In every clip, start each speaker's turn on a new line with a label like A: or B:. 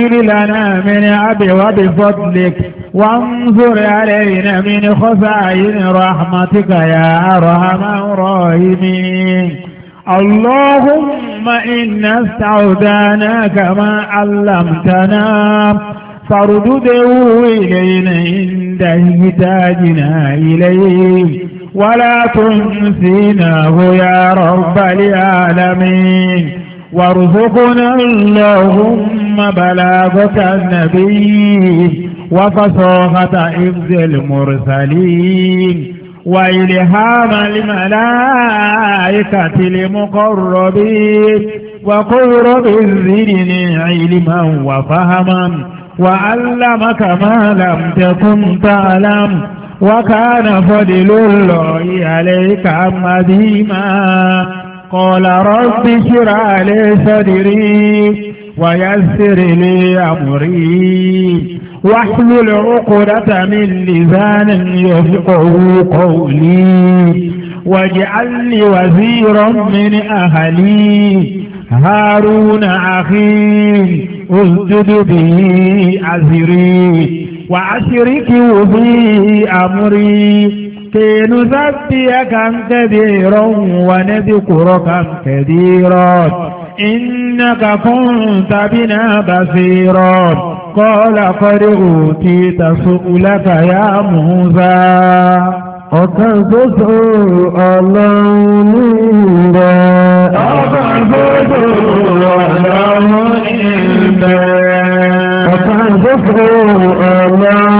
A: فاغفر لنا من عب وبفضلك وانظر علينا من خزائن رحمتك يا أرحم الراحمين اللهم إنا استعداناك ما علمتنا فاردده إلينا عند احتاجنا إليه ولا تنسيناه يا رب العالمين وارزقنا اللهم بلاغة النبي وفصاحة إبز المرسلين وإلهام الملائكة المقربين وقرب الذين علما وفهما وعلمك ما لم تكن تعلم وكان فضل الله عليك عظيما قال رب اشرح لي صدري ويسر لي أمري واحلل عقدة من لسان يفقه قولي واجعل لي وزيرا من أهلي هارون أخي اسجد به أزري وأشركه في أمري كي نسبحك كثيرا ونذكرك كثيرا إنك كنت بنا بصيرا قال قد أوتيت سؤلك يا موسى ọ̀kan ṣoṣo ọlọ́run ní ìbẹ̀. ọ̀kan ṣoṣo ọlọ́run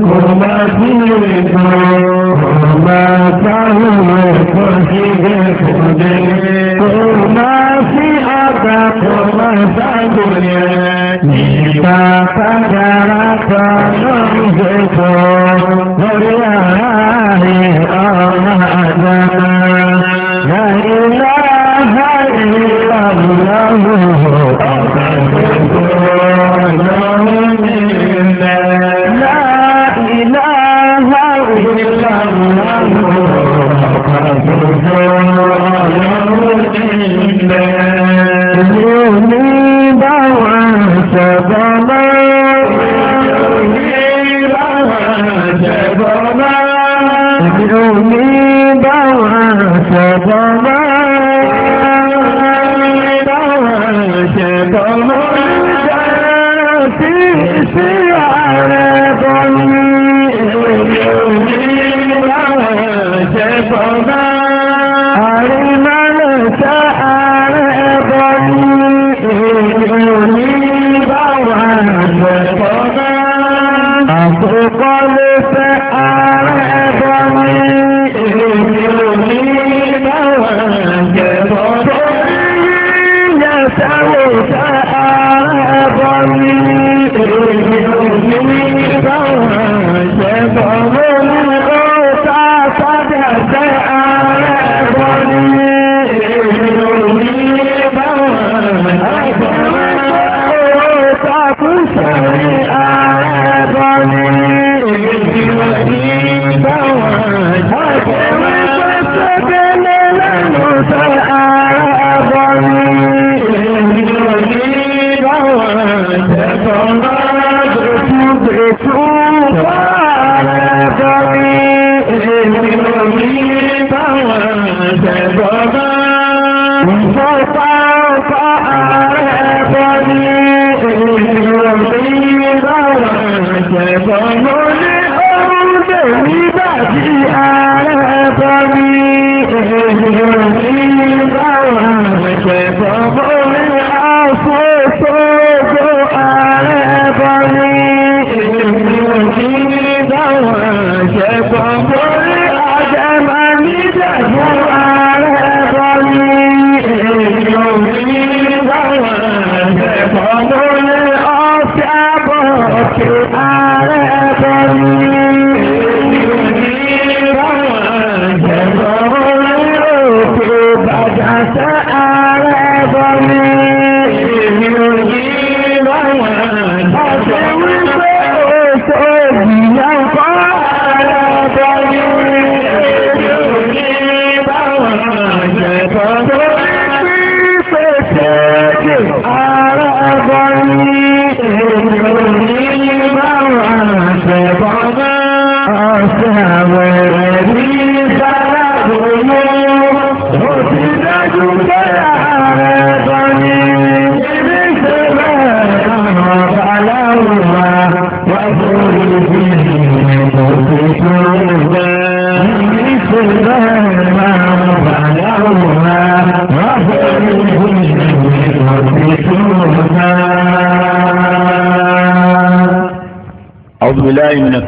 A: كما فيكم وما تعلمكم فيكم كما في أباكم فدنيا إذا فجرت نمسكم ولله أمانة لا إله إلا الله Ramadan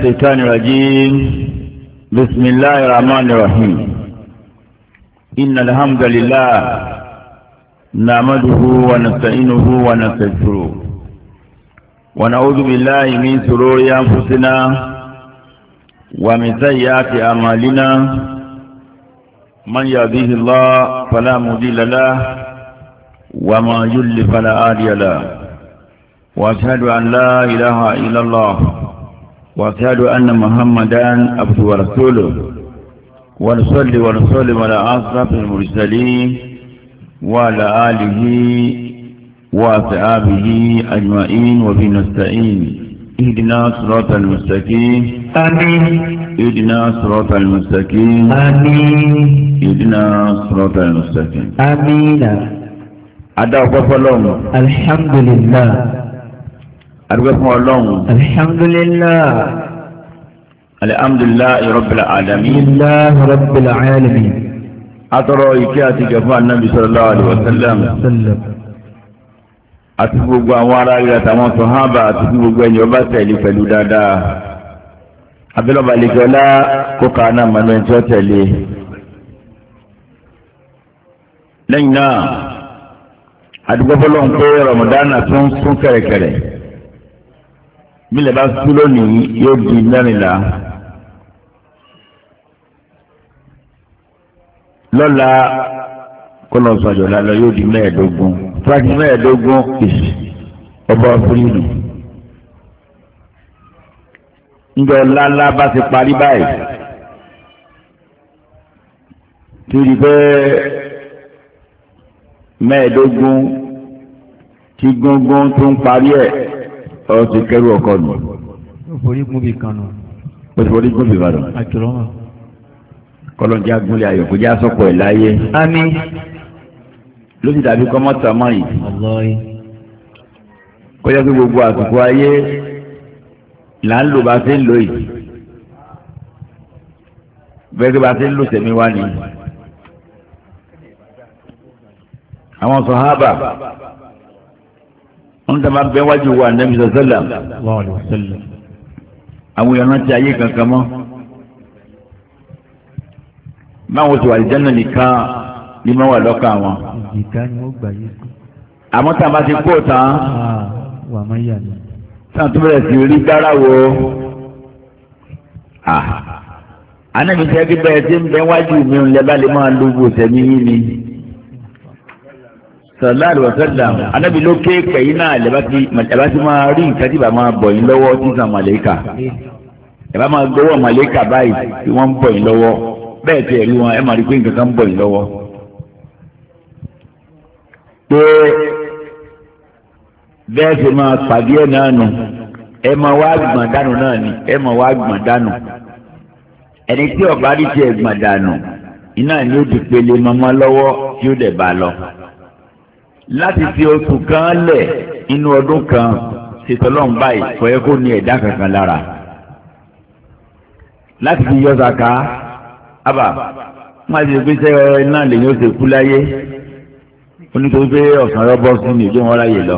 B: الشيطان الرجيم بسم الله الرحمن الرحيم إن الحمد لله نعمده ونستعينه ونستغفره ونعوذ بالله من شرور أنفسنا ومن سيئات أعمالنا من يهديه الله فلا مضل له وما يضلل فلا هادي له وأشهد أن لا إله إلا الله وأشهد أن محمدا عبده ورسوله ونصلي ونسلم على أشرف المرسلين وعلى آله وأصحابه أجمعين وبنستعين اهدنا صراط المستقيم آمين اهدنا صراط المستقيم آمين اهدنا صراط المستقيم آمين أدعو فلوم الحمد لله adúgbò fún ọlọ́run. alhamdulilah. alhamdulilah rabbil alamin. alhamdulilah rabbil alamin. atọrọ ike àti gẹfọ anabi sallallahu alaihi wa sallam. àti gbogbo àwọn ará rẹ̀ àtàwọn sọhábà àti gbogbo ẹni ọba tẹ̀lé pẹ̀lú dáadáa. abẹ́lọ́ba àlejòọ́lá kó kàá náà mọ̀nà ẹni tó tẹ̀lé. lẹ́yìn náà adúgbò fọlọ́run pé ramadan tún sún kẹ̀rẹ̀kẹ̀rẹ̀ bílẹ̀ bá kú lónìí yóò di mẹ́rìnlá. lọ́la kọlọ́sọ̀jọ̀ lálẹ́ yóò di mẹ́ẹ̀ẹ́dógún fúlákì mẹ́ẹ̀ẹ́dógún ìsì ọba fúlìlù. ńjọ lálá bá ti parí báyìí tí rí pé mẹ́ẹ̀ẹ́dógún tí gúngún tó ń parí ẹ̀ ọ ti kẹrù ọkọ nù. orígun bíi kan nù. orígun bíi kan nù. àtúrọ́mà. kọlọ́njẹ́ agúnlẹ̀ ayọ̀ kò jẹ́ àsọ̀kọ̀ ẹ̀ láyé. àmín. ló ti dàbí kọ́mọ́tà mọ́ yìí. kọjá pé gbogbo àsìkò ayé là ń lò bá fi ń lò yìí. bẹ́ẹ̀ bá fi ń lò sẹ́mi wá ni. àwọn sọ̀hábà wọn tẹ máa bẹ wájú wa nẹbi sọsẹlẹ àwọn èèyàn ti ayé kankan mọ báwọn ti wà lìjẹ náà nìkan ni máa wà lọ́kàn àwọn. àmọ́ tá a bá ti kó tán sáà tó bẹ̀rẹ̀ sí rí gbára wo anabi sẹ́kí bẹ́ẹ̀ tí ń bẹ wájú mi ń lẹ́bàá lè máa lo gbòòsẹ̀ mi yín ni sallallahu alaihi wasallam anabi ló ké pẹ̀yì náà lẹ́bàá ti máa rí nǹkan tí bàá máa bọ̀ yín lọ́wọ́ sísan màlẹ́kà ẹ̀bá máa gbowó màlẹ́kà báyìí tí wọ́n ń bọ̀ yín lọ́wọ́ bẹ́ẹ̀ tí ẹ̀rí wọn ẹ̀ máa rí pé nǹkan kan ń bọ̀ yín lọ́wọ́. pé bẹ́ẹ̀ sì máa pàdé ẹ̀ náà nù ẹ máa wá gbọ̀n dànù náà ni ẹ máa wá gbọ̀n dànù ẹni tí ọ̀bá rí tiẹ̀ gbọ̀n dànù iná ni ó ti pele mọ́mọ́ lọ́wọ́ tí ó dẹ̀ bá lọ láti fi oṣù kan lẹ̀ inú ọdún kan ṣètọ́lọ́n báyìí kò yẹ kó ní ẹ̀dá kankan lára láti fi yọ zaka ábà má ti gbé sẹ́yọ náà lèyìn ó ṣe kú láyé onítorí pé ọ̀sán rọ́bọ́ sí mi ìjọ wọn ráyè lọ.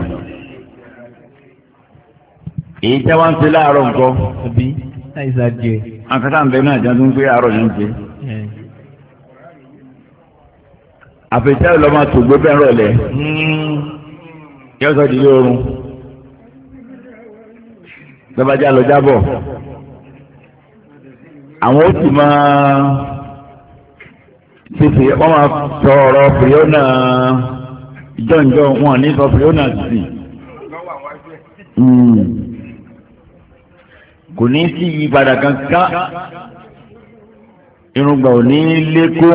B: èyí tí wọ́n ń ṣe láàárọ̀ nǹkan àkàtà ń bẹ náà jẹun tó ń pé àárọ̀ ló ń ṣe. àfẹjáde lọ́mọ tó gbé bẹ́ẹ̀ rọ̀lẹ́ yóò sọ di lóorun lọ́bàjá lọ jábọ̀ àwọn ó sì máa tètè wọ́n máa sọ ọ̀rọ̀ fìyọ́nà jọ̀njọ̀ wọn ní sọ fìyọ́nà sí hmm. kò ní sí ìyípadà kankan irungba ò ní lékó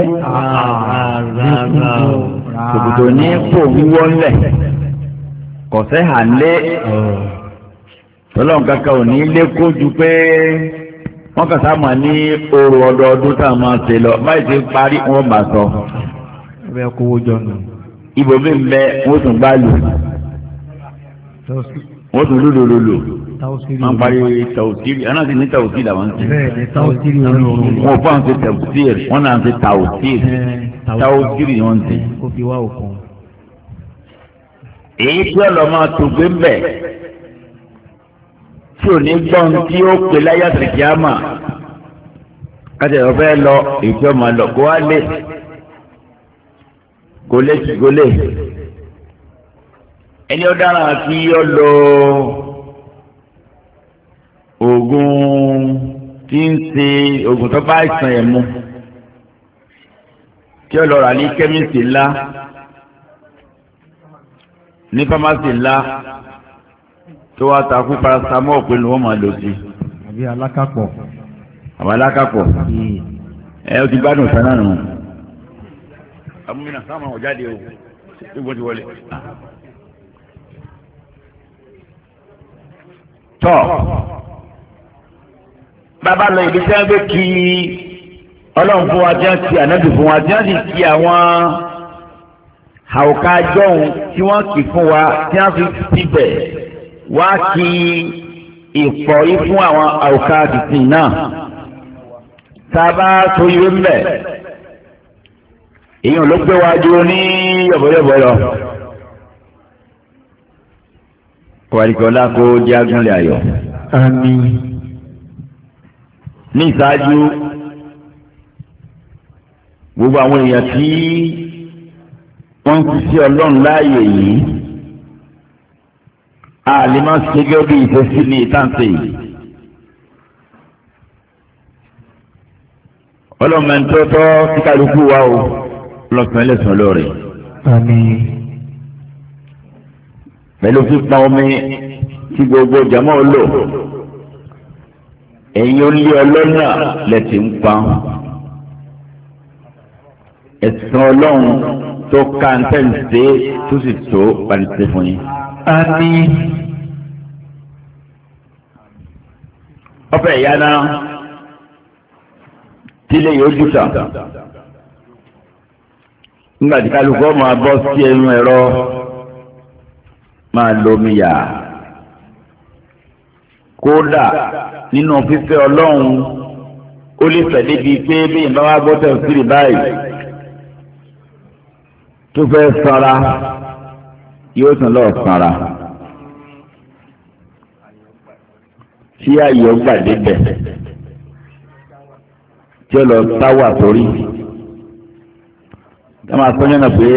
B: kòkòtò ní kò wíwọ́ ńlẹ̀ kọ̀sẹ́ hà lé tọ́lọ́n kankan ò ní lékó ju pé wọ́n kàn sá máa ní orò ọdọọdún tá a máa ṣe lọ báyìí ti parí wọ́n bá sọ. ibòmí ń bẹ wọ́n tún gbá lù wọ́n tún lùlù lùlù an parí tawusiri an ti ní tawusiri la wọn ti
C: wọn fọ an ti
B: tawusiri wọn náà ti tawusiri tawusiri ni wọn ti. èyí tí ọlọmọ tó gbé ń bẹ tí ò ní gbọ́n tí ó pè láyà tìrìkìámà kájà ìwọ fẹ́ lọ èyí tí ọmọ lọ kó wá lé kó lé kí ẹni ó dára kí ó oògùn tí ń ṣe oògùn tó bá àìsàn ẹ̀ mu kí ọ lọ rà ní kẹ́míìsì ńlá ní fámásì ńlá tó wá ta kú paracetamol pé ni wọ́n máa lò sí. àbí alákàpọ̀. àbí alákàpọ̀. Hmm. ẹ o ti gbádùn sáná nù. amúnmínà sáwọn àwọn jáde o ìgbọ́n ti wọlé. tọ́ bàbá lọ ibi tí wọ́n gbé kí ọlọ́run fún wa tí wọ́n ti ànábì fún wa tí wọ́n sì ti àwọn àwòká jọ̀hún tí wọ́n kì fún wa tí wọ́n fi síbẹ̀ wá kí ìkọ̀rí fún àwọn àwòká tuntun náà tá a bá tó ìwé èèyàn ló gbé wa ní yọ̀bọ̀yọ̀bọ̀ lọ. wàlíkọ̀ọ́lá kó jágúnlẹ̀ ayọ̀ ní ìsáájú gbogbo àwọn èèyàn tí wọ́n ń ṣiṣẹ́ ọlọ́run láàyè yìí a lè má ṣe gẹ́gẹ́ bí ìfẹ́sí ní ìtàǹtẹ̀ yìí. ọlọ́mọ ẹni tó tọ́ kíkàlùkù wa o lọ́sàn-án lẹ́sàn-án pẹ̀lú fífa omi tí gbogbo jàmọ́ lò ẹ̀yin olé ọlọ́nà lẹ́tì ń pa ẹ̀sán ọlọ́run tó ká ń tẹ̀síṣe tó sì tó pàṣẹ fún yín. àmín. ọbẹ̀ ìyá náà tílé yóò jù tà nígbà tí kálukú máa bọ́ sí ẹnu ẹ̀rọ máa lomi yà kódà nínú fífẹ́ ọlọ́run ó lè fẹ́ débi pé bí ìbá wa gbọ́ tẹ̀síìrì báyìí tó fẹ́ sanra yóò tún lọ sanra tí ààyè ọgbà débẹ̀ tí ó lọ táwà sórí tá máa sọ yẹn pé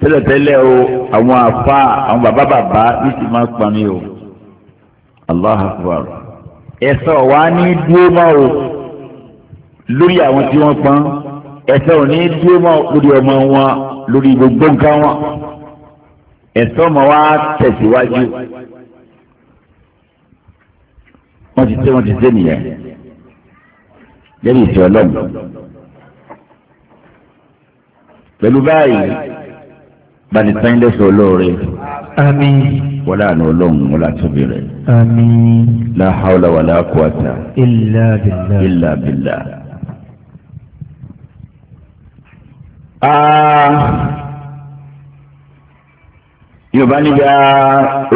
B: tẹ́lẹ̀tẹ́lẹ̀ o àwọn àfa àwọn bàbá bàbá ní ti máa pa mí o allah akbar ẹ̀san wa ní dúró mọ́ o lórí àwọn tí wọ́n pọ́n ẹ̀san ò ní dúró mọ́ lórí ọmọ wọn lórí gbogbo nǹkan wọn ẹ̀san ọmọ wa tẹ̀síwájú wọ́n ti tẹ́ wọ́n ti tẹ́ nìyẹn lẹ́yìn ìṣẹ́ ọlọ́run pẹ̀lú báyìí bani sáyẹ́ndẹ́sì olóore àmín. wọ́n láàánú ọlọ́run wọn láti tóbi rẹ̀.
C: àmín.
B: la hawla wala quwata. illa billah. illa billah. yorùbá níbi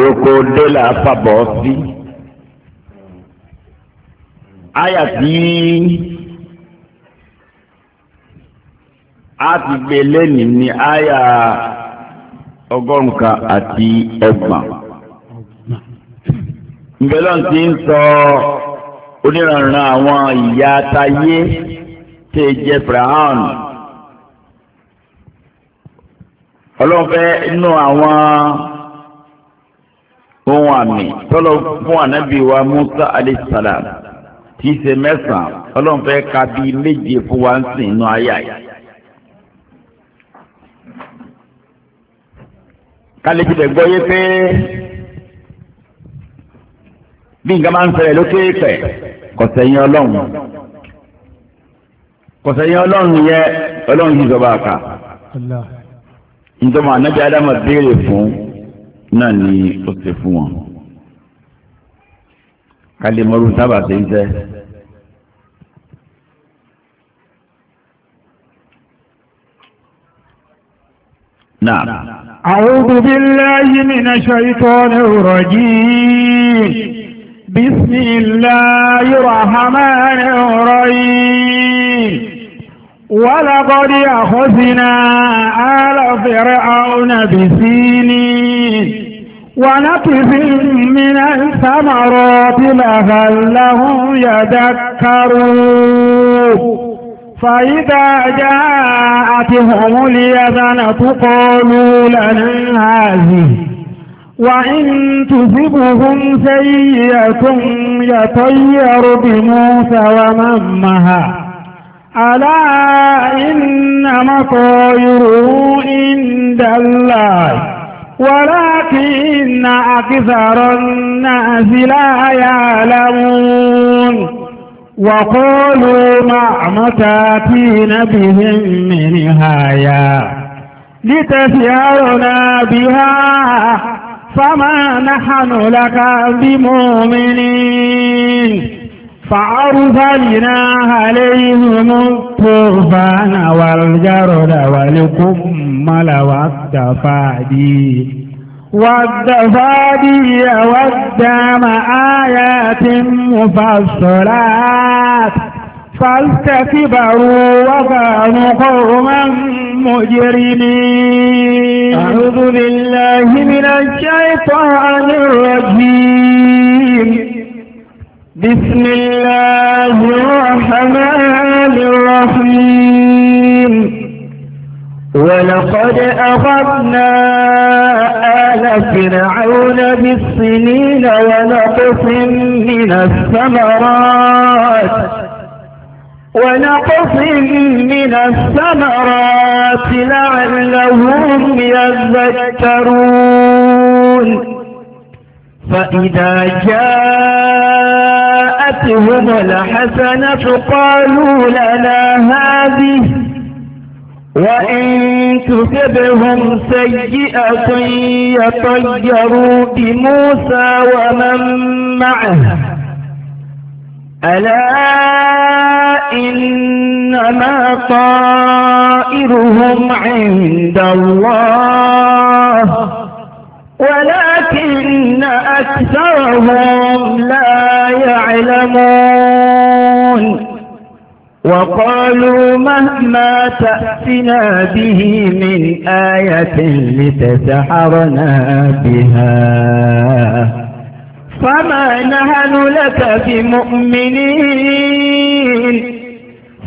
B: oko délà fàbọ̀ sí. àyà tí a ti gbé lẹ́nìí ni àyà ọgọ́rùn-ún kan àti ẹgbọ̀n. ìbẹ̀lọ́n ti ń sọ oníranran àwọn ìyá atayé tẹ́ jẹ́ firaun. ọlọ́fẹ́ inú àwọn ohun àmì tọ́lọ̀ fún ànábì wa Musa alayhisalaam tí í ṣe mẹ́sàn-án ọlọ́fẹ́ ka bíi méje fún wa ń sìn inú ayé àyè. kálíkì tẹ̀ gbọ́ yé pé bí nǹkan máa ń fẹ̀rẹ̀ lókè pẹ̀ kọ̀sẹ̀yìn ọlọ́run kọ̀sẹ̀yìn ọlọ́run yẹ ọlọ́run yìí sọba àkà nítorí ànábi ádámà béèrè fún náà ni ó ṣe fún wọn kálí sábà ṣe ń sẹ́. Nah. nah. أعوذ
A: بالله من الشيطان الرجيم بسم الله الرحمن الرحيم ولقد أخذنا آل فرعون بسينين ونقف من الثمرات لعلهم يذكرون فإذا جاءتهم اليذنة قالوا لنا هذه وإن تصبهم سيئة يطير بموسى ومن معه ألا إنما طيروا عند الله ولكن أكثر الناس لا يعلمون وقالوا ما متى تين بهم من هايا لتسيرنا بها فما نحن لك بمؤمنين فأرسلنا عليهم الطوفان والجرد والكمل والتفادي والضفادي والدم آيات مفصلات فالتكبروا وكانوا قوما مجرمين أعوذ بالله من الشيطان الرجيم بسم الله الرحمن الرحيم ولقد أخذنا آل فرعون بالسنين ونقص من الثمرات ونقص من الثمرات لعلهم يذكرون فإذا جاءتهم الحسنة قالوا لنا هذه وإن تُصِبْهُمْ سيئة يطيروا بموسى ومن معه ألا إنما طائرهم عند الله ولكن أكثرهم لا يعلمون وقالوا مهما تأتنا به من آية لتسحرنا بها فما نهن لك بمؤمنين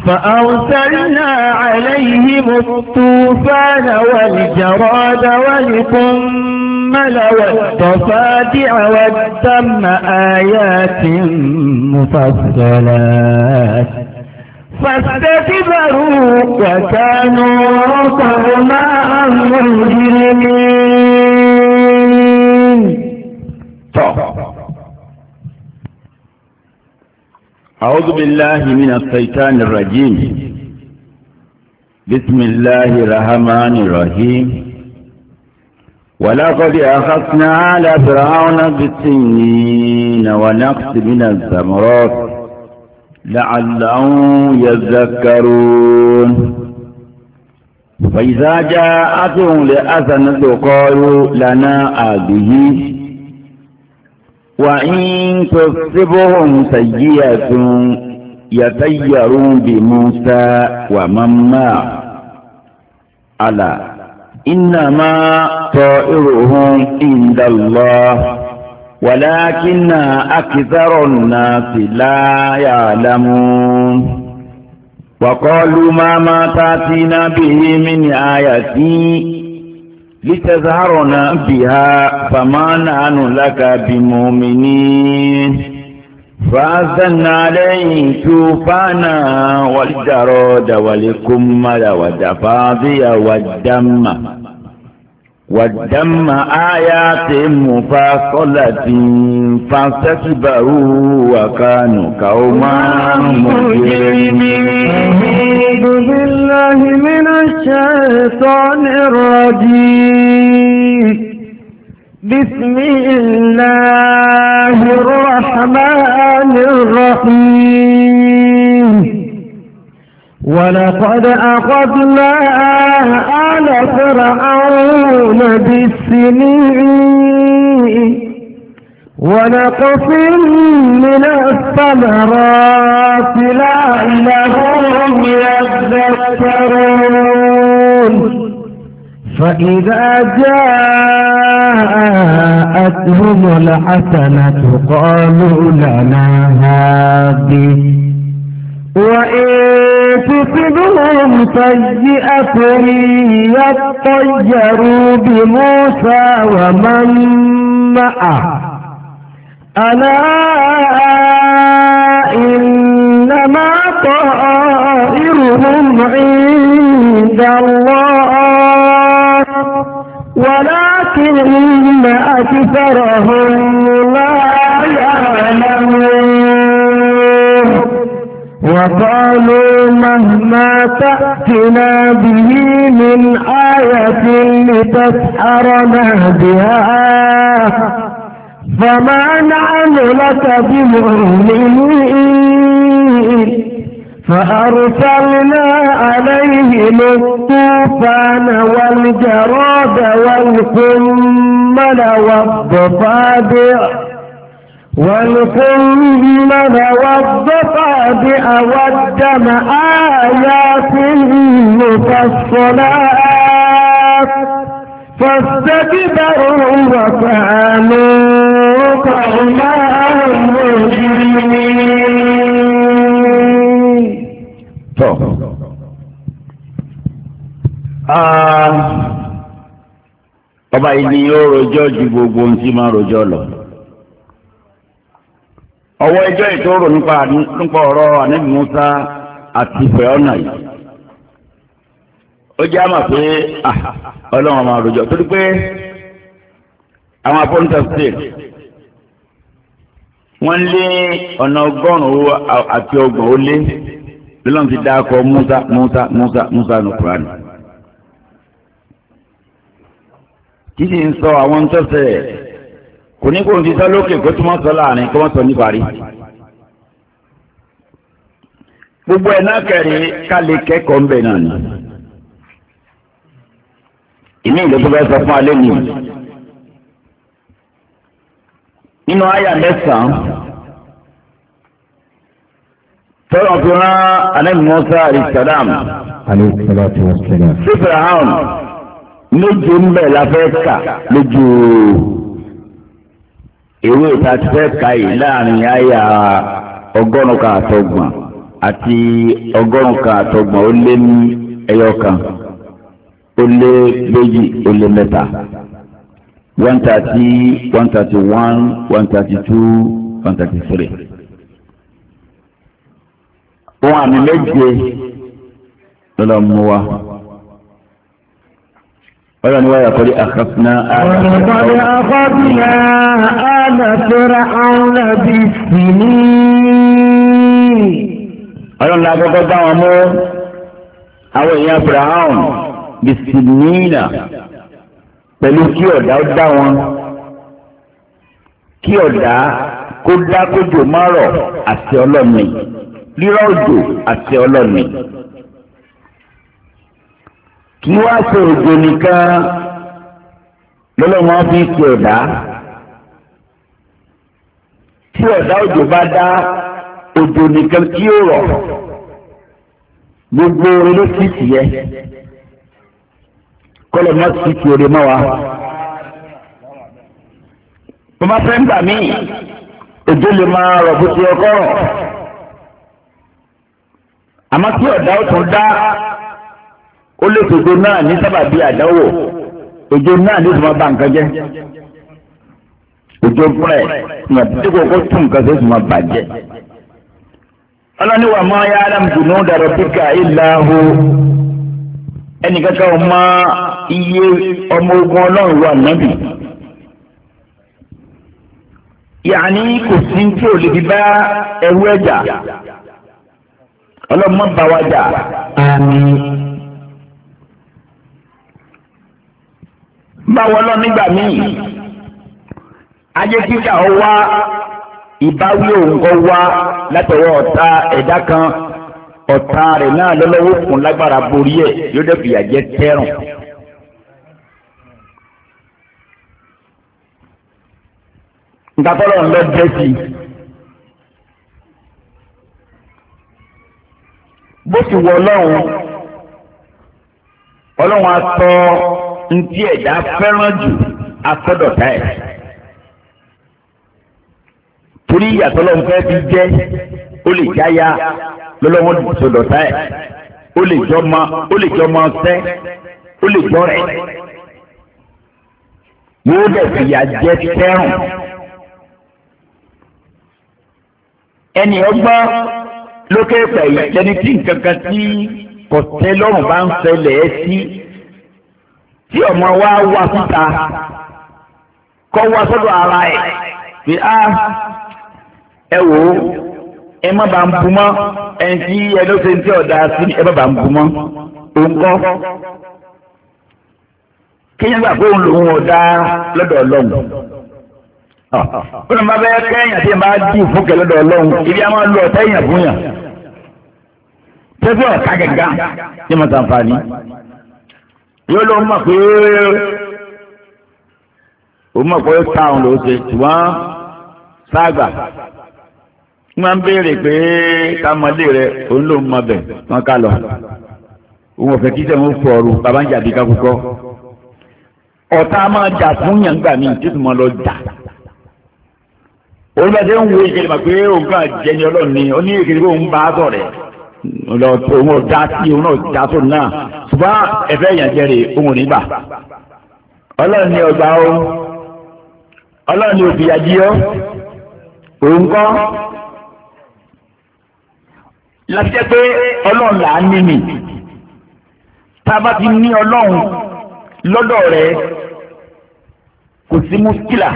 A: فأرسلنا عليهم الطوفان والجراد والقمل والضفادع والدم آيات مفصلات
C: فاستكبروا وكانوا ماء المجرمين
B: أعوذ بالله من الشيطان الرجيم بسم الله الرحمن الرحيم ولقد أخذنا على فرعون بالسنين ونقص من الثمرات لعلهم يذكرون فإذا جاءتهم لأذن قالوا لنا هذه وإن تصبهم سيئة يتيرون بموسى ومن ألا إنما طائرهم عند الله ولكن أكثر الناس لا يعلمون وقالوا ما ما تأتينا به من آية لتظهرنا بها فما نحن لك بمؤمنين فأرسلنا عليه طوفانا والجراد والكمل والدفاضي والدم والدم آيات مفصلة فاستكبروا وكانوا قوما مجرمين
A: بالله من الشيطان الرجيم بسم الله الرحمن الرحيم ولقد أخذنا آل فرعون بالسنين ونقص من الثمرات لعلهم يذكرون فإذا جاءتهم الحسنة قالوا لنا هذه وإن تصبهم سيئة يطيروا بموسى ومن معه ألا إنما طائرهم عند الله ولكن أكثرهم لا يعلمون وقالوا مهما تأتنا به من آية لتسحرنا بها فما نعم لك بمؤمنين فأرسلنا عليهم الطوفان والجراد والقمل والضفادع والقلب نوضف بأودم آيَاتٍ مفصلات فاستكبروا وكانوا قوما مجرمين
B: ọba yìí ni yóò rojọ́ ju gbogbo ohun tí máa rojọ́ lọ ọwọ́ ẹjọ́ ìtòrò nípa nípa ọ̀rọ̀ ànábì Musa àti fẹ́ọ́nà yìí ó jẹ́ àmà pé ọlọ́run máa rojọ́ torí pé àwọn apọ́ńtà state wọ́n lé ọ̀nà ọgọ́rùn-ún àti ọgbọ̀n ó lé lọ́lọ́run ti dáko Musa Musa Musa Musa nù Kúránì. kí ni sọ àwọn ń tọ́sẹ̀ kò ní kó ń sisọ́ lókè kó tún mọ́ sọ láàrin kó wọ́n sọ níparí. gbogbo ẹ̀ náà kẹrin ká lè kẹ́kọ̀ọ́ ń bẹ̀ náà ni. ìní ìlú tó fẹ́ sọ fún alẹ́ nìyí. nínú àyà mẹ́sàn-án tọ́lọ̀ fi rán alẹ́ mọ́sá àrísàdám. alẹ́ ń bẹ̀ la fẹ́ lójú ìwé ìta ti fẹ́ ka yìí láàrin àyà ọgọ́rùn-ún kan àtọgbọ̀n àti ọgọ́rùn-ún kan àtọgbọ̀n ó lé ní ẹyọ kan ó lé méjì ó lé mẹ́ta one thirty one thirty one one thirty two one thirty three. ohun àmì méje ló lọ mú wa. ولا نوايا قد أخذنا آل قد أخذنا آل فرعون
A: بالسنين
B: ọlọ́run la kọ́kọ́ bá wọn mú àwọn èèyàn Firaun bisimila pẹ̀lú kí ọ̀dà ó dá kó dá kójò má àti ọlọ́ọ̀nì rírọ̀ òjò àti ọlọ́ọ̀nì kí wá ṣe òjò nìkan lọ́lọ́wọ́n fi ti ẹ̀dá tí ẹ̀dá òjò bá dá òjò nìkan kí ó rọ̀ gbogbo olókìtì yẹ kọ́lọ̀ má ti ti òde mọ́ wa. mo máa fẹ́ ń gbà mí òjò lè máa rọ̀ bó ti ọkọ́ rọ̀ àmọ́ kí ọ̀dá ó dá ó lè fòjò náà ní sábàbí àdánwò òjò náà ní ìsúnmọ́ bá nǹkan jẹ́ òjò fúnra ẹ̀ dípò kó tún nǹkan tó ìsúnmọ́ bàjẹ́. ọlọ́ni wà máa yá adam dùnú dàrọ̀ píkà ìlàhó ẹnìkankan ò mọ iye ọmọ ogun ọlọ́run wà nábì. yàní kò sí tí ò lè fi bá ẹrú ẹ̀jà ọlọ́mọ bá báwo lọ nígbà míì ajé kíkà ó wá ìbáwí òun kọ́ wá látọwọ́ ọ̀tá ẹ̀dá kan ọ̀tá rẹ̀ náà lọ́lọ́wọ́ fún lágbára
C: borí ẹ̀ yóò dẹ̀ fìyà jẹ tẹ́rùn.
B: nǹkan ń lọ bẹ́ bó ti wọ ọlọ́run ọlọ́run á sọ ọ́ ntí ẹ̀dá fẹ́ràn jù akọ́dọ̀tá ẹ̀ torí ìyàtọ̀ lọ́wọ́ fẹ́ fi jẹ́ ó lè jáya lọ́lọ́wọ́ sọ̀dọ̀tá ẹ̀ ó lè jọ ma ó lè jọ ma sẹ́ ó lè jọ rẹ̀ yóò dẹ̀ fìyà jẹ́ tẹ́rùn ẹnì ọgbọ́n lókè pẹ̀yì lẹni tí nǹkan kan tí kọ̀tẹ́ lọ́rùn bá ń ṣẹlẹ̀ ẹ́ sí tí ọmọ wa wá síta kọ́ wá sọ́dọ̀ ara ẹ̀ pé á ah, ẹ wò ó ẹ má bàa ń bu mọ́ ẹni tí ẹni tó ń tí ọ̀dà sí ẹ má bàa ń bu mọ́ òun kọ́ kéèyàn gbà pé òun lòun ọ̀dà lọ́dọ̀ ọlọ́run kó ló máa bẹ kẹ́yìn àti ìbá dì fún kẹlẹ́dọ̀ ọlọ́run
C: ibi a máa lo ọ̀tá èèyàn fún yàn tẹ́fẹ́ ọ̀tá gẹ̀gá ní mọ̀tàǹfààní
B: yóò lọ mọ̀ pé ó mọ̀ pé táwọn ló ṣe ṣùgbọ́n sáàgbà ń máa ń béèrè pé támọ́lé rẹ̀ òun ló ń mọ bẹ̀ wọ́n ká lọ òun ò fẹ́ kí sẹ́wọ̀n fọ ọ̀rù bàbá ń jàdí kakúkọ́ ọ̀tá máa jà fún yàn gbà mí títí mo lọ jà olùbàdàn ń wo ìkẹlẹ̀ mà pé òun kàn jẹ́ ni ó ní ìkẹlẹ̀ pé òun bá a sọ̀rọ̀ lọ́tọ̀ òun ò dá sí òun ò dá tó náà ṣùgbọ́n ẹ̀fẹ́ èèyàn jẹ́rè òun ò ní gbà. ọlọ́run ni ọgbà o ọlọ́run ni òbíyàjí o òun kọ́ láti jẹ́ pé ọlọ́run là á ní mi tá a bá ti ní ọlọ́run lọ́dọ̀ rẹ̀ kò sí mú kílà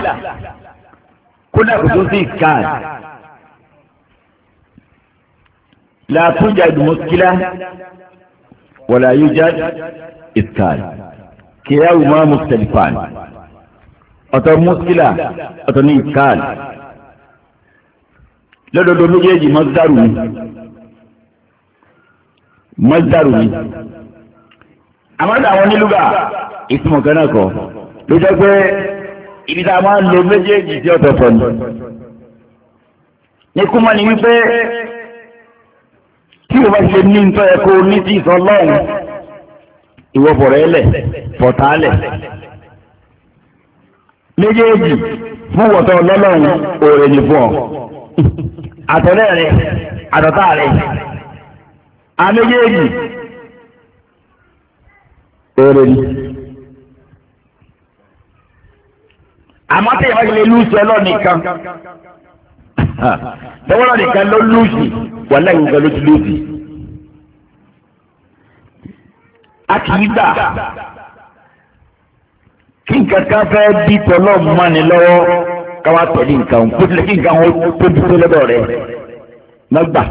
B: kódà kò tó sí káàdì. لا توجد مشكلة ولا يوجد إشكال كلاهما مختلفان ọ̀tọ̀ mọ́síkìlà ọ̀tọ̀ ní ìkáàlì lọ́dọ̀dọ̀ méjèèjì mọ́sídàrú ni mọ́sídàrú ni àmọ́dà àwọn onílùgà ìtumọ̀ kan náà kọ́ ló jẹ́ pé ibi tá a máa ń lo méjèèjì tí ọ̀tọ̀ sọ ni. ní kúmọ̀ ni wípé tí o bá ṣe ní nítorí ẹ̀kọ́ onídìí ìsọlọ́run ìwọ bọ̀rẹ̀ ẹlẹ̀ bọ̀tálẹ̀ méjèèjì fún wọ̀tọ̀ ọlọ́lọ́run òòrè ní fún ọ àtọ̀lẹ́ rẹ àtọ̀tá rẹ a méjèèjì òòrè ní. àmọ́ tí ìwádìí lè lùsì ọlọ́ọ̀nì kan lọ́wọ́lọ́ọ̀nì kan ló lùsì wàhálà yìí nǹkan ló ti lóde. a kì í gbà kí nǹkan kan fẹ́ bí tọ́lọ́ mọ́ni lọ́wọ́ káwá tẹ̀lé nǹkan kó tilẹ̀ kí nǹkan tó dúró lọ́dọ̀ rẹ̀ lọ́gbà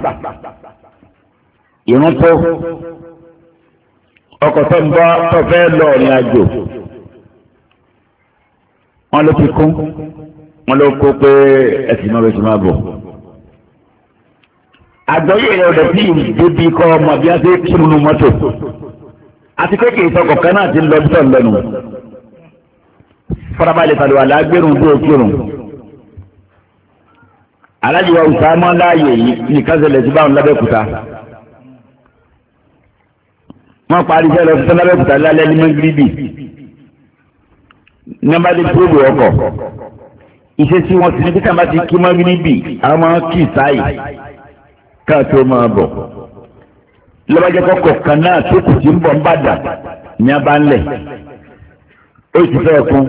B: ìrántó
C: ọkọ̀ tó ń bọ́ tó fẹ́ lọ ọ̀rìn àjò
B: wọn ló fi kún wọn ló kó pé ẹ̀sìn náà ló ti máa bọ̀ àgbọ̀yé rẹ̀ ọ̀dẹ̀ tí ìlú débi kọ́ ọmọ bí wọ́n ṣe kí nínú mọ́tò àti pé kìí sọkọ̀ kan náà ti ń lọ bí sọ̀rọ̀ lẹ́nu farabalẹ̀ tàlùwà lágbèrún tó kírun alájùwà Usama láàyè yìí nìkan ṣẹlẹ̀ sí báwọn lábẹ́kúta wọ́n parí sẹ́lẹ̀ fún lábẹ́kúta lálẹ́ ní mẹ́gíríbì nígbà tí púrúbù ọkọ̀ ìṣesí wọn sì ní kíkà má ti kí mẹ́gíríbì àwọn kì í sáyì káàtó máa bọ̀ lọ́bàjẹ́ kọ́kọ́ kan náà tó kù sí ń bọ̀ ń bà dà ní abánlẹ̀ ó sì fẹ́ kún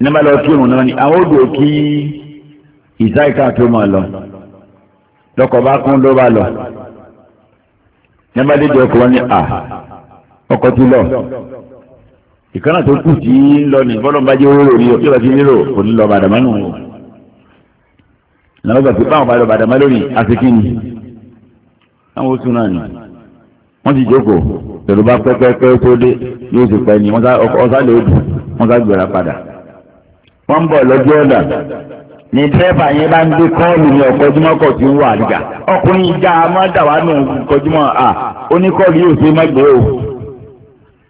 B: ní abalẹ̀ ọkírun náà ni àwọn odò kí ìsáì káàtó máa lọ lọ́kọ̀ bá kún ló bá lọ ní abalẹ̀ ìjọ ọkọ̀ wọn ni à ọkọ̀ ti lọ ìkànnà tó kù sí ń lọ ní bọ́lọ̀ ń bá jẹ́ owó rò ní ọjọ́ bá ti lérò kò ní lọ bàdàmánù wọn làwọn gbà pé báwọn bá lọ bàdàmá lórí àfikín àwọn oṣù náà ni wọ́n ti jókòó pẹ̀lú bá pẹ́pẹ́pẹ́ tó dé yóò sì pẹ́ ni wọ́n sá lè dùn wọ́n sá gbéra padà. wọ́n ń bọ̀ lọ́jọ́ ọ̀dà ni dírẹ́fà yẹn bá ń gbé kọ́ọ̀lù ní ọ̀kọ́júmọ́ kọ̀ tí ń wà nígbà ọkùnrin ìjà amádàwà nù kọjúmọ́ à oníkọ́ọ̀lù yóò ṣe mọ́gbé o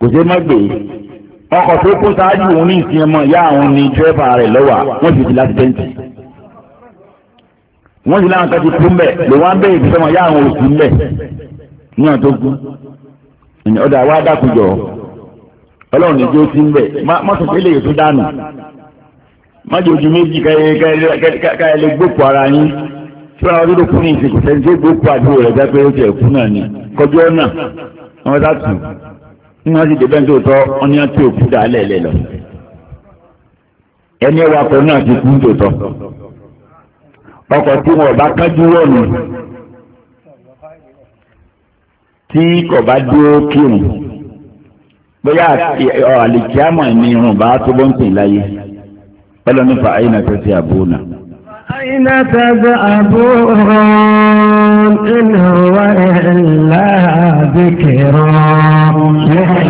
B: kò ṣe mọ́gbé ọkọ̀ tó kó sáájú òun ní ìsinmi ìyá àwọn ni dírẹ́fà rẹ̀ lọ́wọ́ wọ́n sì fi láti tẹ́ǹtì. wọ́n ti láwọn kan ti kú mbẹ́ lè wọ́n á bẹ̀rẹ̀ ìdílé yá àwọn òkú mbẹ́ níwọ̀n tó kú ọ̀dà wa dákújọ ọlọ́run ní jó sí mbẹ́ má sọ pé eléyìí tó dànù má jẹ́ ojú méjì káyẹ lè gbókò ara yín tí wọ́n àwọn tó kú ní ìsìnkú sẹ́ni tó gbókò àdúrà rẹ̀ dápẹ́ ó ti ẹ̀kú náà ni kọjú ọ̀nà wọn bá tù ní wọ́n ti dé tó tọ́ wọn ni ti òkú dà á lẹ̀ lọ ọkọ̀ tí wọn bá kájú wọ̀nù tí kò bá dúró kírun bóyá àlìkíámọ̀ ní irun bá tó bó ń pè láyé ọlọ́ni fa àyínà tó ti àbúrò náà.
A: àyínà tó ti àbúrò إن هو إلا ذكر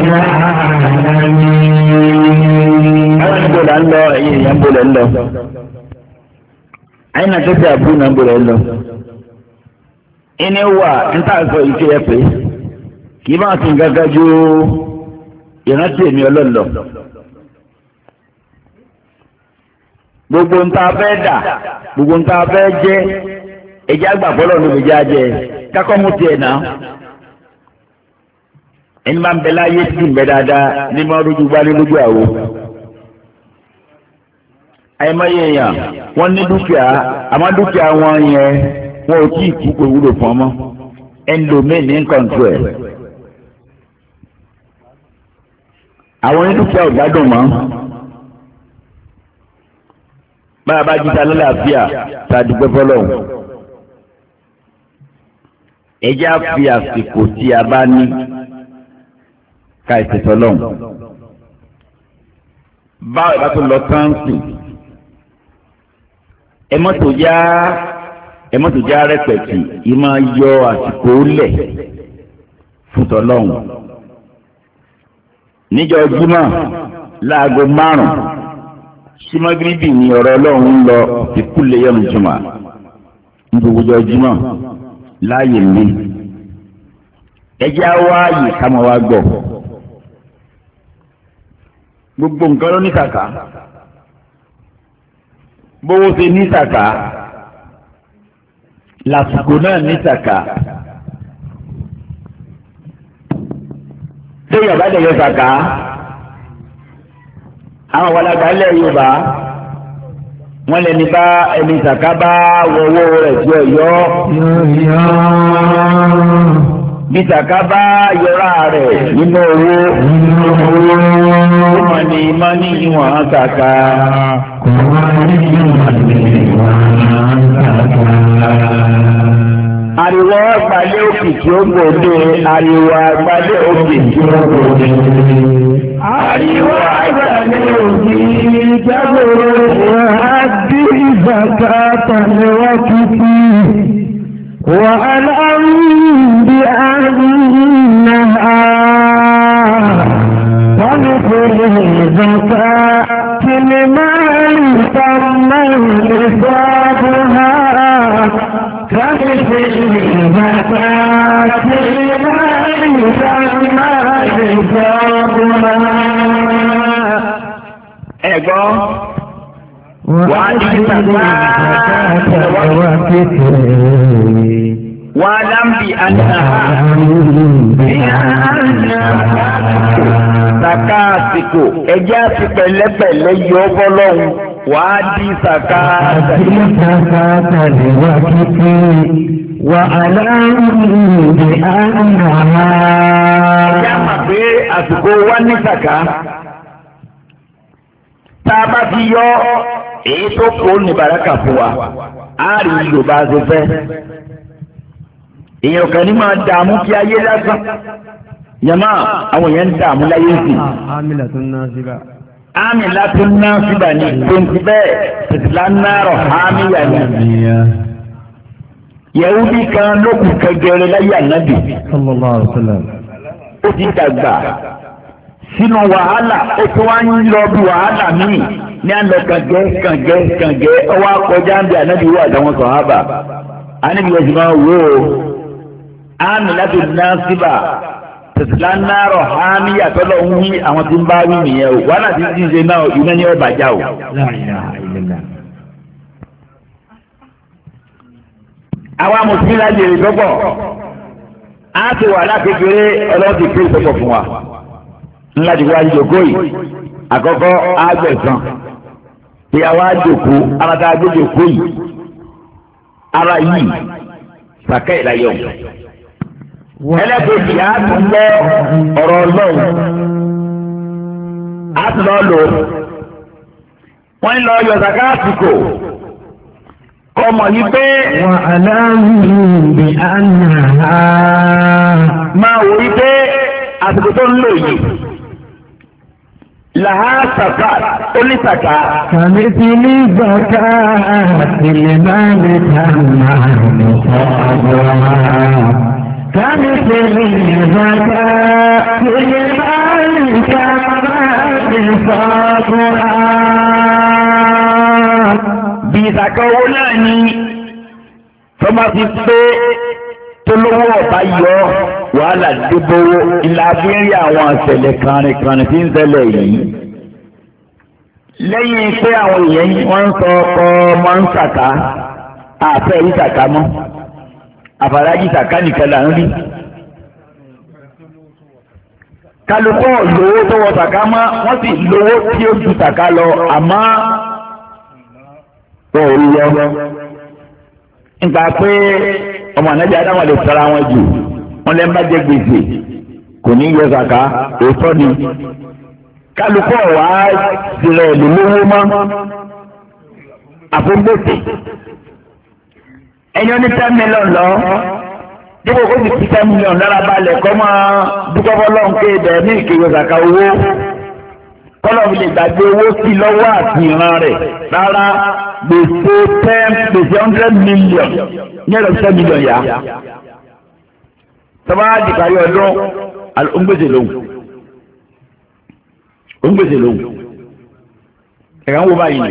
B: للعالمين àyìn náà tẹ́tẹ́ àbúrò náà gbọ́dọ̀ lọ. ẹni wà níta sọ yìí kéye pé kì í máa sin gángan ju ìrántí èmi ọlọ́lọ́. gbogbo nta fẹ́ dà gbogbo nta fẹ́ jẹ́ ẹ̀jẹ̀ àgbàpọ̀ lọ́nà òbí jẹ́ ajẹ́ kákọ́ mú tiẹ̀ náà ẹni máa ń bẹ láyé sí ìbẹ́ dáadáa ní máa rújú gbálé lójú àwo àìmọye èèyàn wọ́n ní dúkìá àmọ́ dúkìá wọn yẹn wọn ò tí ì kú pé wúlò fún ọmọ ẹnlòmíì ní kọ̀ǹtù ẹ̀. àwọn onídùkìá ò gbádùn mọ́ báyà bá jíta lálàáfíà tàdúgbò fọlọ́hùn ẹjẹ́ á fi àsìkò tí a bá ní ká ìsètọ́lọ́hùn báwo ìbá tó lọ sáǹsì. ẹ má tó já já rẹpẹtì yìí yọ àsìkò lẹ̀ fúntọ lọ́hùn níjọ jimá láago márùn simagiribi ni ọ̀rọ̀ Ọlọ́run ń lọ ìkúlẹ yọnu jimá ngbogbo jimá láàyè mi ẹjẹ awáàyè ká gbọ. gbogbo nǹkan bówó ṣe ní sàkà lásìkò náà ní sàkà ṣé yàrá dẹ̀yẹ sàkà àwọn wàlàgbà ilẹ̀ Yorùbá wọ́n lẹni bá ẹni sàkà bá wọ́wọ́ rẹ̀ tí ọ̀yọ́ bisaka bá yọra
A: rẹ̀ nínú owó wọn ni má ní ìwọ̀n kàkà. Ariwo agbalẹ̀ òkè tí ó gbòde, ariwo agbalẹ̀ òkè tí ó gbòde. Ariwo agbalẹ̀ òkè tí
C: ó gbòde.
A: Wàá dín ìgbà ká tàlẹ́wọ́ tuntun. Wàhálà. بأهلها ومثله زكاة المال تمن إصابها كمثله زكاة المال تمن إصابها ẹ̀gbọ́n wàá ní ìgbàgbọ́ àwọn akéèké
B: واعلم بأنها Sàká àsìkò ẹjẹ́ àti pẹ̀lẹ́pẹ̀lẹ́ yọ bọ́lọ́hun wà á di sàká. Àti
A: sàká tàbí wá kíkí wà aláìníbi àmàmà.
B: Ẹjẹ́ àmà pé àsìkò wá ní sàká. fún wa, a rí Yorùbá ṣe fẹ́. èèyàn kan ní máa dààmú kí ayé lásán yàmá àwọn èèyàn ń dààmú láyé sí. Nasiba ni náà síbà ní tonti bẹ́ẹ̀ tètèlá Yawu ámì yà kan ló kẹgẹrẹ láyé ànábì. Ó ti dàgbà sínú wàhálà ó tún wá ń lọ bí wàhálà míì ní àlọ́ kàngẹ́ kàngẹ́ kàngẹ́ ọwọ́ akọjá ń bẹ ànábì wà àtàwọn sọ̀hábà. Ànábì amilatu nasiba tẹsílá náírà hàmíyà tọ́lọ̀ ń wí àwọn tí ń bá wí nìyẹn o wàhálà tí ti ń ṣe náà iná ni ó bàjá o. àwa mùsùlùmí la jèrè lọ́pọ̀ á ti wà lákékeré ọlọ́run ti pè é sọ́pọ̀ fún wa ńlá ti wá ìjókòó yìí àkọ́kọ́ àgbẹ̀sán ìyàwó àjòkó ara tá yìí ara yìí sàkẹ́ ìlàyọ̀ ẹlẹ́gbẹ̀ẹ́sì á tún gbọ́ ọ̀rọ̀ ọlọ́run á tún lọ lò wọ́n ń lọ yọ sàkà àsìkò kọmọ yìí pé. wà
A: á láàrin bí a nà á. máa wò yí pé
B: àsìkò tó ń lò yìí laha saka oni saka.
A: kàmi ti ní gbàgbà àtìlẹ́mọ́lẹ́ kan náà ló kọ́ ọ́. فمثل الذكاء لمن كمرات صبرا
B: بذكاء لاني tọ́mọ ti pé tolówó ọ̀bá yọ wàhálà débówó ìlàfíìrì àwọn àṣẹlẹ̀ kànìkànì tí ń ṣẹlẹ̀ yìí. lẹ́yìn pé àwọn èèyàn wọ́n ń sọ ọkọ̀ ọmọ ń sàkà àfẹ́ ìsàkà mọ́ àfàlájì sàkánì kan là ń rí kálukọ́ lówó tó wọ sàká mọ́ wọ́n sì lówó tí ó ju sàká lọ àmọ́ wọn ò lọ nípa pé ọmọ ànájà adáwọn lè sara wọn jù wọn lè má jẹ gbèsè kò ní yọ sàká òótọ́ ni kálukọ́ wàá sílẹ̀ lówó mọ́ àfọ̀gbèsè ẹni oní ten million lọ dípò kó sì ti ten million lára balẹ̀ kọ́ máa dúpọ́ fọlọ́run pé bẹ̀rẹ̀ ní ìkéwé kàkà owó kọ́lọ́ọ̀mù lè gbàgbé owó sí lọ́wọ́ àti ìran rẹ̀ rárá gbèsè ten gbèsè hundred million ní ẹ̀rọ ten million yá tọ́ba àdìgbàyé ọdún ògbèsè lòun ògbèsè lòun ẹ̀ka ń wo báyìí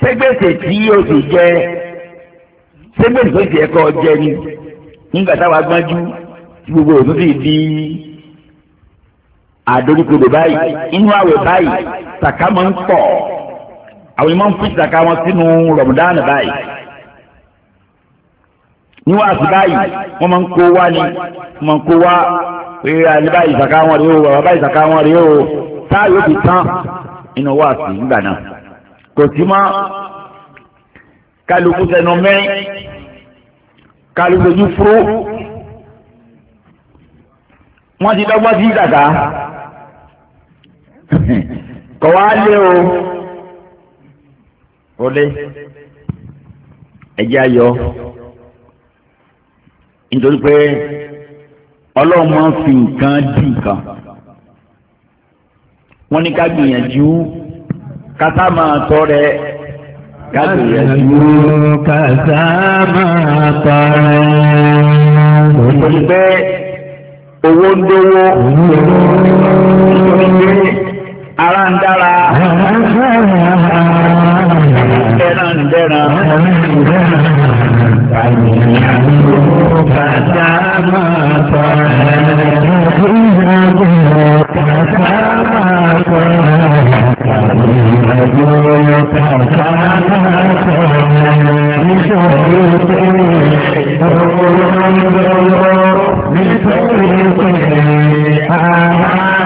B: sẹ́gbèsè tí yóò sì jẹ́ sẹ́gbẹ́ nìkan ti ẹ̀kọ́ jẹ ni nígbà táwa gbájú tí gbogbo òtún ti di àdóríkodò báyìí inú àwẹ̀ báyìí sàká máa ń pọ̀ àwọn ìmọ̀ ń fi sàká wọn sínú rọ̀mùdánù báyìí níwáàsí báyìí wọ́n máa ń kó wá ni wọ́n máa ń kó wá pé àlẹ́ báyìí sàká wọn rèé o bàbá báyìí sàká wọn rèé o táyọ̀ fi tán inú wáàsí nígbà náà kò sí mọ́ kálukú sẹ́nu mẹ́rin kálukójú fúró wọ́n ti dọ́gbọ́n sí ìdàgá kọ̀ wá lé o ó lé ẹjẹ́ ayọ̀ nítorí pé
C: ọlọ́run máa ń fi nǹkan dì nǹkan
B: wọ́n ní ká gbìyànjú ká máa tọ́ rẹ̀ kàtà máa tọrẹ. nítorí pé
A: owó ń dówó. nítorí pé ara ń dára ẹran ń dẹran. Bàtà máa tọ̀ ẹ́ ìyá gbọ́dọ̀ bàtà máa tọ̀ ẹ́ ìyá gbọ́dọ̀ bàtà máa tọ̀ ẹ́ nítorí pé ọ̀rọ̀ ń
C: bọ̀ nítorí pé àárá.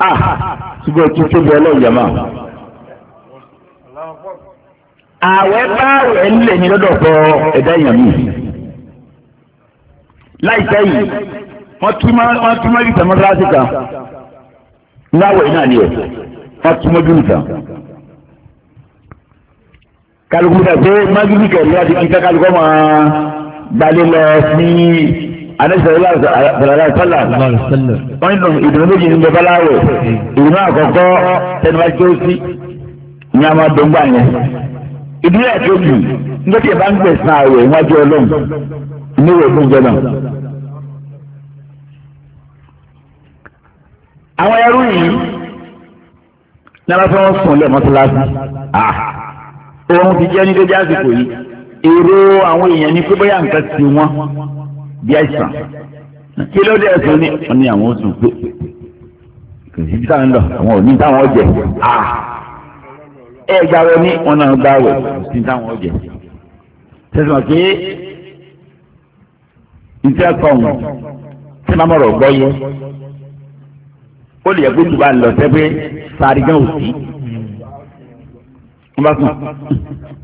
B: Ah, ṣùgbọ́n tí tó bẹ ọlọ́run jàmá. ààwẹ̀ bá ààwẹ̀ ńlẹ̀ ní lọ́dọ̀ pọ̀ ẹ̀dá èèyàn mi. láìpẹ́ yìí wọ́n túmọ̀ wọ́n túmọ̀ ìgbà mọ́sálásí kan láwẹ̀ náà ni ẹ̀ wọ́n túmọ̀ bí nǹkan. kálukú dàgbé mágídì kẹ̀lé àti kíkà kálukú máa gbalé lọ sí anẹ́sẹ̀lá sọ́là wọ́n nù ìdùnnú méjì ní bẹ́ẹ̀ báláwò ìdùnnú àkọ́kọ́ tẹnu wájú ó sí ní a máa dọ́gbà yẹn ìdùnnú ẹ̀kejì nígbà tí ẹ bá ń gbẹ̀sán àwẹ̀ wájú ọlọ́run níwò ìfúnjẹ náà. àwọn ẹrú yìí lára fẹ́ wọ́n sùn lẹ́ mọ́sálásí òun ah, ti jẹ́ ní dédé àsìkò yìí èrò àwọn èèyàn ní pé bóyá nǹkan ti wọ́n bí àìsàn kí ló dé ẹ̀sùn ní wọn ní àwọn oṣù pé kò sí bíta ń lọ àwọn ò ní táwọn ọjẹ ẹ gbàwé ní wọn náà gbàwé kò sí táwọn ọjẹ tẹsán pé iṣẹ́ kan tí màmá rọ̀ gbọ́ yẹ ó lè yẹ kó tuba lọ sẹ́pẹ́ sárigán òsì wọ́n bá sùn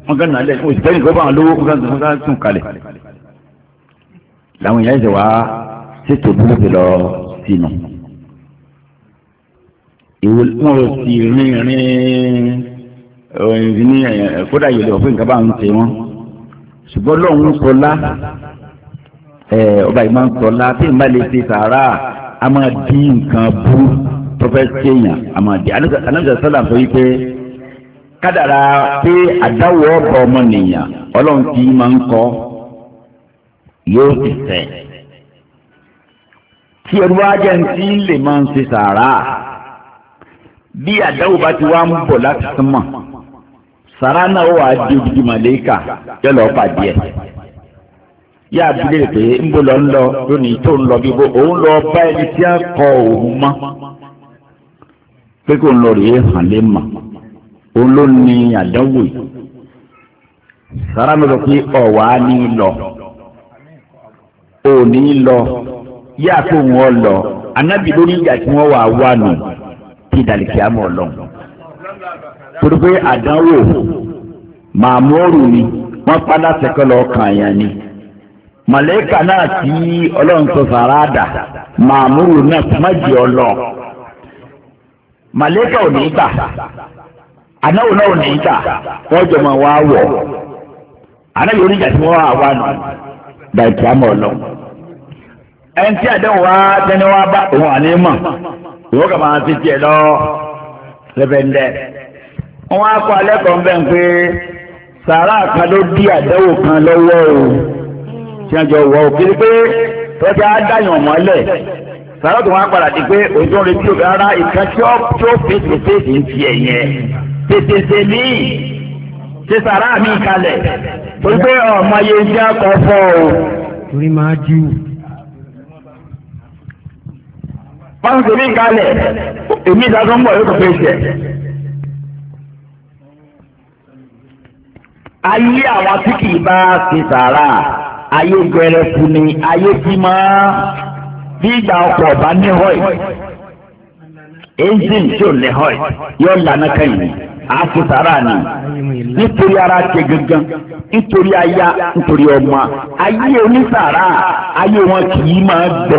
B: wọ́n kàn nálẹ̀ òsì tẹ́lẹ̀ bá wọn lówó wọ́n kàn sùn kalẹ̀ làwọn èèyàn ṣe wá ṣètò búrúkú lọ sínú. ìwò wọn ò sì rìn rìn ní kódà yìí lọ fún nǹkan bá ń ṣe wọn ṣùgbọ́n lọ́hún sọlá ọba ìmọ̀ sọlá tí n bá lè ṣe sàárà a máa di nǹkan bú tọ́fẹ́ ṣèyàn a máa di anábìyà sọlá sọ wípé kádàrá pé àdáwọ̀ ọ̀bọ̀ ọmọnìyàn ọlọ́run ti máa ń kọ́. yóò sì tẹ̀. tí ẹrú ajẹ́ ń tí lè máa ń ṣe sàárà bá ti wá ń bọ̀ láti na sàárà náà wà á di odidi màlẹ́kà yọ pàdé ẹ̀ ya abilé pé ń bó lọ ń lọ lónìí tó ń lọ bí bó òun lọ bá ẹni tí a kọ òun pé kò ń lọ rèé hàn lé lọ òní lọ yá kó wọn lọ anábì lórí ìyá tí wọn wà wà nù kí ìdàlẹ̀kí àmọ́ lọ. àdánwò màmúrù ni wọ́n padà sẹ́kọ̀ lọ kàn yẹn ni màlẹ́kà náà tí ọlọ́run tó fara dà màmúrù náà tó má jẹ́ ọ màlẹ́kà ò ní gbà anáwó náà ò ní gbà wọ́n jọ dàìkíámọ̀ lọ. ẹni tí àdéhùn wa tẹni wá bá òun àní mọ̀ ìwọ kà máa ti tiẹ̀ lọ lẹ́fẹ̀ndẹ́. wọ́n á kọ́ alẹ́ kan bẹ́ẹ̀ pé sàrà kan ló di àdéhùn kan lọ́wọ́ o tí wọ́n jọ wọ́ o kiri pé tọ́jà á dáyàn mọ́lẹ̀ sàrà tó wọn padà di pé òjò retí òkè rárá ìkan tí ó fèsì fèsì ń tiẹ̀ yẹn tètè sèmi tẹsàrà mi kalẹ̀ torí pé ọmọ yẹn jẹ́ akọ fọ́ o.
C: torí máa jí wù.
B: wọ́n ń sọ mí kalẹ̀ èmi ìdájọ́ ń bọ̀ yóò tó fẹ́ ṣẹ̀. ayé àwọn tí kì í bá ti sàrà ayé gbẹrẹfu ni ayé tí máa bí ìgbà ọkọ̀ bá ní họ́ì engine tí ò lè họ́ì yóò lànà kẹ́yìn. àfùsàrà ni nítorí ara tẹ gangan nítorí aya nítorí ọmọ ayé onísàrà ayé wọn kì í máa bẹ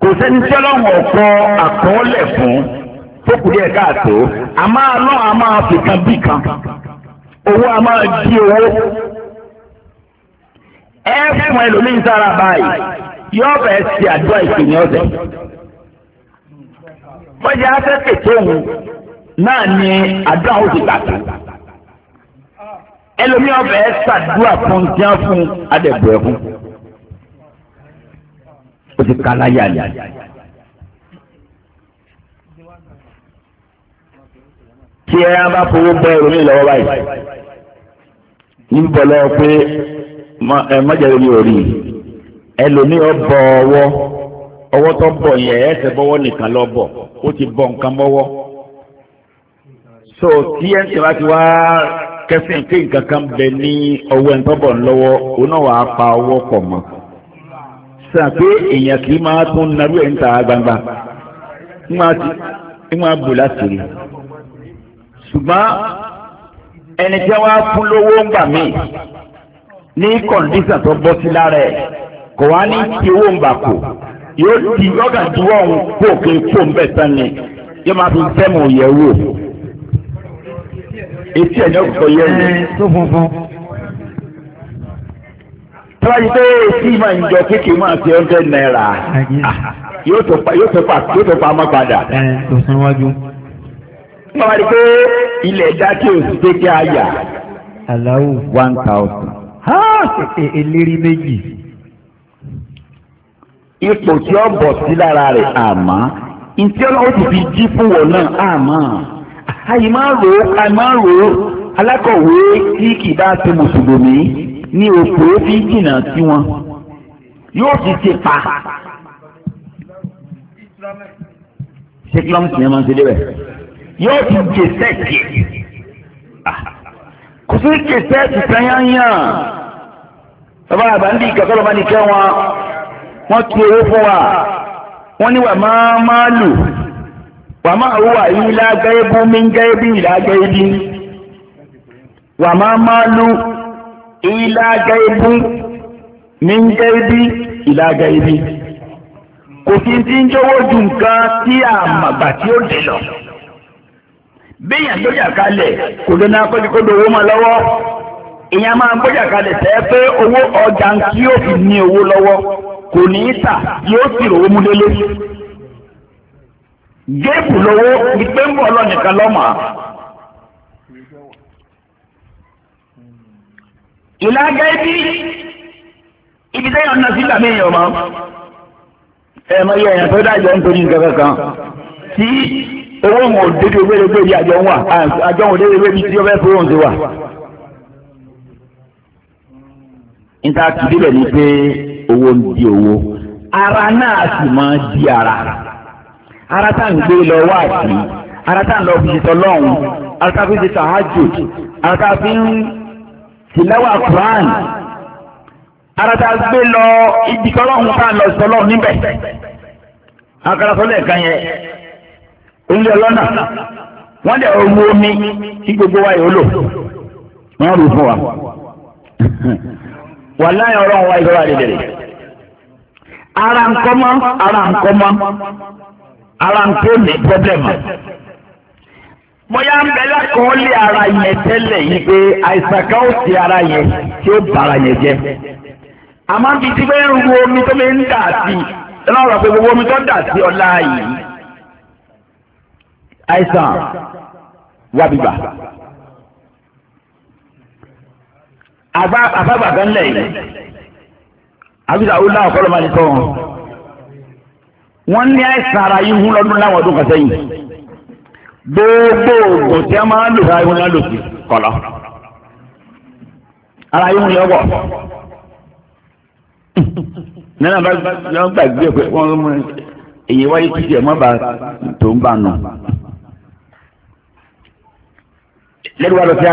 B: kò sẹ́ni tí ọlọ́run ọ̀kọ́ àkọọ́lẹ̀ fún fókùdí ẹ̀ka a máa lọ́ a máa fi kan owó a máa di owó ẹ fún ẹlòmíín sára báyìí yóò bẹ̀ẹ́ ṣe àdúrà ìpè naanị ni àdúrà ó ti gbàgbà ẹlòmíì fún díẹ̀ fún adẹ̀bọ̀ ti kala ya tí ẹ bá fowó bọ́ ẹlòmíì lọ́wọ́ báyìí ń bọ̀ lọ́wọ́ pé mọ́jàre mi ò rí ẹlòmíì ọbọ̀ ọwọ ọwọ tó bọ yẹn ẹsẹ̀ bọwọ nìkan lọ́ bọ ó ti bọ nǹkan bọwọ. so tí ẹ̀ ń tẹ̀lá ti wá kẹsìn kí nǹkan kan bẹ ní ọwọ́ ẹ̀ ń tọ́bọ̀ lọ́wọ́ òun náà wàá pa ọwọ́ pọ̀ mọ́ sàn pé èèyàn kì í máa tún narú ẹ̀ ń ta gbangba
C: ń máa bò láti rí ṣùgbọ́n ẹni tí wọ́n á fún lówó ń gbà míì
B: ní kọ̀ǹdíṣàn tó bọ́ sí lára ẹ̀ kò wá ní ti owó ń bà kò yóò di ọ̀gá ìdúró ọ̀hún kó kéé kó ń bẹ̀ sani yóò máa fi sẹ́mu yẹ̀ wò etí ẹ̀yọ́ kọ̀ yẹ ẹ̀yẹ. Eh, tọ́lájú pé etí máa ń jọ kéèké máa fi hundred naira ah, yóò tó pa yóò tó pa mọ́ padà. Eh, kò sún wájú. wọ́n wá rí pé ilẹ̀ ẹ̀dá tí ò sí pé kí a yà. aláwọ̀ one thousand. E, e, eléri méjì. ipò tí ó bọ̀ sí lára rẹ̀ àmọ́ ntí ọlọ́wọ́ ti fi jí fún wọn náà àmọ́ àyè máa rò ó àyè máa rò ó alákọ̀wé tí kì bá ti mùsùlùmí ní òpó fi jìnnà sí wọn yóò ti ṣe pa. ṣé kílọ́mù tìyẹn máa ń ṣe débẹ̀? yóò ti jẹ sẹ́ẹ̀kì kò sí jẹ sẹ́ẹ̀kì sanyanya bàbá àbáńdì ìkàkọ́lọ́ bá ní kẹ́ wọn
C: wọ́n tu owó fún wa
B: wọ́n ní wà máa máa lù wàmà àwùwà yìí lágẹ́bù mí gẹ́bí ìlágẹ́bí wàmà málù yìí lágẹ́bù mí gẹ́bí ìlágẹ́bí kò sí ti ń jówó ju nǹkan tí àmàgbà tí ó dé lọ béèyàn gbọ́jà kalẹ̀ kò ló náà kọ́jú kó lówó máa lọ́wọ́ ìyẹn máa ń gbọ́jà kalẹ̀ tẹ́ owó ọjà tí yóò fi ní owó lọ́wọ́ kò ní í tà yóò sì rówó múlélé géèpù lówó ìpé ń bọ̀ lọ́nìkan lọ́mọ. ìlà gẹ́ẹ́bí ibi tẹ́yọ̀ náà sí ìlànà èèyàn mọ́ ẹ mọ iye èèyàn tó dájọ́ nítorí nǹkan kankan tí owó wọn ò dédé owó erégbé bí àjọ ń wà àjọ wọn ò dédé owó ibi tí ó fẹ́ fowó wà. níta ti délẹ̀ ni pé owó ń di owó ara náà sì máa di ara. ara tá à ń gbé lọ wá sí ara tá à ń lọ fi ṣètò a fi ara tá fi ń tìlẹ́wà Quran ara tá gbé lọ ibi lọ ṣètò níbẹ̀ yẹn lọ́nà wọ́n omi gbogbo wa yóò lò wọ́n rò fún wa wà wa ara ara
C: ara ń tó ní pọ́blẹ́mù.
B: bóyá ń bẹ lákọọ́lẹ̀ ara yẹn tẹ́lẹ̀ yìí pé àìsàn kan ó ti ara yẹn tí ó bara yẹn jẹ. àmọ́ bíi ti bẹ́ẹ̀ ń ru omi tó ń dà sí i lọ́rọ̀ pé gbogbo omi tó dà sí ọ̀la yìí. àìsàn wà bíbà. àbá àbá bàbá ńlẹ̀ yìí. àbí ìdáwó náà kọ́ ló máa wọ́n anyị àìsàn ara yìí wú lọ́dún láwọn ọdún gbogbo oògùn tí a máa ń lò ara yìí wọ́n lò sí ara yìí wọ́n yọ nínú bá yọ gbàgbé pé wọ́n mú èyí wáyé títí ẹ̀ tó ń nù lẹ́nu wa lọ sí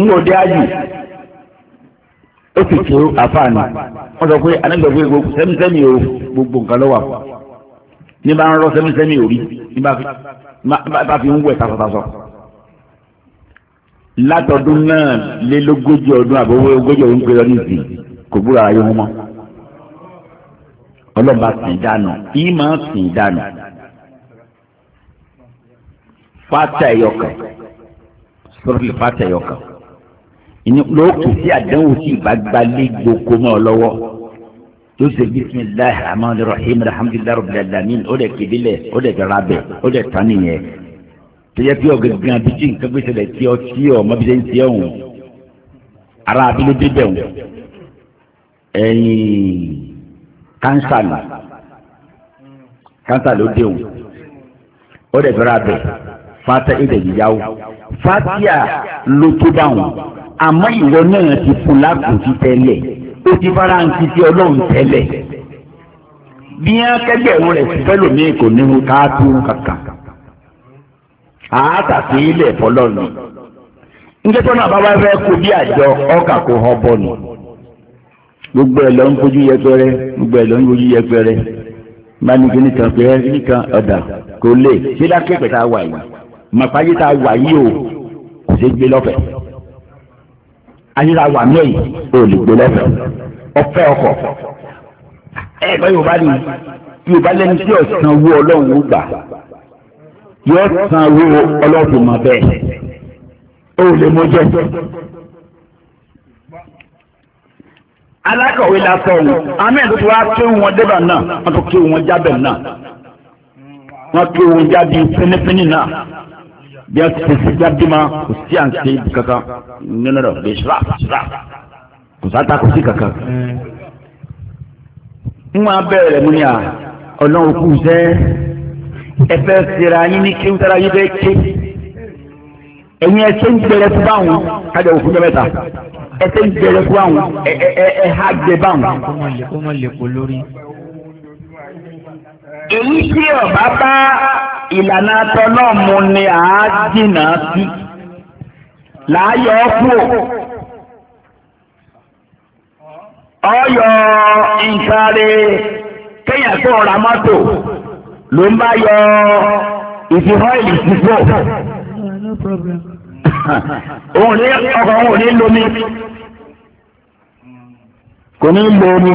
B: ń wò dé ó sì tó àfààní wọ́n sọ pé anágbàgbé gbogbo sẹ́mísẹ́mì o gbogbo nǹkan lọ́wọ́ ní bá ń rọ sẹ́mísẹ́mì ò rí ní bá fi ń wẹ̀ tasọ̀tasọ̀ látọdún náà lé lógójì ọdún àbọ̀wé ogójì ọdún pé lọ ní ìsìn kò búra ayé wọn mọ́ ọlọ́ba sìn dànù ìmọ̀ sìn dànù fata ẹ̀yọkàn sọ́rọ́lì fata ẹ̀yọkàn ló kù sí àdánwò tí ìbágbalé gboko mọ́ ọ lọ́wọ́ tó ṣe bisimilahi rahman rahim alhamdulilayi rabbil alamin ó dẹ̀ kébílẹ̀ ó dẹ̀ jọra bẹ̀ ó dẹ̀ tán nìyẹn tó yẹ kí ọ̀gẹ̀ gan abidjan nǹkan gbèsè lẹ̀ tí ọ tí ọ mọ́bi ṣe ń ṣe ọ̀hún ara abilé débẹ̀ ọ̀hún ẹ̀yìn kánsà nù kánsà ló dé ọ̀hún ó dẹ̀ jọra bẹ̀ fata ilẹ̀ yíyáwó fatia ló tó dáhùn àmọ́ ìwọ náà ti fún lákùn ti tẹ́lẹ̀ ó ti fara ń ti ti ọlọ́run tẹ́lẹ̀ bí wọn kẹgbẹ̀rún rẹ̀ sí fẹ́lòmíì kò ní wọn ká tó kankan àátà sí ilẹ̀ fọlọ́ọ̀nù nítorí náà bàbá fẹ́ kó bí àjọ ọkà kó họ bọ́ọ̀nù gbogbo ẹ̀ lọ ń fojú yẹpẹrẹ gbogbo ẹ̀ lọ ń fojú yẹpẹrẹ máa ní kíní kan pé kíní kan ọ̀dà kò lè ṣé dákẹ́pẹ̀ wà yìí màpáyé tá a wà yìí o kò ṣe gbé lọ́fẹ̀ẹ́ ayíra wà ní ẹ̀yìn o lè gbé lẹ́fẹ̀ẹ́ ọ̀fẹ́ ọkọ̀ ẹ̀ẹ́dọ́ yorùbá ni yorùbá lẹ́ni tí ọ̀sán owó ọlọ́run gbà yóò san owó ọlọ́run mọ̀ bẹ́ẹ̀ o lè mọ jẹ́ alákọ̀wé la sọ wọn amẹ́ẹ̀ tó ti wá kí wọn débà náà wọ́n tó kí wọn jábẹ̀ náà wọ́n kí wọn jáde fínífíní náà
C: bí a ti fi jáde ma kò sí à ń ṣe ibi kankan nínú rẹ̀ lè ṣra ṣra
B: kò sáta kò sí kankan. ń wá bẹ̀rẹ̀ mú ni à ọlọ́run kù sẹ́ ẹ fẹ́ sera yín ní kí n tara yín bẹ́ẹ̀ ké ẹ̀yin ẹsẹ̀ ń gbẹrẹ fún báwọn kájà òkú jẹ mẹ́ta ẹsẹ̀ ń gbẹrẹ fún báwọn ẹ̀ ẹ̀ ẹ̀ ha gbẹ báwọn. kó má lè èyí tí ọba bá ìlànà tọlọ́mù ni à á jìnnà sí láàyò ọkùò ọyọ nǹkan rẹ kéèyàn tó ra mọ́tò ló ń bá yọ ìfihàn ìsìnkú. òun ní ọkọ̀ òun ní lomi kò ní lomi.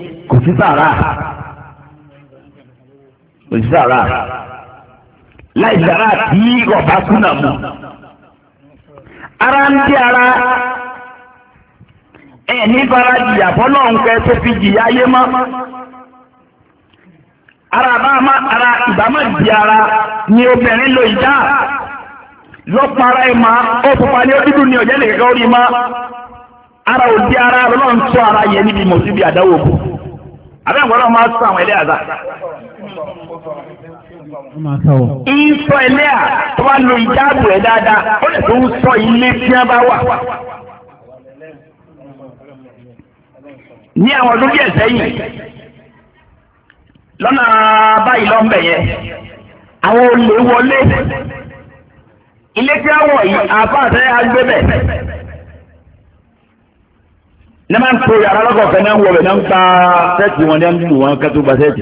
B: kò sí sàrà kò sí sàrà ọba kùnà mọ ara ń ara ẹ ní jìyà fọlọ́ tó fi jìyà ayé mọ́ ara bá má ara ìbámá di ara ni obìnrin lo ìjà ẹ̀ máa ó pupa ọ̀jẹ́ ara ara yẹ níbi abẹ́ ìgbọ́dọ̀ máa sọ àwọn ẹlẹ́yà dà.
C: ìsọ ẹlẹ́yà tó bá lo ìjáàbù ẹ̀ dáadáa ó lè tó ń sọ ilé tí wọ́n bá wà.
B: ní àwọn ọdún díẹ̀ sẹ́yìn lọ́nà báyìí lọ́nbẹ̀ yẹn àwọn olè wọlé ilé tí wọ́n wọ̀ yìí àbá ní máa ń pe yàrá lọ́kọ̀ fẹ́ náà ń wọlé náà ń pa sẹ́ẹ̀tì wọn náà ń lù wọn kẹ́tù gba sẹ́ẹ̀tì.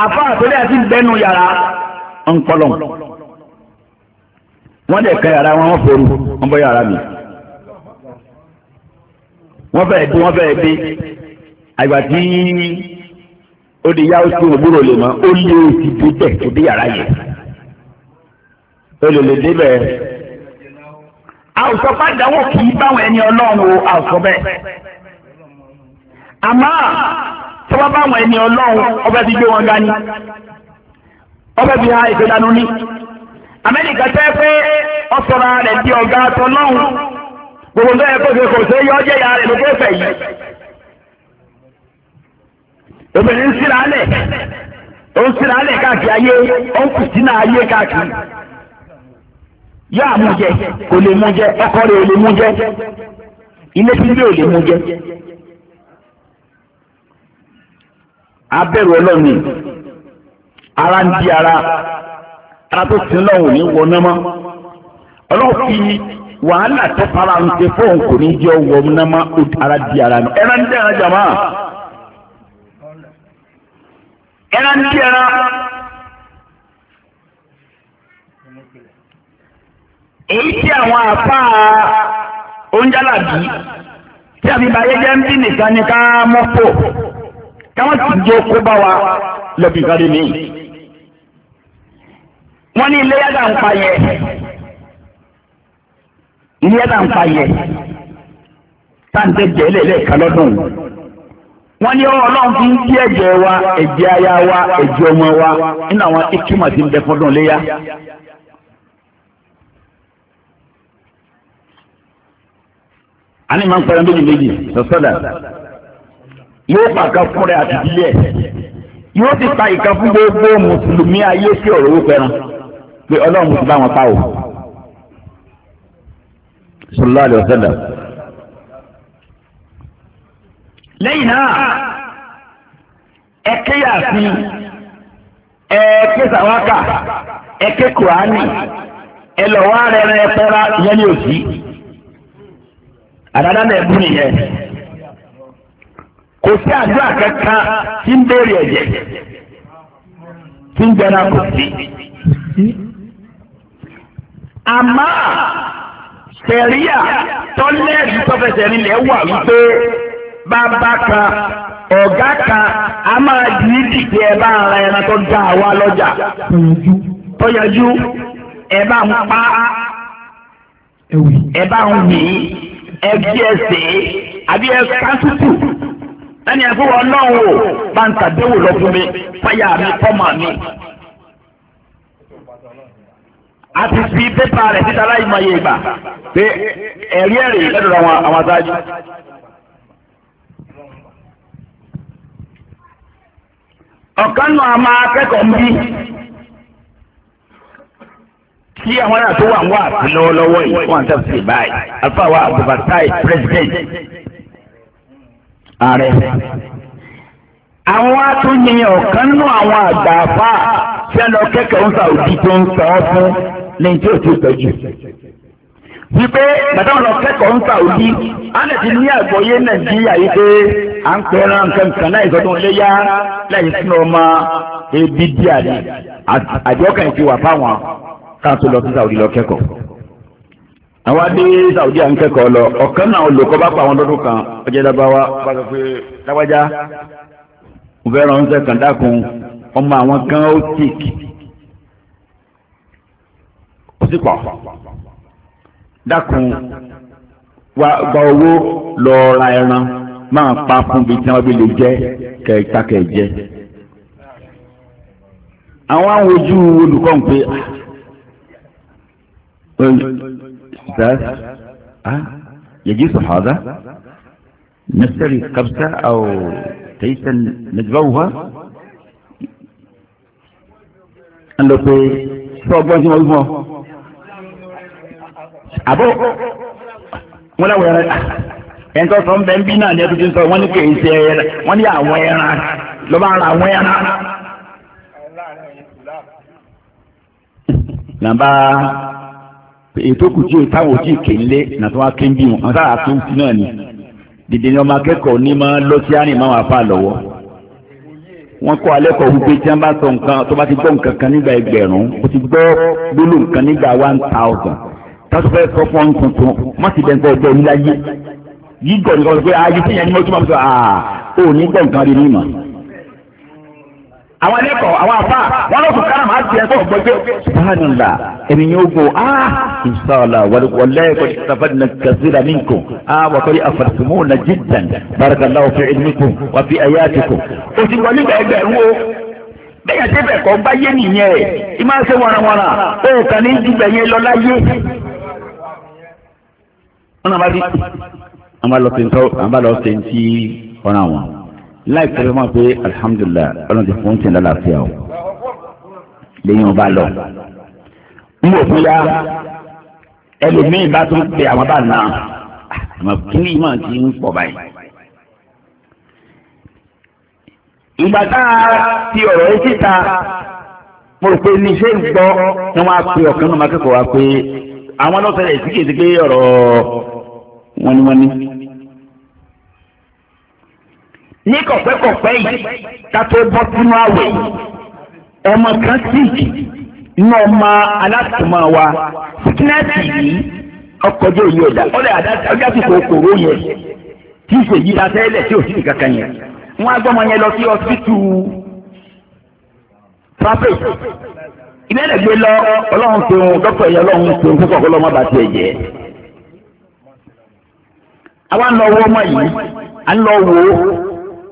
B: àfa àtọ́lé àti bẹ́nu yàrá ń kọ́lọ̀ wọ́n lè ka yàrá wọn wọ́n fòrú wọ́n bọ́ yàrá mi. wọ́n fẹ́ẹ́ dé wọ́n fẹ́ẹ́ dé àgbà tí ó di yá oṣù òwúrò lè mọ́ ó lé oṣù tó tẹ̀ tó dé yàrá yẹn. ó lè débẹ̀ a bá dáwọ́ kì í báwọn ẹni ọlọ́run o bẹ́ẹ̀. àmọ́ báwọn ẹni ọlọ́run ọbẹ̀ gbé wọn ga ni ọbẹ̀ ha ní. amẹ́ríkà tẹ́ pé ọ̀sọ̀ra rẹ̀ di ọ̀gá tọ́lọ́run gbogbo ń bẹ́ẹ̀ kóso kò yọ rẹ̀ ló fẹ̀ yìí. obìnrin ń yaa mú jẹ kò lè mú jẹ ọkọ rẹ̀ ò lè mú jẹ ilé ara ń ara ara tó sin lọ́wọ́ ní wọná mọ́ ọlọ́ọ̀ fi wàhálà tó para ń ṣe fóun kò ní jẹ́ mọ́ ara di ara ẹran ń ara jàmá èyí tí àwọn àpá oúnjẹ́làbí tí àbíbáyé jẹ́ ń bí nìkan ni ká mọ́pò káwọn sì jẹ́ kó bá wa lọ́bì ìgbàdé mi. wọ́n ní ilé yàtà ń pa yẹ ilé yàtà ń pa yẹ táǹtẹ̀ jẹ́ lẹ́ẹ̀kan lọ́dún wọ́n ní ọlọ́run fi ń kí ẹ̀jẹ̀ wa ẹ̀jẹ̀ aya wa ẹ̀jẹ̀ ọmọ wa nínú àwọn ikú màtí ń bẹ fọ́dún léyà. ani máa ń pẹ́rẹ́ méjì méjì sọ́sọ́dà yóò pa kan fún rẹ àti ìdílé ẹ̀ yóò ti pa ìkan fún gbogbo mùsùlùmí ayé sí ọ̀rọ̀ owó pẹ́ran pé ọlọ́run ti bá pa o sọlá àlẹ́ ọ̀sẹ̀dà. lẹ́yìn náà ẹ kéyà sí sàwákà ẹ ké kùránì pẹ́ra yẹn òsì àdáda náà bú nìyẹn kò sí àdúrà kankan tí ń béèrè ẹ̀jẹ̀ tí ń jẹrà kò sí. àmọ́ sẹ̀ríà tọ́lẹ́ẹ̀dì tọ́fẹsẹ̀ nílẹ̀ wà wípé bàbá kan ọ̀gá kan a máa di ìdìbò ẹ̀ bá ara ẹran tó dá a wá lọ́jà tọ́yọjú ẹ̀ bá ń pa ẹ̀ bá ń wì í ẹbí ẹsẹ àbí ẹkásùtù ẹni ẹfọ wọn náà wò pàǹtàdéwò lọ fún mi fáyà mi fọmà mi. a ti fi pépà rẹ̀ títa láì máa yẹ ìgbà pé ẹ̀rí ẹ̀rí lẹ́dọ̀ọ́ àwọn àwọn aṣáájú. ọ̀kan náà máa kẹ́kọ̀ọ́ ń bí tí àwọn náà tó wà ń wà fún lọ́wọ́lọ́wọ́ yìí wọ́n tẹ̀ sí báyìí alfawa abdulfatai president ààrẹ. àwọn atúnyẹyẹ ọ̀kan nínú àwọn àgbà àfa tí ẹ lọ kẹ́kẹ̀ẹ́ ń sàwùjí tó ń sọ ọ́ fún lẹ́yìn tí ò tí ì tọ́jú. wípé bàtà wọn lọ kẹ́kọ̀ọ́ ń sàwùjí alẹ́ ti ní àgbọ̀yé nàìjíríà yìí pé à ń pẹ́ ẹran nǹkan kan láì sọdún ilé láì sínú ọmọ ebi díà ni àjọkàn ti wà fáwọn káàtó lọ sí Saudi lọ kẹ́kọ̀ọ́ àwọn adé Saudi à ń kẹ́kọ̀ọ́ lọ ọ̀kan náà olùkọ́ bá pa àwọn lọ́dún kan ọjọ́ dábàwá bá sọ pé dáwájá mo fẹ́ ràn ṣe kàn dákun ọmọ àwọn kan ó tìk ó sì pọ̀ dákun wa gba owó lọ ra ẹran máa pa fún bíi tí wọ́n bí lè jẹ́ kẹta kẹ̀ àwọn àwọn ojú olùkọ́ ń pè é. آه يجيز هذا نشتري قبسة أو كيسا نجبوها أن لو sọ́gbọ́n tí wọ́n wí fún ọ. àbọ̀ wọn làwọn ẹran ẹnitọ́ sọ ń bẹ ń bí náà ní ẹtú ń sọ wọ́n ní kèé ṣe ẹran wọ́n ní àwọn ẹran ló bá ra àwọn ẹran. nàbà ètò kù tí o táwọn ojú ìké ńlẹ nàtọ́ wa kí n bí wọn àwọn táwọn akéwù sí náà ni dìde ni ọmọ akẹ́kọ̀ọ́ ní máa lọ sí àárín máa wà fà lọ́wọ́ wọn kọ́ alẹ́ kọ́ wípé tí wọ́n bá sọ nǹkan tó bá ti gbọ́ nǹkan kan nígbà ẹgbẹ̀rún o ti gbọ́ gbólóhùn nǹkan nígbà one thousand táwọn fẹ́ sọ fún ọ̀hún tuntun má ti dẹ́gbẹ́ ọjọ́ orí láyé yígbọ̀ nǹkan pé ayé ah, tí yẹn ni mo tún máa sọ à ah, ò ní gbọ́ nǹkan rí ní ìmọ̀ àwọn ẹlẹ́kọ̀ọ́ àwọn àfà wọn lọ́sùn káràmù àti ẹ̀sọ́ ọ̀gbọ́jọ́. sàánùlà èmi yóò gbó a ìsàlà wàlẹ́ kò ní sàfàdì nà kàzíra mi kò a wà kọ́ ní àfàtúmù nà jìdàn barakallahu fi ẹni kò wà fi ẹ̀yà ti kò. o ti wọlé gbẹgbẹ wo bẹ́ẹ̀ yẹn tẹ́fẹ̀ kọ́ bá yé nìyẹn i máa ṣe wọ̀nàwọ̀nà o kàn ní ju bẹ̀yẹn lọ láyé. wọn náà bá
C: lọ sí ọ̀nà àwọn láì pẹ́ mọ́ pé
B: alihamudulilayi ọlọ́run ti fún ti lálàáfíà o lẹ́yìn ọba lọ. n bò fún ya ẹlòmíín bá tún pe àwọn bá nà àmọ́ kí ni ìmọ̀ ti ń pọ̀ báyìí. ìgbà tá a ti ọ̀rọ̀ yìí síta mo rò pé ní ń gbọ́ ni wọ́n pe ọ̀kan náà máa kẹ́kọ̀ọ́ wa pé àwọn ọlọ́sẹ̀ rẹ̀ sí kìí ti ọ̀rọ̀ wọ́n ní kọ̀pẹ́kọ̀pẹ́ yìí
C: ká tó bọ́ sínú àwẹ̀
B: ọmọ kan síìkì ní ọmọ alásùnmọ́ wa síkínẹ́ẹ̀tì yìí ọkọ̀ ojú òye ọ̀dà ọ̀dà ọjà tó kòkòrò yẹn tí ìṣe yìí la tẹ́lẹ̀ tí òsì kankan yẹn wọ́n á gbọ́mọ yẹn lọ sí ọsítù pápẹ́ ilé ẹ̀dẹ̀gbẹ́ lọ ọlọ́run tó ń dọ́kítọ̀ yẹn ọlọ́run tó ń kókò ọlọ́mọ bá tiẹ̀ jẹ́ àwa ń lọ wọ́ ọmọ yìí à ń lọ wọ́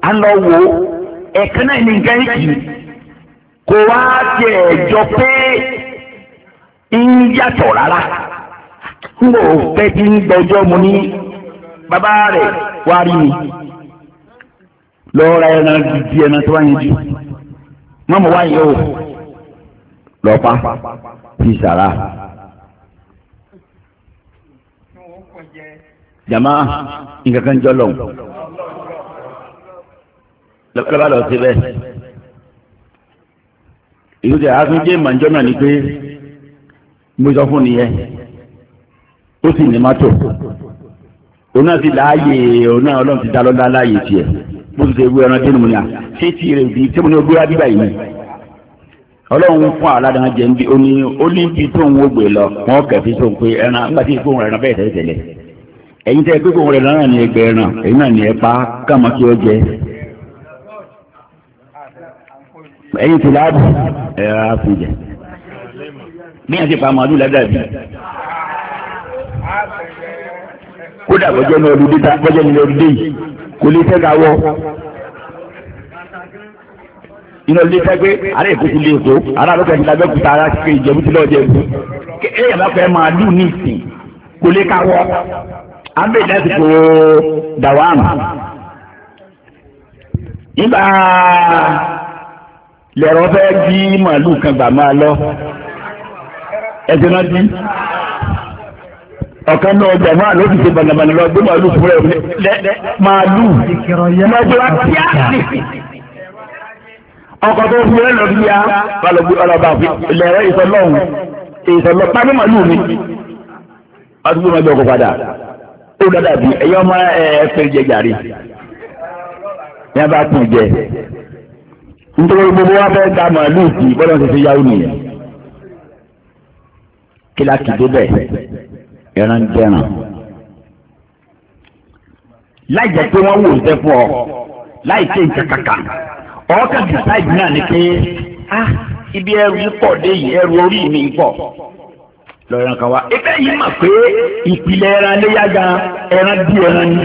B: à ń lọ wò ó ẹ̀kan náà ní nǹkan yìí kò wá tiẹ̀ jọ pé ń yàtọ̀ rárá n kò fẹ́ ti ń gbọ́jọ́ mo ní bàbá rẹ̀ wá rí mi lọ́ọ́ ẹran gidi ẹran tó wá jù mọ́mọ́ wá o lọ́pa fi sàrà. jama nǹkan kan lọ́ba lọ sí bẹ́ẹ̀. ìlú tẹ̀ àtúnjẹ màjọ́ náà ni pé mo sọ fún nìyẹn ó sì ní òun náà ti láàyè òun náà ọlọ́run ti láàyè tiẹ̀ ṣe ẹran mu ni à ṣé lọ wọn tó ń pe ẹran nígbà ẹran bẹ́ẹ̀ tẹ́lẹ̀ ẹ̀yin tẹ́ ẹ̀yìn tó láàbù ẹ̀rọ àfúnjẹ bí wọ́n ti pa màálù ládàbí kódà bọ́jọ́ ní ọdún dídá bọ́jọ́ ní ọdún dé yìí kò lè tẹ́ ka wọ́ inú ọdún dídá pé ará èkó ti lè kó ará àlọ́kọ̀ ìdílé abẹ́kúta ará ti pé ìjẹ̀bú ti lọ́ọ́ jẹ̀bú ẹ̀yà bá fẹ́ màálù ní ìsìn kò lè ka wọ́ abẹ́ ìdá ti kó dàwọn àmà lẹ̀rọ fẹ́ bí màálù kan gbà máa lọ ẹ̀sìn náà bí ọ̀kan náà ọjà máa ló ti ṣe bànàbànà lọ gbé màálù fún rẹ̀ màálù mọ́jọ́ kíá
C: ọkọ̀ tó fi rẹ̀ lọ bí ya ọlọ́ba lẹ̀rọ ìsọlọ́hún
B: ìsọlọ́ pálí màálù mi adúgbò máa jẹ ọkọ̀ padà ó dàdàbí ẹ̀yọ́ máa ẹ̀ẹ́ fẹ́ jẹ jàre ní a bá tún jẹ nítorí gbogbo wa fẹ́ da màálùú sí bọ́lá ṣe fi yáwó nìyẹn kíláàkì débẹ̀ ẹran jẹran láì jẹ́ pé wọ́n wò ó sẹ́fún ọ láì ṣe nǹkan kankan ọ̀ọ́kà dìsáìdì náà ni pé ah ibi ẹrù pọ̀ dé yìí ẹrù orí mi ń pọ̀ lọ́ọ̀rọ̀ kan wá ẹgbẹ́ yìí mà pé ìpìlẹ̀ ẹran léyà gan ẹran bí ẹran ni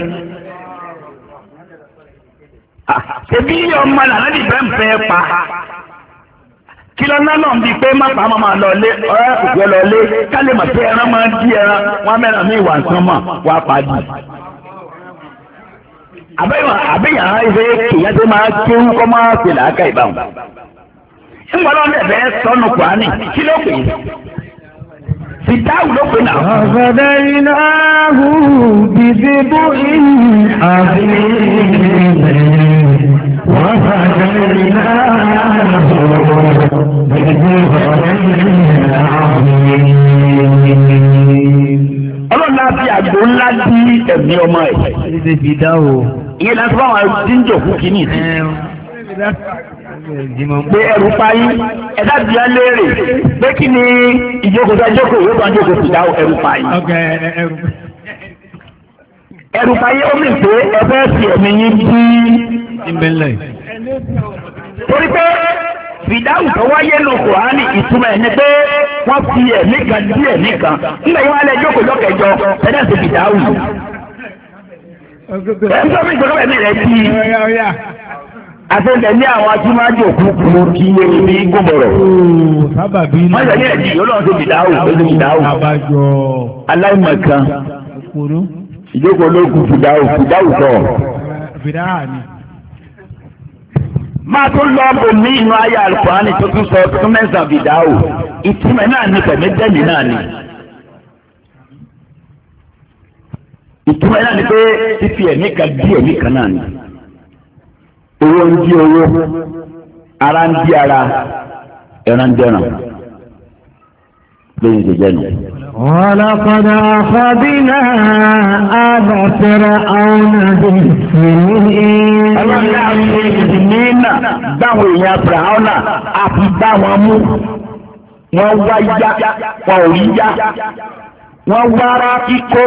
B: èmi yí ọmọ nàá lẹ́nu ìfẹ́ nfẹ́ pa kí lọ ná náà bíi pé má pa má máa lọ lé ọ̀rẹ́ òkú lọ lé kálí mà pé ẹran máa ń di ẹran wọn mẹ́ràn mí ìwà nǹkan mọ̀ wá pàdé. àbẹ̀yàn ẹ̀fẹ́ kìyà tó máa kéwú kọ́ máa pè láàkà ìbáwọn.
C: ńgbọ́dọ̀ ń bẹ̀bẹ̀ sọnù kwani kí ló pè é.
A: Fìdáwù ló pè ọlọ́run
B: náà fi àgbò ńlá dí ẹ̀mí ọmọ ẹ̀. ìyẹn náà fún àwọn jíjọ fún kínní pé ẹrù parí ẹ̀dá ti á léèrè pé
C: kí ni ìjókòó tó ajókòó yóò tó ti dá ẹrù parí
A: ẹrù parí ó mì pé ẹ fẹ́ fi ẹ̀mí yín bí
C: ìbẹ̀lẹ̀. torí pé fìdáhùn tó wáyé ló kùránì ìtumọ̀ ẹ̀ ni pé
B: wọ́n fi ẹ̀mí kan dí ẹ̀mí kan nígbà yìí wọ́n á lẹ jókòó lọ́kẹ̀jọ ẹ̀dá sí fìdáhùn. ẹ̀ ń sọ fún ìgbọ́dọ̀ ẹ̀mí rẹ̀ kí àtẹ̀lẹ̀ ní àwọn atúmájò kúkúrú kí lè ní gómọ̀rọ̀. wọ́n yẹ yẹ di olóhùn tó bìdáwò lórí bìdáwò. aláìmọ̀kan ìjókòó ló kú bìdáwò bìdáwò tọ̀ máa tún lọ bò ní inú ayé alukurani tó tún sọ tún mẹ́sàn-án bìdá o ìtumẹ̀ náà ní pẹ̀mí dẹ́mi náà ní. ìtumẹ̀ náà ní pé fífi ẹ̀mí kan dí ẹ̀mí kan náà ní. owó ń di owó ara ń di ara ẹran dẹ́ràn lóyún ìjẹ́jẹ́ nù.
A: ولقد أخذنا آل فرعون بالسنين ọlọ́lá ṣe ìdìnnínà báwọn èèyàn fìràhánà àti báwọn mú wọn
C: wá yá wọn ò rí yá
B: wọn wára kíkó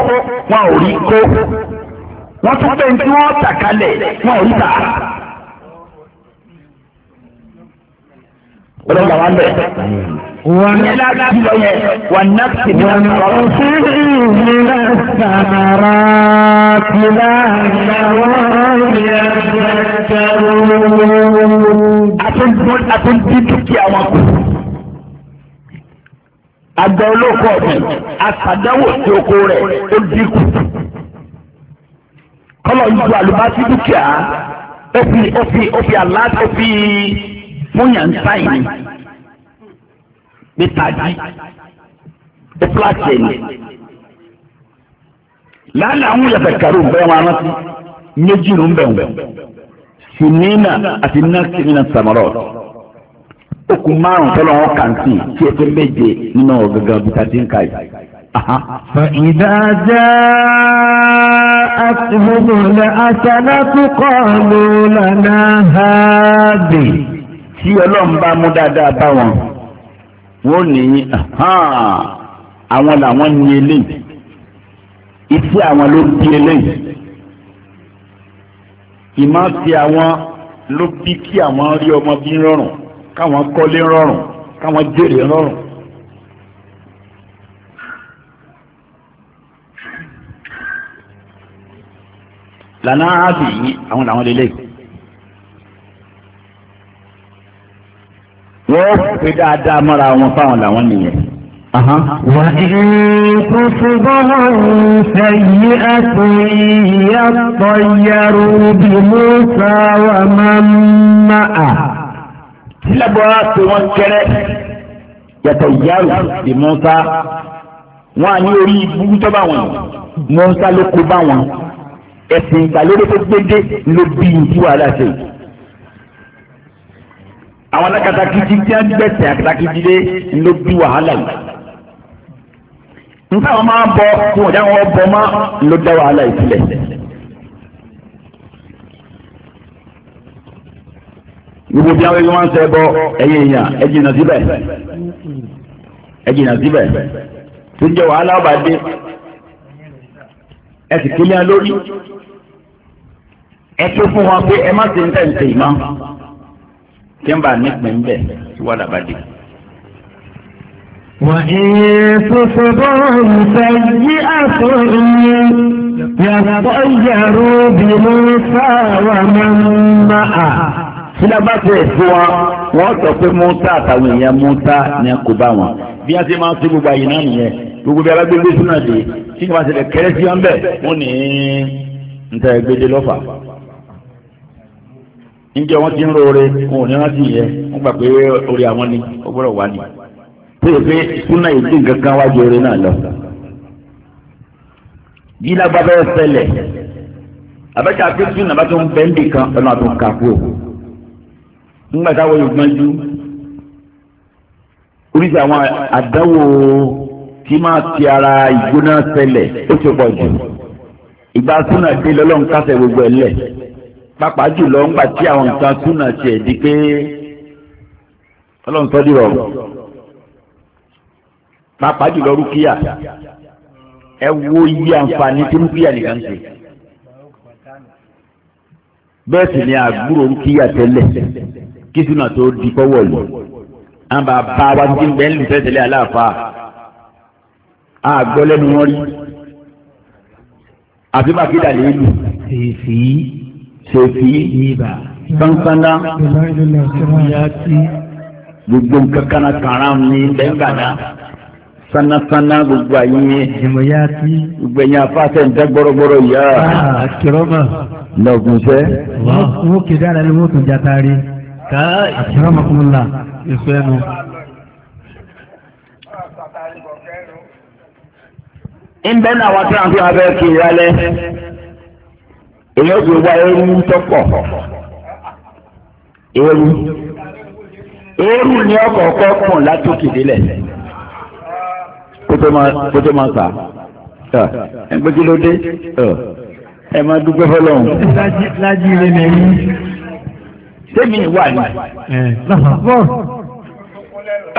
B: ọlọ́gbà wa bẹ̀. wọ́n ní láti lọ yẹ wọ́n náà ti ní wọn lọ. wọ́n fi ìlera sàmàrà
A: tìlá ìyàwó ìyàwó.
B: àtúntí dúkìá wọn kù. àgbà olóko ọ̀sìn àtàdáwò tí oko rẹ̀ ó dínkù. kọ́lọ̀ ń ju àlùbáṣí dúkìá ó fi ó fi ó fi àlá ó fi fún yàn sáyìn bí tají bí platini lálẹ́ àwọn yàtọ̀ kàrú bẹ́ẹ̀ wọn rántí méjì ló ń sinina àti nasinina samarọ okùn márùn tọ́lọ̀ wọn kàǹtì tí o ti méje nínú ọ̀gángan bí tají ń ka
A: فإذا جاءتهم الحسنة قالوا لنا
B: هذه tí ọlọ́run bá mú dáadáa bá wọn wọ́n ní àwọn làwọn ní eléyìí ìtí àwọn ló bí eléyìí ìmọ̀ ti àwọn ló bí kí àwọn rí ọmọ bí rọrùn káwọn kọ́lé rọrùn káwọn jèrè rọrùn. lànà áàbì yìí àwọn làwọn lélẹ́yìí. wọ́n fi dáadáa mọ́ra wọn fáwọn làwọn nìyẹn. Wà
A: ìkú ṣùgbọ́n ṣèyí àti ìyàtọ̀ yẹrù bí Musa wà máa ń
B: má a. Sílẹ̀bọ̀ tí wọ́n kẹ́rẹ́ yàtọ̀ yẹrù bí Musa wọn à ní orí ibú tó bá wọn Musa ló kó bá wọn ẹ̀sìn ìgbàlódé tó gbédé ló bí ìdíwàlá ṣe yìí àwọn alákatakiti tí a gbẹ̀sẹ̀ akatakiti dé ló bí wàhálà yìí nta wọn máa bọ kí wọn já wọn bọ má ló dá wàhálà yìí sílẹ̀. gbogbo bí àwọn ẹgbẹ́ wọn ń sẹ́ bọ ẹ̀yìn èèyàn ẹ jìnnà síbẹ̀ ẹ jìnnà síbẹ̀ tó jẹ́ wàhálà ọba dé ẹ kílíà lórí ẹ tó fún wọn pé ẹ má ṣe ń tẹ̀ ń tẹ̀ ìmọ̀ kí n bá nípìn bẹ̀ tí wàhálà bá dé.
A: وإن تصبهم سيئة يطيروا بموسى ومن معه
B: tí lábá tẹ ẹ̀fọ́ wa wọ́n sọ pé mọ́tà àtàwọn èèyàn mọ́tà ni a kò bá wọn bí a ti máa ń tó gbogbo àyè náà nìyẹn gbogbo bí alágbègbè súnà dé tí kò bá ṣẹlẹ̀ kẹrẹ́sì wọn bẹ̀ wọ́n ní ń tẹ́ gbèdé lọ́fà níjẹ́ wọ́n ti ń roore wọn ò ní rántí yẹ wọ́n gbà pé orí àwọn ni ó gbọ́dọ̀ wá ní. péye pé súnà ìdí nǹkan kan wájú oore náà lọ. yìí lágbá bẹ́ẹ̀ ṣẹlẹ̀ àbẹ́tà pé súnà bá tó ń bẹ́ẹ̀ nbì kan ọ̀nà àtún kàkú o. nígbà táwọn yóò gbọ́njú oríṣi àwọn àdánwò tí máa ti ara ìgbóná ṣẹlẹ̀ ó ti pọ̀ jù. ìgbà súnà dé lọ́lọ́run kásẹ̀ gbogbo ẹ̀ lẹ̀ pàápàá jùlọ ńgbà tí àwọn nǹkan súnà tiẹ̀ di pé ọlọ́run sọ́dí rọ̀ pàápàá jùlọ rúkìá ẹ wo iye àǹfààní tí rúkìá nìkan ṣe bẹ́ẹ̀ sì ni àgbúrò rúkìá tẹ́lẹ̀ kí súnà tó di pọ́wọ́ lọ àwọn bàbá wa ti ń bẹ́ẹ̀ ń lù tẹ́tẹ́lẹ̀ aláàfáà àgbọ́lẹ́nu wọn rí àfi bàbá kí dàlẹ́ lù. èsì ṣèfì sánsánná gbogbo nǹkan kan kàrà ní lẹ́gbàdá sánásáná gbogbo ayé gbogbo ẹ̀yìn afáṣẹ́ ǹdẹ́ gbọ́rọ́gbọ́rọ́ yá. àkìrọ́mà. Ah, lọ́gùn sẹ́. wọ́n kéde ara ẹni wọ́n tún jata rí. àkìrọ́mà kún la ìfẹ́ nu. ń bẹ́ẹ̀ náà wá tí wọ́n fi abẹ́ kiri alẹ́ èyàn ti wá ewu tọpọ ewu ewu ni ọkọọkọ kùn látòkè délẹ̀ kótó máa sà ẹ gbé kí ló dé ẹ máa dúpẹ́ fọlọ́hún. lájí ilé mi rí. sẹ́mi wà ní.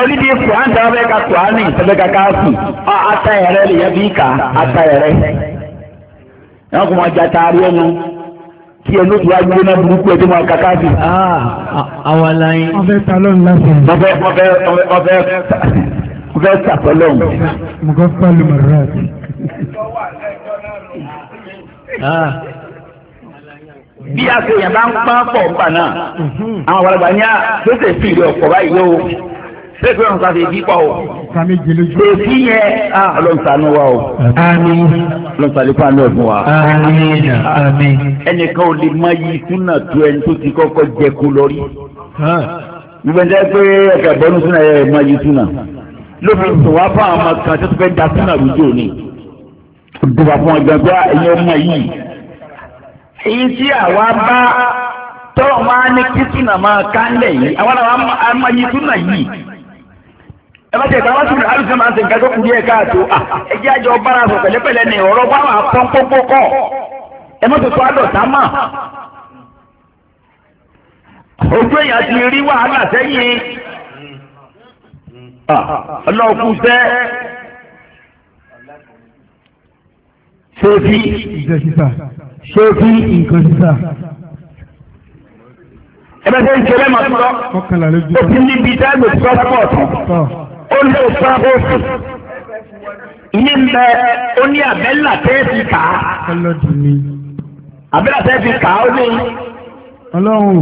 B: olùdí kùránì tí wọ́n fẹ́ ka kùránì tẹ́lẹ̀ ká káàsì ọ̀ ata yẹrẹ lè yẹ bí ká ata yẹrẹ ẹ̀wọ̀n kò máa jà taari ẹnu kí ẹnu tó wá gbé náà burúkú ẹ̀ tó máa kàkà sí. Ah,
A: àwọn aláìn. wọ́n fẹ́ ta lọ́nù lásán. wọ́n fẹ́ wọ́n fẹ́
B: wọ́n fẹ́ wọ́n fẹ́ sàkọ́ lọ́nù.
C: mo kọ́ pálí àti. Ah.
B: bí a ṣe yàn bá ń pa pọ̀ pa náà mhm. àwọn àgbàlagbà ní à ló ṣe fi ìlú ọ̀pọ̀ báyìí ló ṣe é pé òun kà ṣe ìdí o sami jeli ju. èsì yẹ ọlọ́nsánú wa o. àmín. ọlọ́nsánlẹ́kọ̀ àná ọ̀fun wa. àmín àmín. ẹnìkan ò lè má yí súnà tó ẹni tó ti kọ́kọ́ jẹ kú lórí. ìgbẹ́ndẹ́ pé ẹ̀ka ìbọnú súnà yẹ má yí súnà. lóbi sùn wá fún àwọn ọmọ kan tó fẹ́ da súnà lójú òní. dùbà fún ọgbẹ́ pé ah, ẹ̀yin ọmọ yìí. èyí tí àwa bá tọ́lọ̀ máa ní kí súnà máa ká lẹ̀ yìí àwọn àwọn amáyí ẹ̀fọ́jẹ̀ ìgbà wáṣọ ìlú àlùfẹ́ máa ń ṣe nǹkan tó kù díẹ̀ káàtó ẹjẹ́ àjọ bára sọ pẹ̀lẹ́pẹ̀lẹ́ ni ọ̀rọ̀ báwọn apọ́npọ́npọ́ kọ̀ ẹ mọ́tò tó àdọ̀tá mà. ojú èèyàn ti rí wàhálà sẹ́yìn ọlọ́ọ̀kú
A: sẹ́ ṣéfì ṣéfì nǹkan sísà. ẹ̀fẹ́ sẹ́yìn ṣẹlẹ̀ màtúrọ̀ ó ti níbi dáàbò tó sọ́kọ̀ọ̀tù.
C: onye
B: a òpá oṣù
C: ní mbẹ ó ní abẹ́là
B: abela kà á. ka tẹ́ẹ̀fì kà á ó ní. ọlọ́run.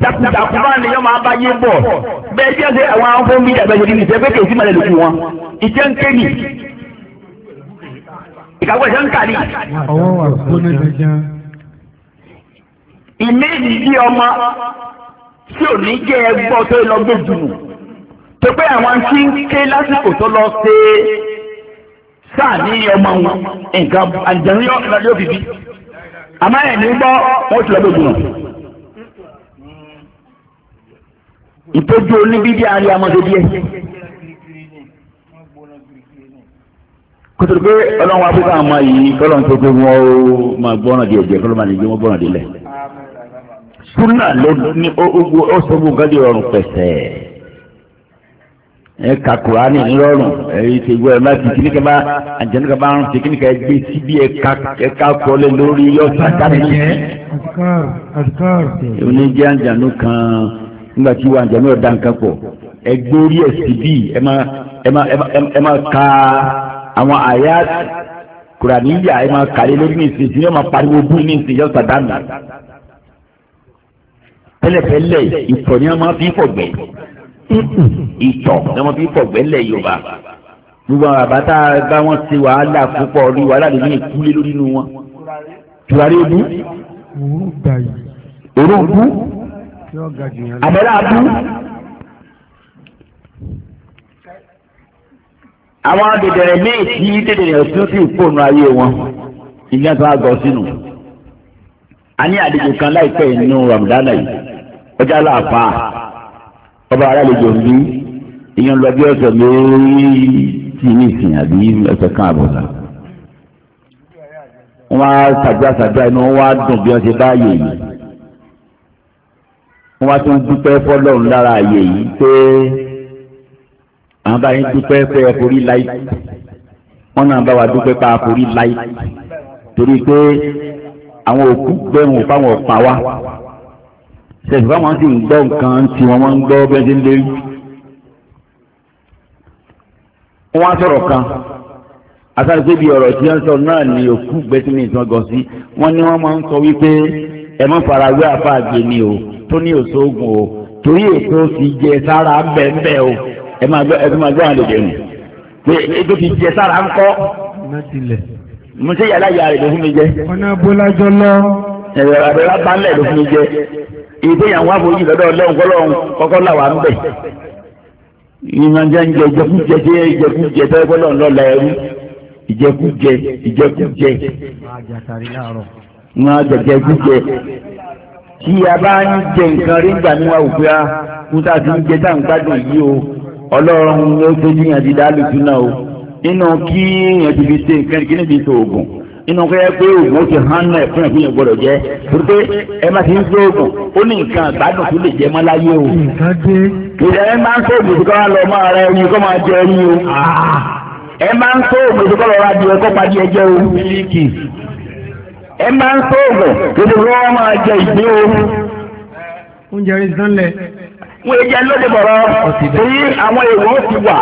B: maa bá ní yọmọ abáyé bọ̀ àwọn afọ mi dàgbà lè lòkù wọn ìṣẹ́ ń ni
C: ìkàwé ìṣẹ́ ń kà ní. wà
B: fún ẹgbẹ́ ìmẹ́ẹ̀lì bí ọmọ
C: tí ò ní ẹgbọ́
B: tó lọ gbé jùlọ. tó pé àwọn tí ń ké lásìkò tó lọ ṣe sáà ní ọmọ wọn nǹkan àjẹmí yóò fi bí àmọ́ ẹ̀ ní gbọ́ wọ́n ti lọ lójú wọn. ìtọ́jú oníbíbí àárín amọ̀dé díẹ̀. kòtò pé ọlọ́run abúlé àmọ́ yìí kọ́lọ́n tó pé wọ́n ó máa gbọ́ràn díẹ̀ díẹ̀ kọ́lọ́n máa lè gbé wọ́n gbọ́ràn délẹ̀. súnà ló ní ó sọ fún gádìí pẹ̀sẹ̀ ẹ ka kurani ńlọrùn ẹ ṣe wẹ má ti kíní kaba àjẹnú kaba ń ṣe kíní kaba gbé síbi ẹ ká kọlẹ lórí yọta kárí jẹ. oníjẹ àjànú kan nígbà tí wọn àjànú ọ̀dà nǹkan pọ̀ ẹ gbé orí ẹ síbi ẹ má ẹ má ẹ má ka àwọn àyà kurani yà ẹ má kàlẹ́ lórí ní ìsìn ìsìn yóò má pariwo bú ní ìsìn yọta dáná. tẹ́lẹ̀tẹ́lẹ̀ ìfọ̀nyẹ́ máa fi fọ̀gbẹ́ ìtọ̀ ni wọ́n fi fọ̀gbẹ́ lẹ̀ yorùbá gbogbo àwọn àbáta bá wọn ṣe wàhálà púpọ̀ rí wàhálà lè ní ìkúlé lórí inú wọn tùwárí ebú òró bú àbẹ̀là bú àwọn dèdèrè míì tí dèdèrè ọ̀sùn sì fòònù ayé wọn ìgbà tó wá gọ sínú a ní àdìgbò kan láìpẹ́ inú ramadan yìí ọjà láàfáà ọba alálejò ń bí ìyẹn lọ bí ọ̀sẹ̀ lórí tí ní ìsìn àbí ọ̀sẹ̀ kan àbọ̀ la. wọ́n á sàdúrà sàdúrà inú wọn á dùn bí wọ́n ṣe bá ààyè yìí. wọ́n á tún dúpẹ́ fọlọ́run lára ààyè yìí pé àwọn báyìí dúpẹ́ pé ẹ forí láì wọ́n náà bá wa dúpẹ́ pé a forí láì
C: torí pé àwọn òkú gbẹ̀rùn fáwọn ọ̀pá wa
B: ṣèjì báwọn sì ń gbọ́ nǹkan tí wọ́n máa ń gbọ́ bẹ́ẹ̀ lé wọ́n á sọ̀rọ̀ kan asáré pé bí ọ̀rọ̀ tí wọ́n sọ náà ni òkú gbẹ́sìmí tí wọ́n gọ̀ sí wọ́n ní wọ́n máa ń sọ wípé ẹ má fara wé àfàgbè ni o tó ní òṣoògùn o torí èso ti jẹ sára bẹ́ẹ̀ o ẹ máa gbọ́ ẹbí máa gbọ́ àwọn àlejò nù pé ètò ti jẹ sára ń kọ́ mo ṣe yàrá ìyá mi jẹ. ọ̀nà abúlájọ lọ.
C: ẹ̀rọ àbẹ̀rẹ̀ bá ń mi jẹ èdè yàn wá fojú lọ́dọ̀ ọlọ́run kọ́lọ́run kọ́kọ́ là ń bẹ̀.
B: ìyànjẹ ń jẹ ìjẹkújẹ ìjẹkújẹ tẹ́ kọ́lọ́run lọ́la ẹrú ìjẹkújẹ ìjẹkújẹ. wọn jẹjẹ kújẹ.
C: tí a bá ń jẹ nǹkan rí gbà ní wa kúta ti ń jẹ tá à ń gbádùn yìí o
B: ọlọ́run ló fojú yàn ti dá lùtú náà o nínú kí yàn ti fi ṣe nǹkan kí níbi tó oògùn. inú kẹ́ pé oògùn ó ti hàn náà fún ẹ̀fún yẹn gbọ́dọ̀ jẹ́ ẹ má ti ń oògùn ó ní nǹkan tó lè jẹ mọ́ láyé o. ìjà ẹ máa ń tó kọ́ lọ mọ́ ara ẹni kọ́ máa jẹ ẹni o. ẹ máa ń tó kọ́ lọ́ra di o. ẹ máa ń o. ti wà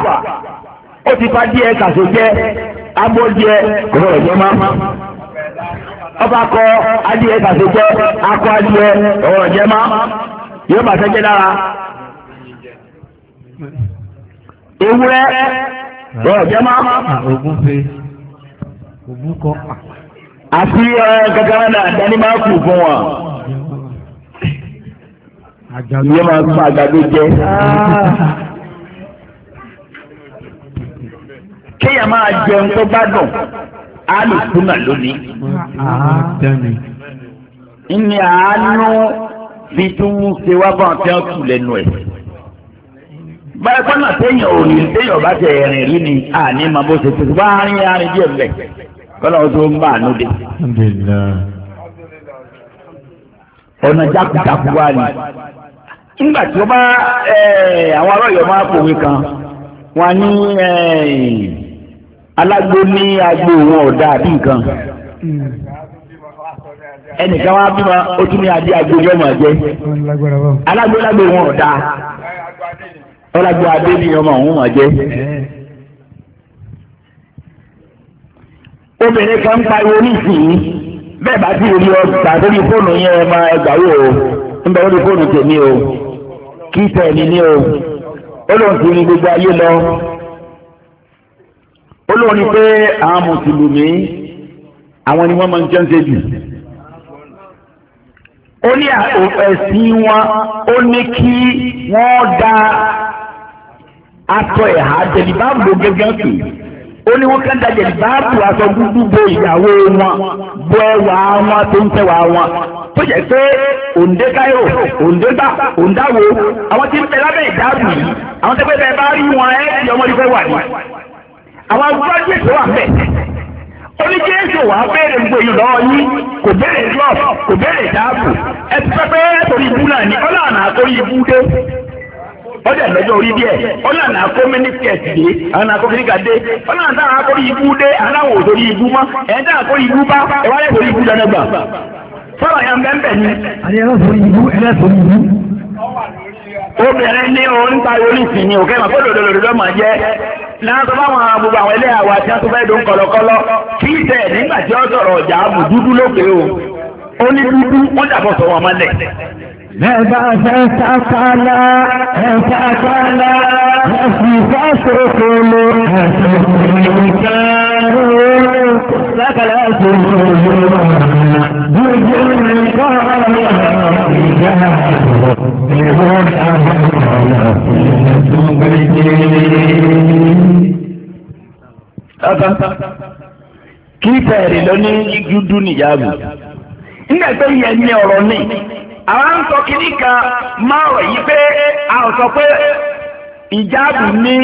B: ó ti abọ́jẹ ọ̀rọ̀ ẹ̀jẹ̀ máa
C: ọba kọ adìyẹ kàṣẹjẹ akọ adìyẹ ọ̀rọ̀ ẹ̀jẹ̀ máa yóò bàtẹ́ jẹ́ dára ewúrẹ́ ọ̀rọ̀ ẹ̀jẹ̀ máa. ogun fe ogun
B: kọ. àti kankan náà dání máa kù fún wa ìyẹn máa ń fún àgbàdo jẹ. Ah. kéèyàn máa jẹun tó bá dùn alùpùpù lónìí. ìní àánú fi tún ṣe wá bá ọtí ọtún lẹ́nu ẹ̀. báyìí kọ́nà téèyàn ò ní téèyàn bá tẹ ẹ̀rìn rí ni àní máa bó ṣe tuntun bá rìn arìn díẹ̀ mbẹ̀ kọ́nà ó tó ń bá àánú dé. ọ̀nà jákujàku wá ni nígbà tí wọ́n bá àwọn aráàlú máa pòwe kan wọ́n ní alágbó ní agbo wọn ọ̀dà àbí nǹkan ẹnìkan wá bímọ ó tún ní adé agbo yóò máa jẹ alágbó lágbo wọn ọ̀dà
C: ọlágbó adé ni ọmọ
B: òun máa jẹ. obìnrin kan ń pariwo nísìnyí bẹ́ẹ̀ bá ti rí ọgbà lórí fóònù yẹn ẹ máa ẹgbà wò ó ń bẹ fóònù tèmi o kí tẹ̀ mí ní o ó lóun ti rin gbogbo ayé lọ ó lóun ni pé àwọn mùsùlùmí àwọn ni wọ́n máa ń jẹun ṣe jù ó ní ẹ̀sìn wọn ó ní kí wọ́n da aṣọ ẹ̀há jẹ̀lìbáàbù ló gẹ́gẹ́ pè ó ní wọ́n kàn da jẹ̀lìbáàbù aṣọ dúdú bo ìyàwó wọn bo ẹwà wọn tó ń tẹ̀wà wọn tó jẹ́ pé òǹdé káyọ̀ òǹdé gbà òǹdáwò àwọn tí ń bẹ lábẹ́ ìdáàbò yìí àwọn tẹ́gbẹ́ bẹ́ẹ̀ bá rí wọn ẹ́ ti ọmọdé fẹ́ wà ní àwọn agbájúwèsì wà bẹ̀. oníjẹ́sì wà béèrè gbòòyìn lọ́wọ́ yín kò béèrè lọ́ọ̀ kò béèrè dáàbò ẹ ti pẹ́ pé torí ibú náà ni ọlọ́ọ̀nà àkórí ibú dé ọjà lọ́jọ́ orí díẹ̀ ọlọ́ọ̀nà àkó mínísítẹ̀sì dé ọlọ́ọ̀nà àkó kíríkà dé ọlọ́ọ̀nà àkórí ibú dé aláwọ̀ òtòrí ibú mọ́ ẹ̀ẹ́dá àkórí ibú bá ẹ̀wá lẹ́tòrí ibú dáná gbà. sọ́ọ̀
C: obìnrin ní
B: òun ta oníṣìí ni òkè màá gbọ́dọ̀ lòdì
C: lọ́mọ jẹ́ náà tó báwọn gbogbo àwọn ilé àwọn àti àtúntò ẹ̀dùn kọ̀lọ̀kọ̀lọ̀ kí ìtẹ̀
B: nígbà tí ó sọ̀rọ̀ dúdú lókè o ó ní dúdú wọ́n dàbọ̀ sọ̀rọ̀ ọmọ lẹ̀. fẹ́
A: فثلاث
C: جزء من قال
B: kí bẹ̀rẹ̀ lọ ní dúdú nìyàwó nígbà tó yẹ ní ọ̀rọ̀ ní àwọn ń sọ kí níka máa rọ̀ yí pé a ò pé ìjáàbù ní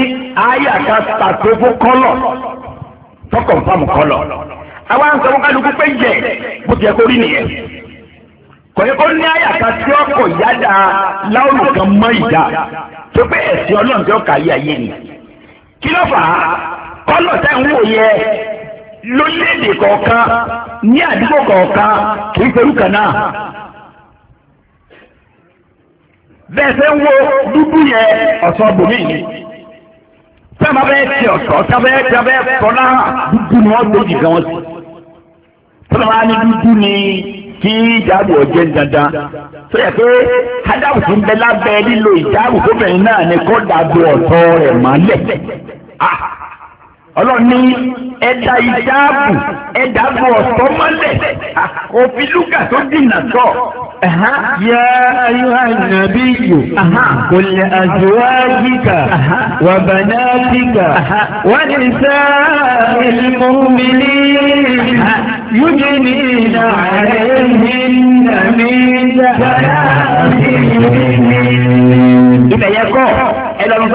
B: àyàká pàtó fún kọ́lọ̀ tọkàn fáàmù kọ lọ àwa ń sọ fún kálukú pé yẹ bó ti yẹ kó rí nìyẹn kọ̀yẹ́ kó ní àyàká tí ọkọ̀ yáda láwùjọ kan mọ́ ìdá tó pé ẹ̀sìn ọlọ́run tí ó kà yí ayé ni kí ló fà á kọ́lọ̀ tẹ́ ń wò yẹ lórílẹ̀‐èdè kọ̀ọ̀kan ní àdúgbò kọ̀ọ̀kan kì í ṣerú kan náà bẹ́ẹ̀ fẹ́ ń wo dúdú yẹ ọ̀sán bòmíì ni sábà bẹ́ẹ̀ tẹ ọ̀tọ̀ sábà bẹ́ẹ̀ bẹ́ẹ̀ kọ́lá dúdú ni wọ́n gbèjì gan sí. sábà ní dúdú ni kí ìjáàbù ọ̀jẹ̀ ń dandan. tó yẹ pé hádàbù tó ń bẹ lábẹ́ lílo ìjáàbù gómìnà náà ni kó dàbò ọ̀tọ̀ rẹ̀ mọ́lẹ̀. ọlọ́ni ẹ̀dá ìjáàbù ẹ̀dàbò ọ̀tọ̀ mọ́lẹ̀ òfin lúgà tó dì nà tọ̀. أها.
A: يا أيها النبي أها. قل لأزواجك أها. وبناتك ونساء المؤمنين يجنين عليهن من جلابيبهن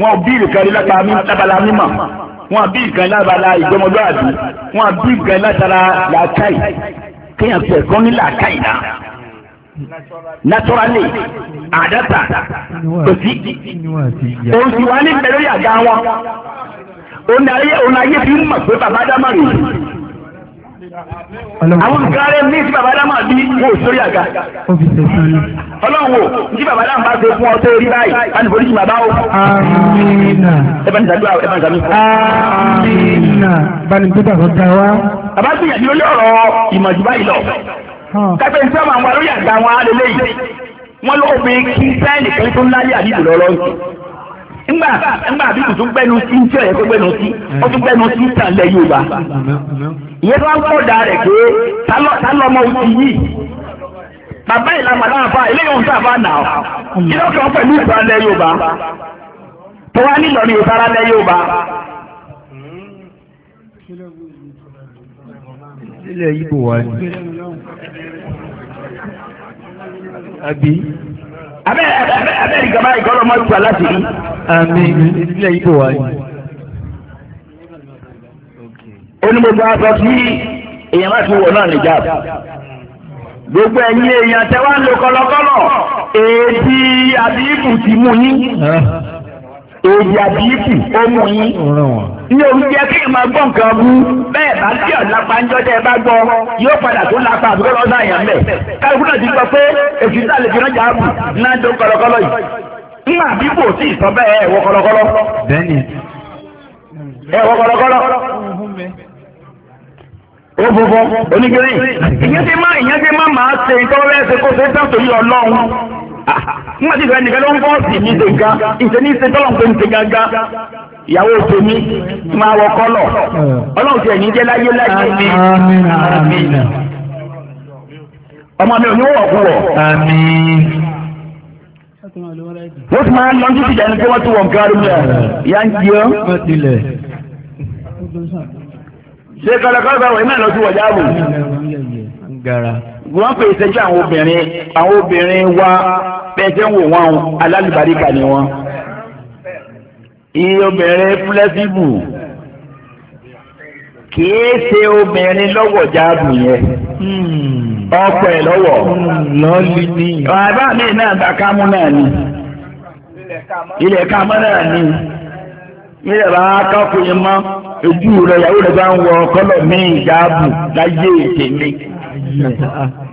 B: wọn bí nǹkan lábala mi lábala mímọ̀ wọn bí nǹkan lábala ìgbọmọlúwàbí wọn bí nǹkan látara làákàyè
C: kéèyàn pẹ̀ kán ní làákàyè náà naturally àdáta kò sí òun sì wá ní bẹ̀rẹ̀ yàgá wọn
B: òun ayé fi ń mọ̀ pé bàbá dámọ̀ rèé
C: àwọn nǹkan rẹ̀ ní tí bàbá dámà bí wò sórí àga
B: ọlọ́run wò tí bàbá dámà bá ṣe fún ọ tó rí báyìí bá ní polisi bàbá o. ẹ bá ní sàdúrà ẹ bá ní sàmì. bá ní pípa kan dá wa. bàbá
C: gbìyànjú lórí ọ̀rọ̀ ìmọ̀jú báyìí lọ.
B: kápẹ́ ní sábà wọn lórí àga wọn á lélẹ́yìn wọn lọ́ọ́ fi kí sáyẹ̀nì kan tó ńlá yà nídìí lọ́lọ́sùn. ngba ńgbà àbíkù tún gbẹnu sí tí ọ̀yẹ́ kó gbẹnu sí ó tún gbẹnu sí tàn lẹ Yorùbá ìyẹn tó pé yìí bàbá ìlànà àbá eléyìí ohun tó àbá nà ọ́ pẹ̀lú lẹ tó wá
C: abẹ́rẹ́ ìgbàmá ìkọlọ́mọ́ ìgbà láti rí. àmì
B: ìdílé ibo wa ni. onígbogbo aṣọ tí èèyàn máa fi wọ̀ náà nìjà gbogbo ẹ̀yin èèyàn tẹ́wá ń lo kọlọkọlọ èdè àbí ibù ti mú yín. Ah èyí àbíyíkù ọmọ yín ní oúnjẹ kí n máa gbọ́ nǹkan bú bẹ́ẹ̀ bá tí ọ̀ lápá ń ẹ bá gbọ́ yóò padà tó lápá àbúkọ́ lọ́sọ̀ àyàn mẹ́ kálukú náà ti gbọ́ pé èsì náà lè fi ránjà ààbò náà dó kọ̀lọ̀kọ̀lọ̀ yìí nígbà bí sí ìsọ bẹ́ẹ̀ ẹ̀ wọ kọ̀lọ̀kọ̀lọ̀. bẹ́ẹ̀ni. ó funfun onígbèrè ìyẹn ti má ìyẹn ti má máa ṣe ìtọ́wẹ́sẹ̀ kó nígbà tí ìfẹ́ nìkan ló ń fọ́ọ̀sì mi ṣe nǹkan ìṣe ṣe tọ́lọ̀ ń ń ṣe gángan ìyàwó tèmi máa wọ kọ́lọ̀ ọlọ́run ti ẹ̀yìn jẹ́ láyé láyé mi ọmọ mi ò ní wọ̀ kú wọ́n ti máa ń lọ ní títí ìdáni pé wọ́n ti wọ̀ nǹkan arúgbó yà ń jẹ́
C: ṣé kọ́lọ́kọ́lọ́ bá wọ̀ iná lọ sí wọ̀ jáàbù
B: wọ́n pè ìṣẹ́jú àwọn obìnrin àwọn obìnrin wa pẹ̀sẹ̀ wò wọ́n alálùbáríkà ni wọ́n. iye obìnrin fúlẹ́sìbù kìí ṣe obìnrin lọ́wọ́ jáàbù yẹn hmm. ọkọ ẹ̀ lọ́wọ́ hmm, lọ́ọ̀lì ni. bàbá mi náà bá kámú náà ni ilẹ̀ kámú náà ni ilẹ̀ bá kákùnrin mọ́ ojú rẹ̀ yàwó rẹ̀ bá ń wọ kọ́lọ̀ míì jáàbù láyé ètè mi.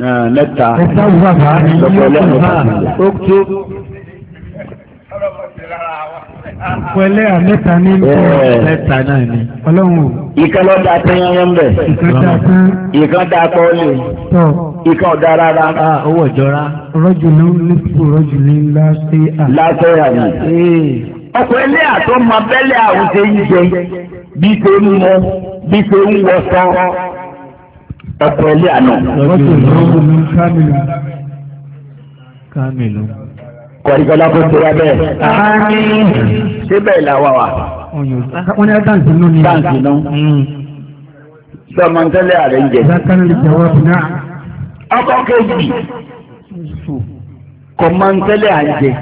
B: mẹ́ta lọ́pọ̀lọpọ̀
C: pẹ̀lẹ́ àmẹ́ta ní
B: mẹ́ta náà ni ọlọ́run. ìkan lọ da tán yányán bẹ̀. ìkan da tán. ìkan da pọ́ọ̀lù. tọ́ ìkan ọ̀dà rárá. owó ìjọra. rọ́jò ní nípò rọ́jò ní láṣẹ àná. láṣẹ àná.
C: ọkùnrin ní àtọ́ máa bẹ́lẹ̀ àwùjẹ yìí jẹ
B: bí ṣe ń mọ bí ṣe ń wọ sọ ẹ̀kọ́ ilé àná. kọ̀ríkọ́lá kò tó wá bẹ́ẹ̀. ṣé bẹ́ẹ̀ la wà wà. wọ́n ní ẹ dáǹtì nù ni. dáǹtì nù. sọmọntẹ́lẹ̀ hmm. àrẹ ń jẹ.
C: ọkọ̀ kejì
B: kọ̀mọntẹ́lẹ̀ à ń jẹ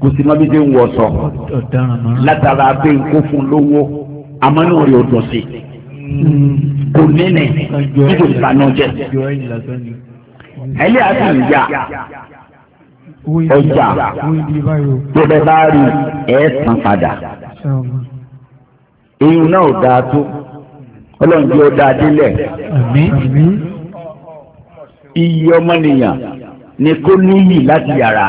B: kò sí mọ́bí tí ń wọ̀ sọ látara pé ń kó fún lówó àmọ́ náà yóò dùn sí kò nílẹ̀ nígbò ìbànújẹ́ ẹlẹ́ àti ìyá ọjà tó bẹ bá rí ẹ san padà èyí náà ò dáa tó ọlọ́run bí ó dáa délẹ̀ iye ọmọnìyàn ni kó níyì láti yàrá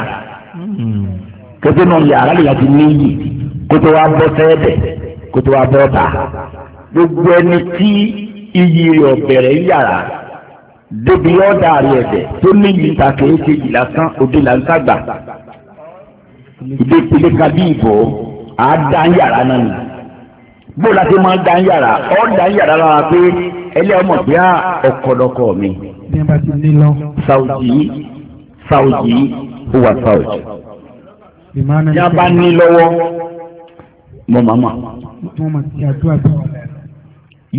B: kótó náà yàrá lè yàtí níyì kótó wa bọ́ sẹ́ẹ̀dẹ̀ kótó wa bọ́ bàá gbogbo ẹni tí iyì rẹ̀ ọ̀bẹ̀rẹ̀ yàrá débi ọ̀dà rẹ̀ ẹ̀dẹ̀ tó ní ìta kìí ṣe ìlà kan òde là ń sàgbà ìdépele ka bí yàrá náà nì bó la ti máa dá yàrá ọ̀ dá yàrá lára pé ẹlẹ́ ọmọ ah, bí ọ̀kọ̀dọ̀kọ̀ mi Saudi Saudi ó wà Saudi yaba ní lọ́wọ́ mọ̀ màmá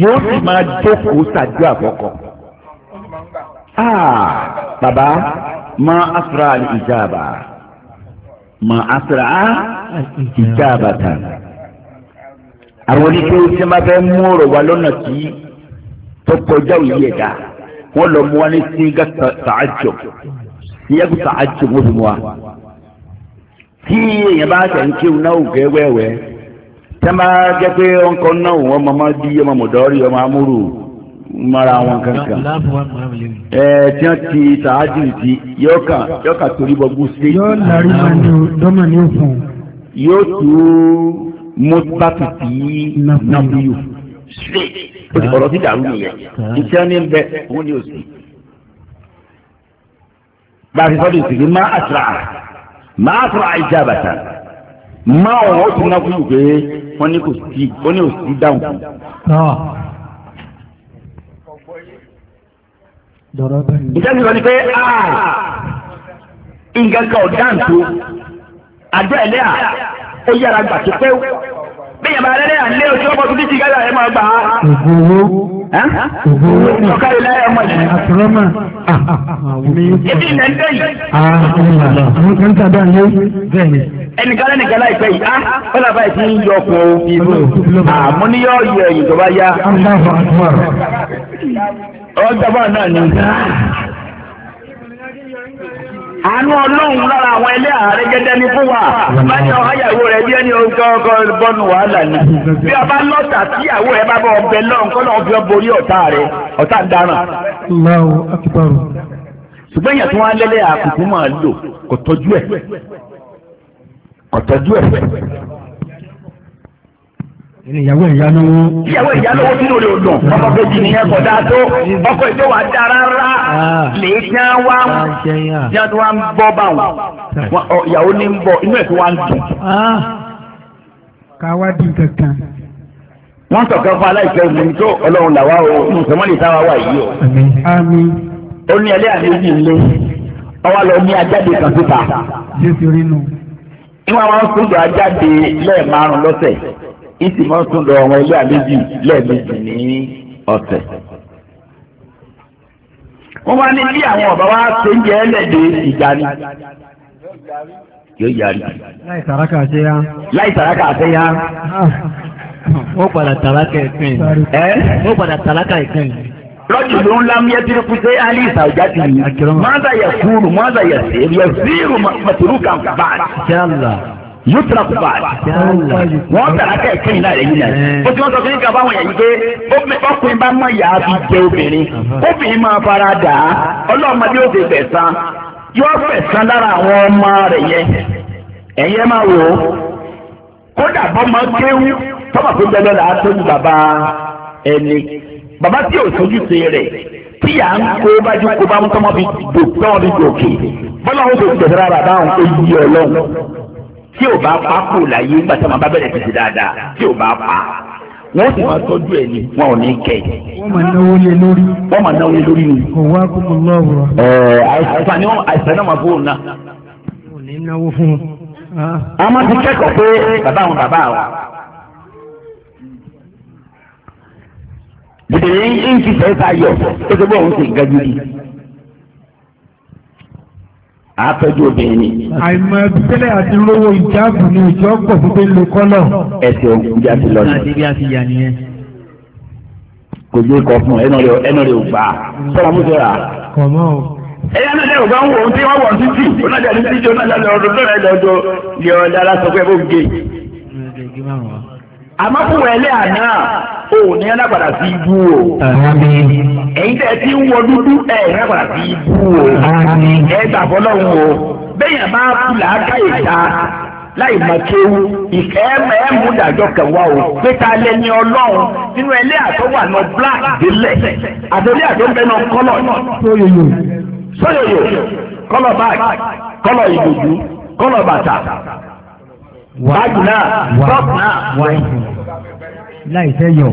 B: yóò sì máa jókòó ṣàdúrà àkọ́kọ́.
C: Ah, bàbá ma asra ìjàmbá
B: ma asra ìjàmbá tán. àwọn oníṣẹ́ tí wọ́n fẹ́ mú ọ̀rọ̀ wa lọ́nà tí tó kọjá òye ẹ̀dá wọ́n lọ mú wa ní sígá tààjọ síyẹ́kù tààjọ wọ́n fi mú wa. tí èèyàn bá tẹ̀ ń kéwù náà gẹ́wẹ́wẹ́. tẹ́mbà jẹ́ pé ọkọ̀ náà wọ́n máa di ọmọ mọ̀dọ́rì ọmọ amúrù mara wọn kankan
C: ẹ tí ti
B: tààdì ti yóò kàn yóò kàn torí bọ́gbú sí. yóò lárí máa ní dọ́mà ní òfin. yóò tú mọ́tàtì tí nàbíyù ti dàrú nìyẹn iṣẹ́ ní òun ni a wọ́n ní kò sí ó ní òsì dáhùn. ìjọba ìwọ ni pé nǹkan kan ò dáhùn tó àjọ ẹlẹ́à ó yára gbà tó pé bẹ́ẹ̀ yàrá ẹlẹ́à lé ojú ọkọ̀ tó ti ti gáyà ẹ̀ máa gbà á ọ̀ká ilé ayé ọmọ yìí. àtúrọ́mà
C: ebi ilẹ̀
B: ń dé yìí. Ah,
C: àwọn kan tà bá yé bẹ́ẹ̀ ni.
B: ẹnìkan lẹ́nìkan láìpẹ́ yìí ah, ó làbá ìdí ń yọ ọkọ̀ ìbò àmọ́ ní yọ ọ̀yọ̀ ẹ̀yìn tó bá yá. ọjọ́ bá náà ni. àánú
A: ọlọ́run lára àwọn ilé ààrẹ gẹ́gẹ́ ní fún wa bá ní ìyàwó rẹ̀ bí ẹni orúkọ ọkọ bọ́nu wàhálà
B: ni bí ọba tí ìyàwó rẹ̀ bá ọbẹ̀ lọ́run kọ́ fi ọ borí ọ̀tá rẹ̀ ọ̀tá ń dáràn. tí wọ́n á àkùkù máa lò kò ìyàwó ìyálówó. ìyàwó ìyálówó tí lóore ò dùn ọmọ kejì nìyẹn kò dáa tó ọkọ ìjọ wa da rárá ah. lè já wa já wa ń bọ́ bá wọn ìyàwó ní ń bọ̀ inú ẹ̀ tó wá ń dùn. Ah. ká wá di kankan. wọ́n sọ̀kan fún aláìsẹ́ ìmúni tó ọlọ́run làwa o mùsùlùmí táwa wà yìí o. àmín. ó ní ẹlẹ́yà méjì ń lé ọwọ́ lọ ní ajáde kan síta. jésù rínú. ìwọ̀n àwọn sódò ajáde lẹ́ẹ̀ ún lọ́sẹ̀. ìsì máa tún lọ ọmọ ilé àlejò lẹ́ẹ̀mejì ní ọ̀sẹ̀. wọ́n wá ní bí àwọn ọ̀bá wa ṣe ń jẹ́ ẹlẹ́dẹ̀ ìjàrí. yóò yàrí. láì sàrákà ṣe yá. láì sàrákà ṣe yá. Ah, wọ́n padà tàlákà ìkẹyìn. ẹ́ wọ́n padà tàlákà ìkẹyìn. lọ́jọ́ ló ń lá mú yẹtí kú sí ìsàwùjá ti yìí. mọ́tà yẹ kúrú mọ́tà yẹ yẹ kan bá yóò tẹ̀lé àkùbà wọ́n tẹ̀lé akẹ́ ìkẹyìn láàrẹ̀ yìí náà ó ti wọ́n sọ fún ìkàbá àwọn èèyàn yìí pé ọkùnrin bá mọ̀ yà á fi jẹ obìnrin obìnrin máa fara dà á ọlọ́mọdé ó ti fẹ̀sán yóò fẹ̀sán lára àwọn ọmọ rẹ̀ yẹn ẹ̀yẹ máa wò ó kódà bọ́mọ kéwú tọ́mọ̀ tó gbẹ lọ́la tó ń bàbá ẹni bàbá tí ò sójúṣe rẹ̀ tí yà ń kó bájú kó bá ń tọ́mọ fi dò tọ́mọ fi dò kè bọ́lá ó ti gbẹ̀sẹ̀ rárá báwọn ó yí ọlọ́run tí ò bá pa kò láyé nígbà tí wọn bá bẹ̀rẹ̀ títí dáadáa tí ò bá pa wọ́n sì máa tọ́jú ẹ̀ ní wọn ò ní kẹ̀. wọ́n máa náwó lé lórí. wọ́n máa náwó lé lórí ni. òwò akókò lọ́wọ́. ẹ̀ẹ́ àìsàn ni àìsàn náà máa fóònù náà. ò ní náwó fún un. a máa ti kẹ́kọ̀ọ́ pé bàbá àwọn bàbá wa. bìtẹ̀lẹ́ ń kí sẹ́yìn tá a yọ̀ bọ́ òun sì ń gajù yìí àtọ́jú obìnrin ni. àìmọ̀ ìbísẹ́lẹ̀ àti lówó ìjáàbù ni ìjọ pọ̀ fún pé lo kọ́lọ̀. ẹsẹ̀ òkú já sí lọ́nà. láti bí a ti yà nìyẹn. kò yé kọ fún ẹnu rẹ ẹnu rẹ ò gbà sọlá mú sọlá. kọ̀mọ́ o.
C: ẹyà náà lẹ́rù bá ń wò ó tí wọ́n wọ̀ títì onájà ní títì onájà lọ́dọ̀ lọ́dọ̀ lọ́dọ̀ lọ́dọ̀ lọ́dọ̀ lọ́dọ̀ lọ́dọ̀ lọ́dọ̀ lọ́dọ̀
B: lọ́dọ̀ lọ́dọ̀ àmọ́kùnrin ẹlẹ́ àná ò ní alágbàdà sí ibú o. ẹ̀yin tẹ̀ ti ń wọ dúdú ẹ̀ ní alágbàdà sí ibú o. ẹ gbà fọlọ́run o. bẹ́ẹ̀ yẹn bá kú làákà ìta láì mọ kéwu ìfẹ́ mẹ́ẹ̀mú dàjọ́ kẹwàá o. pé ta lẹ ní ọlọ́run nínú ẹlẹ́ àtọ́wà náà black délẹ̀ àtẹlẹ́ àtọ́bẹ̀ náà kọ́lọ̀ sóyòyò sóyòyò kọ́lọ̀ báàgì kọ́lọ̀ ìdòdú kọ́lọ̀ bàtà báàgì náà bọ́ọ̀kì náà wáìtì láìsẹ́ yọ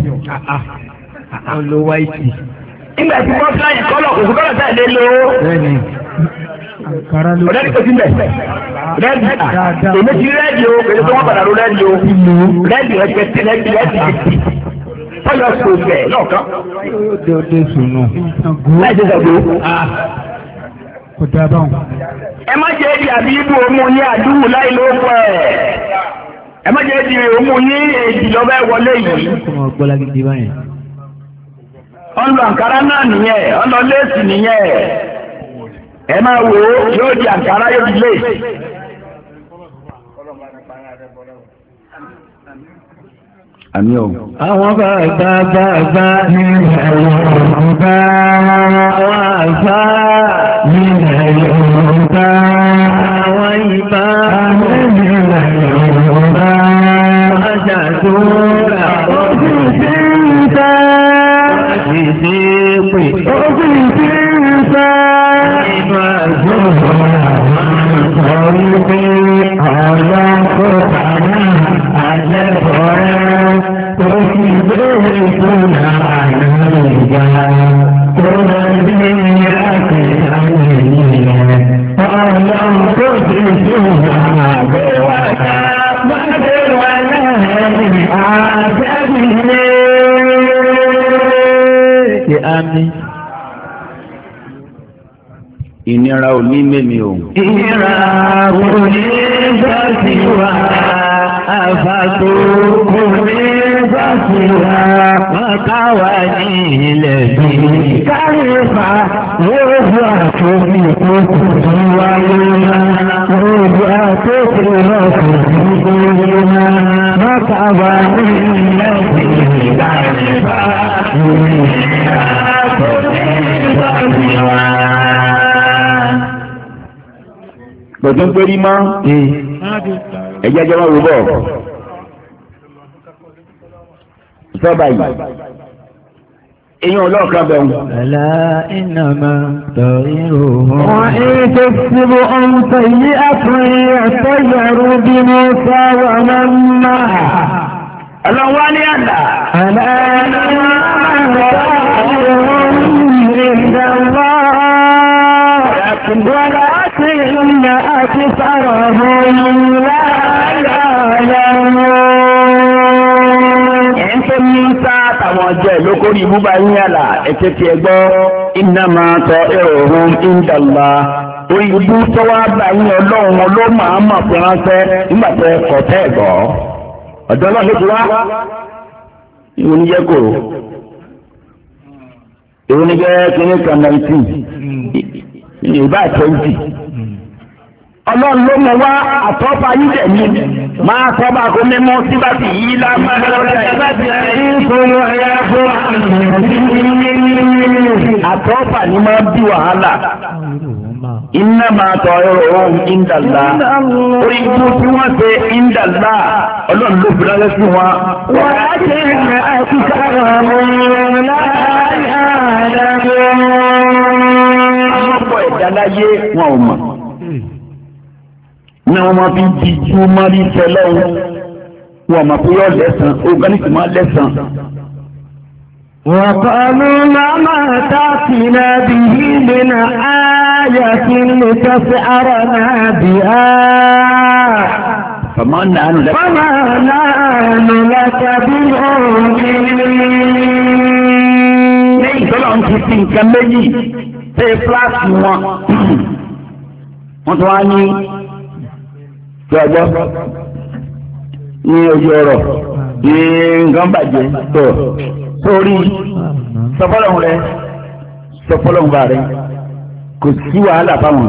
B: ah, ah. ah, ló wáìtì. nígbà tí wọ́n sáyẹn kọ́lọ̀ kò sí kọ́lọ̀ sáyẹn lé lọ. ọ̀dẹ́ni kò sí mbẹ̀
C: rẹ́ẹ̀dì èmi ti rẹ́ẹ̀dì o èmi tó wọ́n padà ro rẹ́ẹ̀dì o
B: rẹ́ẹ̀dì rẹ́ẹ̀dì rẹ́ẹ̀dì rẹ́ẹ̀dì tọ́lọ̀ sọ̀bẹ̀ lọ́ọ̀kan. láìsẹ́ sọ̀bẹ̀ kò dá báwọn.
C: ẹ má jẹ́ èdè àbí ibù ọmọ yín àdúgbò láì ló pọ̀ ẹ̀ ẹ má jẹ́ èdè ọmọ yín èdè lọ́bẹ̀ wọlé yìí.
B: ọ̀n àǹkárá náà nìyẹn nìyẹn ẹ wò ó yóò di àǹkárá yóò di léèsì. àmì ọ̀.
A: Àwọn bàbá bàbá ní Yorùbá. Àwọn àgbà ní Yorùbá. Àwọn ìbá ní Yorùbá. Ọjà tó rà ó sí ń fẹ́. sí
C: pè. Ó sí ń Ìbá tó
A: ìtọ́rí pé ọlọ́kùnkànà àjẹbọ̀rẹ́ tó ti bẹ́ẹ̀ tó nà àná ìjà tó lọ bí láti láti ìyẹn ọlọ́run tó ti tó nà àbẹ̀wá ká bá bẹ́ẹ̀ wá náà ẹ̀ àbẹ́bí ní.
B: ṣe á ní ìnira ò ní mẹ́mi o. ìnira
A: kò ní bá sí wa àfàtò kò ní bá sí wa wọn ká wà ní ilẹ̀ bí. káyé fa lóògùn àtòmí tó kù sí wa lóla lóògùn àtòkè náà kù sí wa lóla wọn ká ní ilẹ̀ bí. káyé fa lóògùn àtòmí
B: tó kù sí wa. pẹ̀tún pérí mọ́
C: ẹ̀jẹ̀ jọba wò bọ̀
B: sọ́ba yìí èèyàn ọlọ́ọ̀kan bẹ̀rù. Ẹ̀lá iná máa tọ irú Wọ́n ń tó síbu ohun tó yí
A: ẹ̀tọ́ yẹ̀rù bí mo sọ wà máa ń máa. Ọlọ́wọ́ ní àlà. Ẹ̀lá iná máa tọ irú wọn ní فإن
B: أكثرهم لا يعلمون ẹ̀ńtẹ́ mísà àtàwọn ọjọ́ ìlókò rí yín ẹ̀kẹ́ ẹ iná máa tọ ẹ̀rọ ohun ìdàgbà òyìnbó tọ́wọ́ àgbà yín ọlọ́run ló máa mọ̀ pé ránṣẹ́ nígbà tẹ kọ̀ tẹ́ ẹ̀ ọ̀dọ́ náà ló ti wá ìwọ ọlọ́run ló mọ wá àtọ́fà yín tẹ̀lé máa kọ́ bá kó mímú síbà sí yí lágbára àtọ́fà ni máa bí wàhálà iná máa tọ ọ̀rọ̀ ohun ìndàlá orí ikú tí wọ́n ṣe ìndàlá ọlọ́run ló fi rárẹ́ sí wọn. wọ́n
A: á ṣe ìrìn àkíkà ọ̀rọ̀ láàárín àdáyé. àwọn ọ̀pọ̀ ẹ̀dá láyé wọn ò mọ̀
B: ní àwọn máa fi jíjú máa rí fẹlẹ́wọ̀n wọn máa fi yọ lẹ́sàn organic máa lẹ́sàn. وقالوا لما تأتنا
A: به من آية لتسحرنا بها فما نحن لك فما نحن لك بمؤمنين ليس لهم في
C: كمبي في فلاس wọn
B: wọ́n tó wá ní gbọ́gbọ́ ní ojú ọ̀rọ̀ ní nǹkan bàjẹ́ tó sórí sọfọ́lọ́hún rẹ sọfọ́lọ́hún bá rẹ kò sí wàhálà fáwọn.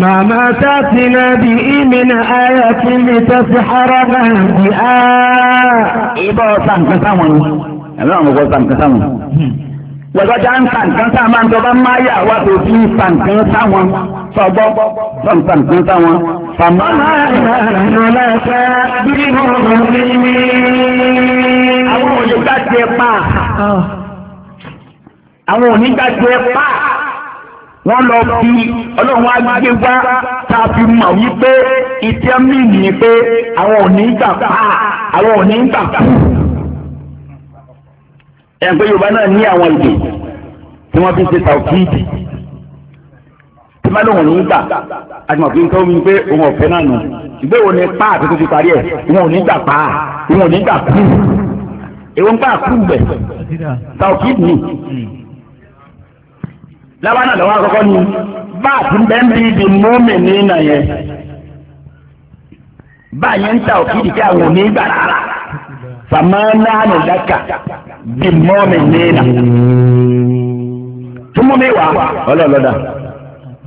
B: Màmá tàbílẹ̀ bí ìmìnà ayọ̀ tí lè tẹ́sí haraba bí á. Ibọ̀ sàǹkan sáwọn ni, ẹ̀mí àwọn ọmọkọ sàǹkan sáwọn. Wọ́sọ̀jà ń sàǹkan sáwọn máa ń tọ́ bá máyà wá tó fi sàǹkan sáwọn sọ́gbọ́ sọ̀ǹkan sáwọn. فما àwọn onígbà pa wọ́n lọ fi ọlọ́run agbègbè wá tá fi mọ̀ wípé ìtẹ́mì ní pé àwọn onígbà pa àwọn onígbà kú ẹ̀ yorùbá náà ní àwọn èdè tí wọ́n fi ṣe bá lóun ní gbà àtìmọ̀ fi ń tọ́ mi pé òun ọ̀fẹ́ náà nù ìgbé wo ni pa àti tuntun parí ẹ̀ òun ò ní gbà pa òun ò ní gbà kú èwo ń pa kú bẹ̀ taokid ni lábánà lọ́wọ́ àkọ́kọ́ ni bá àti bẹ́ẹ̀ ń bí di mọ́mì ní ìnà yẹn báyẹn ń ta òkìdí kí àwọn òní gbà rárá fàmánánù dákà di mọ́mì ní ìnà túmọ̀ mi wà ọlọ́ọ̀lọ́dà.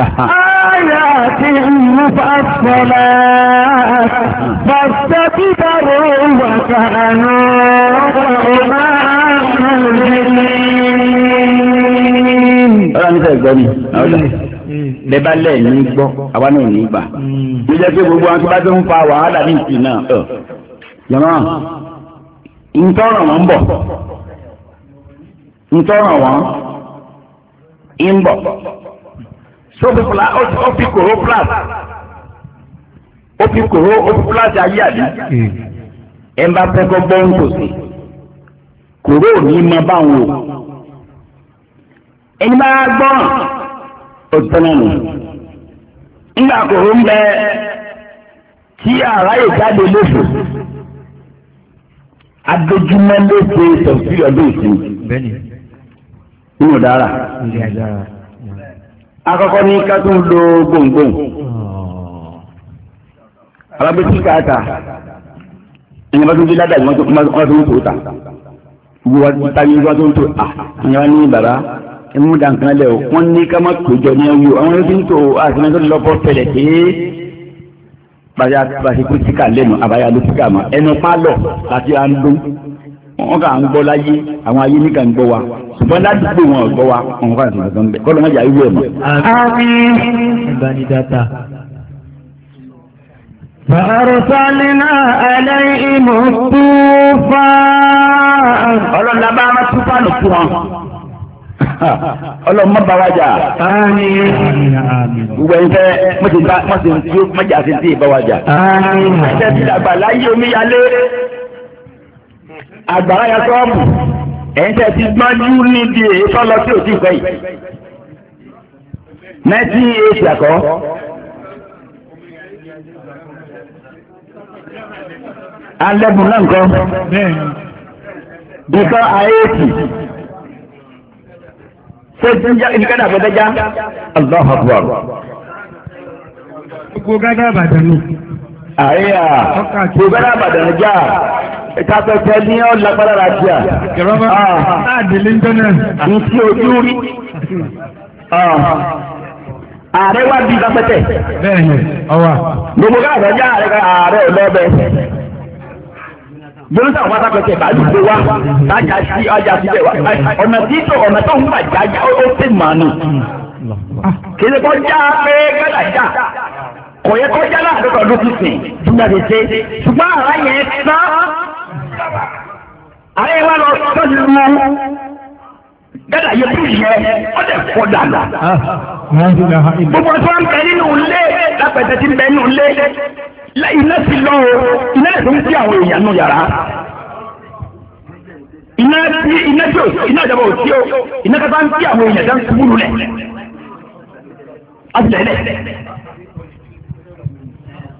A: آيات مفصلات فاستكبروا وكانوا قوما مجرمين
B: Bẹ́bá ní gbọ́, àwa náà ní gbà. Bí mm. jẹ́ pé gbogbo àwọn tó bá tó ń fa wàhálà ní ìsìn náà, jọ̀mọ́, ń tọ́ràn bọ̀, ń sọ́fífúlá ó fi kòró plas ó fi kòró ó fi plas ayé àbí ẹ bá fẹ́kọ̀ gbọ́n tòsí kòró ò ní mọ báwọn o ẹni bá gbọ́n ó nù ńgbà kòró ń bẹ tí àráyè jáde lóṣù adójúmọ́ ló ṣe ọdún ìsinmi nínú dára akọ́kọ́ ní ká tún lo gbòǹgbòǹ alábẹ́sí káàtà ẹni bá tún dé ládàá ìwọ́n tó wọ́n tó ń tó ta gbogbo wa ta yé wọ́n tó ń tó a ìyẹn wọ́n ní bàbá ẹmu dankan lẹ o wọ́n ní ká má péjọ ní ẹwú àwọn ẹbí ń tó àtúntò lọ́pọ̀ tẹ̀lẹ̀ pé bàyà bàṣẹ kú síkà lẹ́nu àbáyà ló síkà mọ́ ẹnu pálọ̀ láti à ń dún wọn kà ń gbọ́ láyé àwọn ayé ní kà ń gbọ́ wa ṣùgbọ́n ládùúgbò wọn gbọ́ wa wọn kà ń gbọ́ bẹ́ẹ̀ kọ́lọ́ mọ́jà ìwé ẹ̀ mọ́. àmín. ìbánidàtà.
A: فأرسلنا عليهم الطوفان
B: ọlọ́run la bá má túfánù fún wọn ọlọ́run má bá wa jà gbogbo ẹni fẹ́ mọ̀tò tí ó mọ̀jà sí ti bá wa jà ẹ̀jẹ̀ ti dàgbà àgbàrá ya sọ́ọ̀bù ẹ̀ńtẹ́ ti gbájú níbi èyí tọ́lọ tí ò ti fẹ́ yìí nineteen eighty àkọ́. alẹ́bùn náà nǹkan bíkọ́ àyèkì ṣé ti ń já ìdíkẹ́dà fẹ́tẹ́já Allahu Akbar.
A: gbogbo gádà àbàdàn ni. àyè à gbogbo gádà àbàdàn ni já ìtafẹ́fẹ́ ní ọ́ lágbára àti à.
C: Kẹ̀rọ́bà àdìlé ń tọ́nà. Nti ojú rí. Ah.
B: Ààrẹ wá bí ìtafẹ́tẹ̀. Bẹ́ẹ̀ni, ọwà. Gbogbo káàkiri ọjà ààrẹ ọlọ́bẹ. Gbólóṣà wọn sáfẹ́fẹ́ bàálù gbé wá. Tájà sí ọjà síbẹ̀ wá. Ọ̀nà tí tó ọ̀nà tó ń gbà jájá ó tè màánù. Kìlì kan já pé gbẹ́dà já kò yẹ kọjá láàrin ọdún sísìn tí mo ṣe ṣùgbọ́n àrà yẹn tán Ààrẹ wa lọ tọ́jú lu dada yẹ kú yẹ ọdẹ kọ dada.
C: Gbogbo ọ̀sán ń bẹ nínú ilé lápẹ̀tẹ̀ ti ń bẹ nínú ilé.
B: Iná ti lọ o, iná ẹ̀sọ́ ń sí àwọn èèyàn nù yàrá. Iná tí iná tí o iná ìjọba ò tí o iná kata ń sí àwọn èèyàn dá ń kúrú lẹ̀. A ti lẹ̀ lẹ̀.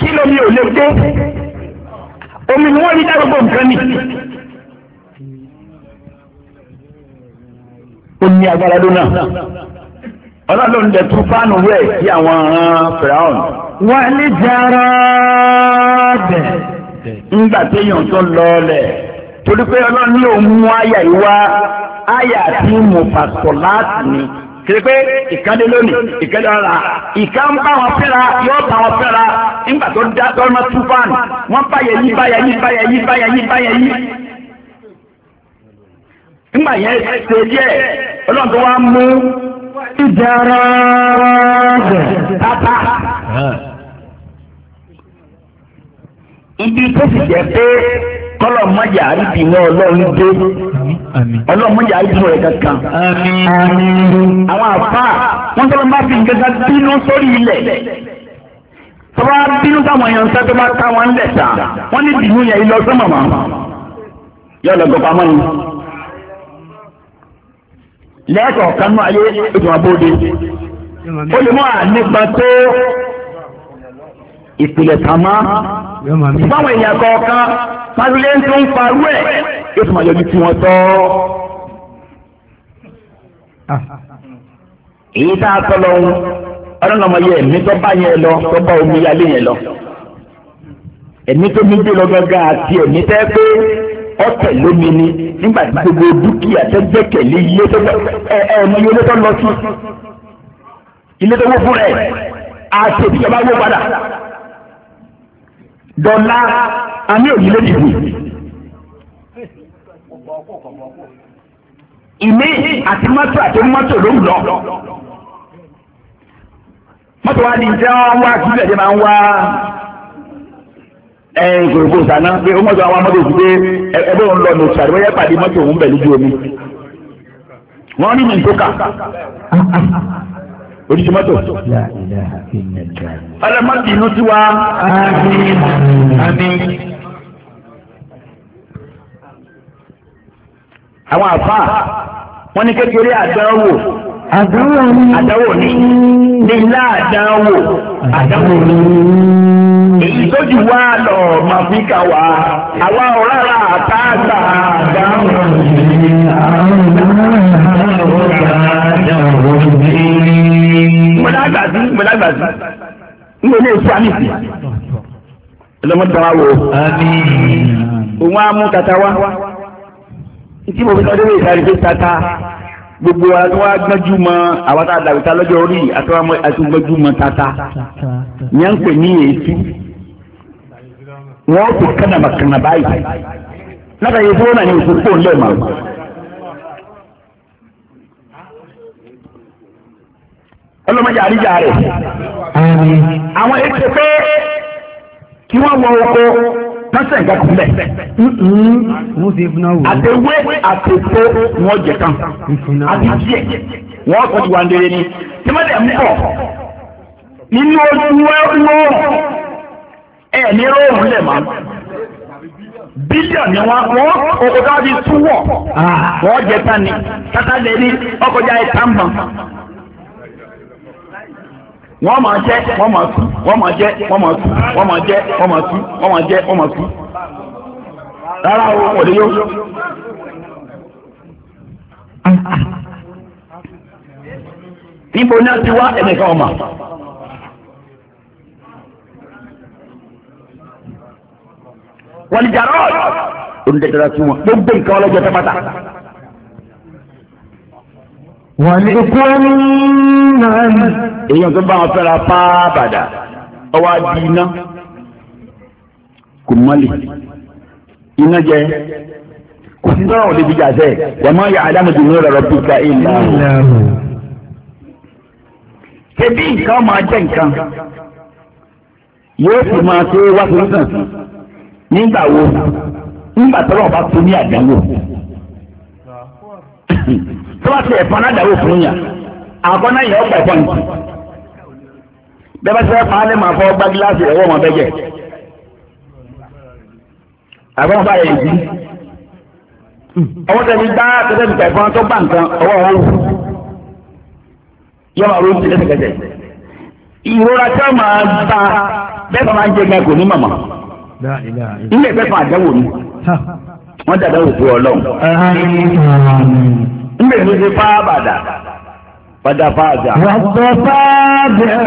B: kí lómi ò lè dé omi ni wọ́n rí dá gbogbo nǹkan ni. ó ní agbára lónà ọlọ́run dẹ̀ tún fáànù rẹ̀ sí àwọn ọ̀ràn fìràhùn. wọ́n ní jara bẹ̀. ńgbà téèyàn tó lọ torí pé ọlọ́run ní òun mú àyà yìí wá àyà tí mo fàṣọ láti ni kìí pé ìkádé lónìí ìkádé ọ̀la ìka ń bá wọn fẹ́ra yóò bá wọn fẹ́ra nígbà tó dá tọ́lọ́mọ tú fáànù wọ́n báyẹ̀ yí báyẹ̀ yí báyẹ̀ yí báyẹ̀ yí báyẹ̀ yí. nígbà yẹn ṣe díẹ̀ ọlọ́run tó wá mú ìdára tata. ibi tó sì jẹ́ pé kọ́lọ̀ mọ́jà àríbìnú ọlọ́run dé ọlọ́run mọ́jà àríbìnú rẹ̀ kankan. àwọn àfa wọn sọ ma fi nǹkan kan bínú sórí ilẹ̀ tọ́ba bínú táwọn èèyàn sẹ́ tó bá ká wọn lẹ̀ tà wọ́n ní bínú yẹn lọ sọ́mọ̀ mọ́ yọ lọ gbọ́pá mọ́ ni. lẹ́ẹ̀kọ̀ọ̀kan náà ayé ètò àbóde ó lè ìpìlẹ̀ tàmá báwọn èèyàn kọ̀ọ̀kan fagilé tó ń farú ẹ̀ yóò tún máa yọjú tí wọ́n tọ́. Ah. èyí tá a tọ́ lọ ń ọlọ́nà ọmọ yẹ ẹ̀mí tó bá yẹn lọ tó bá omi yálé yẹn lọ ẹ̀mí tó mi gbé lọ gángan àti ẹ̀mí tẹ́ pé ọ̀tẹ̀ lómi ni nígbà tí gbogbo dúkìá tẹ́ gbẹ́kẹ̀lé ilé tó ẹ̀ ẹ̀ ní ilé tó lọ sí ilé tó wó fún rẹ̀
C: àti èdè ìjọba wó padà.
B: dọ́là àmì òyìnbó dìbò. ìmí àti mọ́tò àti mọ́tò ló ń lọ. mọ́tò wa ni ìjẹ́ wọn wá sílẹ̀ jẹ́ máa ń wá gbogbo sànà pé ó mọ́tò àwọn ẹgbẹ́ òun lọ pàdé mọ́tò òun bẹ̀ lójú omi. wọ́n ní oríṣi mọ́tò. ọlọ́mọ́tì inú tiwa. àmín àmín. àwọn àfa wọn ní kékeré àdánwò. àdánwò ni. àdánwò ni. nílá àdánwò. àdánwò ni. èyí tó jù wá lọ máa fi kà wá. àwa ọ̀rọ̀ àtàgbà àdánwò ni. mọ̀lágbàsí na na òun á mú tata wá tí mo fi sọ débi ìsàrí pé tata gbogbo wa ni wọ́n gbẹ́jú mọ́ àwọn tá a lọ́jọ́ orí àti gbẹ́jú mọ́ tata ní à ń pè ní na wọ́n ó fi kánàbàkánà báyìí
C: látàrí ìfowópamọ́ ndị ìfowópamọ́ lẹ́ẹ̀mọ́.
B: ọlọ́mọdé àríjà rẹ̀. àwọn ètò pé kí wọ́n wọ oko lọ́sẹ̀ nǹkan kù lẹ̀. àtẹwé àtẹ̀tẹ̀ wọn jẹ kan àti díẹ̀ wọn kọ́ ti wà ndèrè ni tí wọ́n dẹ̀ ń bọ̀ nínú ojú ẹ̀rọ ẹ̀ ní rọrùn lẹ̀ máa
C: bílíọ̀nù wọn wọn òkòtò àti túwọ̀ ah. wọn jẹ tán ni kátà lè ní ẹ̀ tán bọ̀
B: wọ́n máa jẹ́ wọ́n máa tú wọ́n máa jẹ́ wọ́n máa tú wọ́n máa jẹ́ wọ́n máa tú wọ́n máa jẹ́ wọ́n máa tú. rárá o wọ́n lè yó. náà ti wá ẹnìkan ọmọ. wọ́n lè jàrọ́ olùdẹ́gbẹ̀rẹ́ tún wọn gbogbo nǹkan ọlọ́jọ́ tẹ́ pátá. wọ́n lè kọ́ ní. èèyàn tó bá wọn fẹ́ra pàápàdà ọwọ́ adi iná kò iná jẹ kò sí sọ́rọ̀ òde jíjà sẹ́ẹ̀ yàmọ́ yà ádámùdù ní ọ̀rọ̀ bí ká ṣebí nǹkan máa jẹ́ nǹkan yóò sì máa ṣe wá solúsàn nígbà wo nígbà tọ́lọ́ bá tó ní àdánwò tó bá ti ẹ̀fọn aládàáwò fún yàn. àkọ́kọ́ yẹn ọ̀pọ̀ ẹ̀fọ́ ni bẹ́ẹ̀ sẹ́ paálí máa fọ́ gbá gíláàsì ẹ̀wọ́ ọmọ bẹ́jẹ̀ àbọ̀n bá yẹn jí ọwọ́ tẹ̀lé gbá tẹ́tẹ́ nípa ẹ̀fọ́ tó bá nǹkan ọwọ́ ọ̀hún yọ máa ìrora tí wọ́n máa bẹ́ẹ̀ bá máa ń gan kò ní màmá ilé ìfẹ́ fún àdáwò ni wọ́n ọlọ́run padà fáàjà. wàtò fáàjà.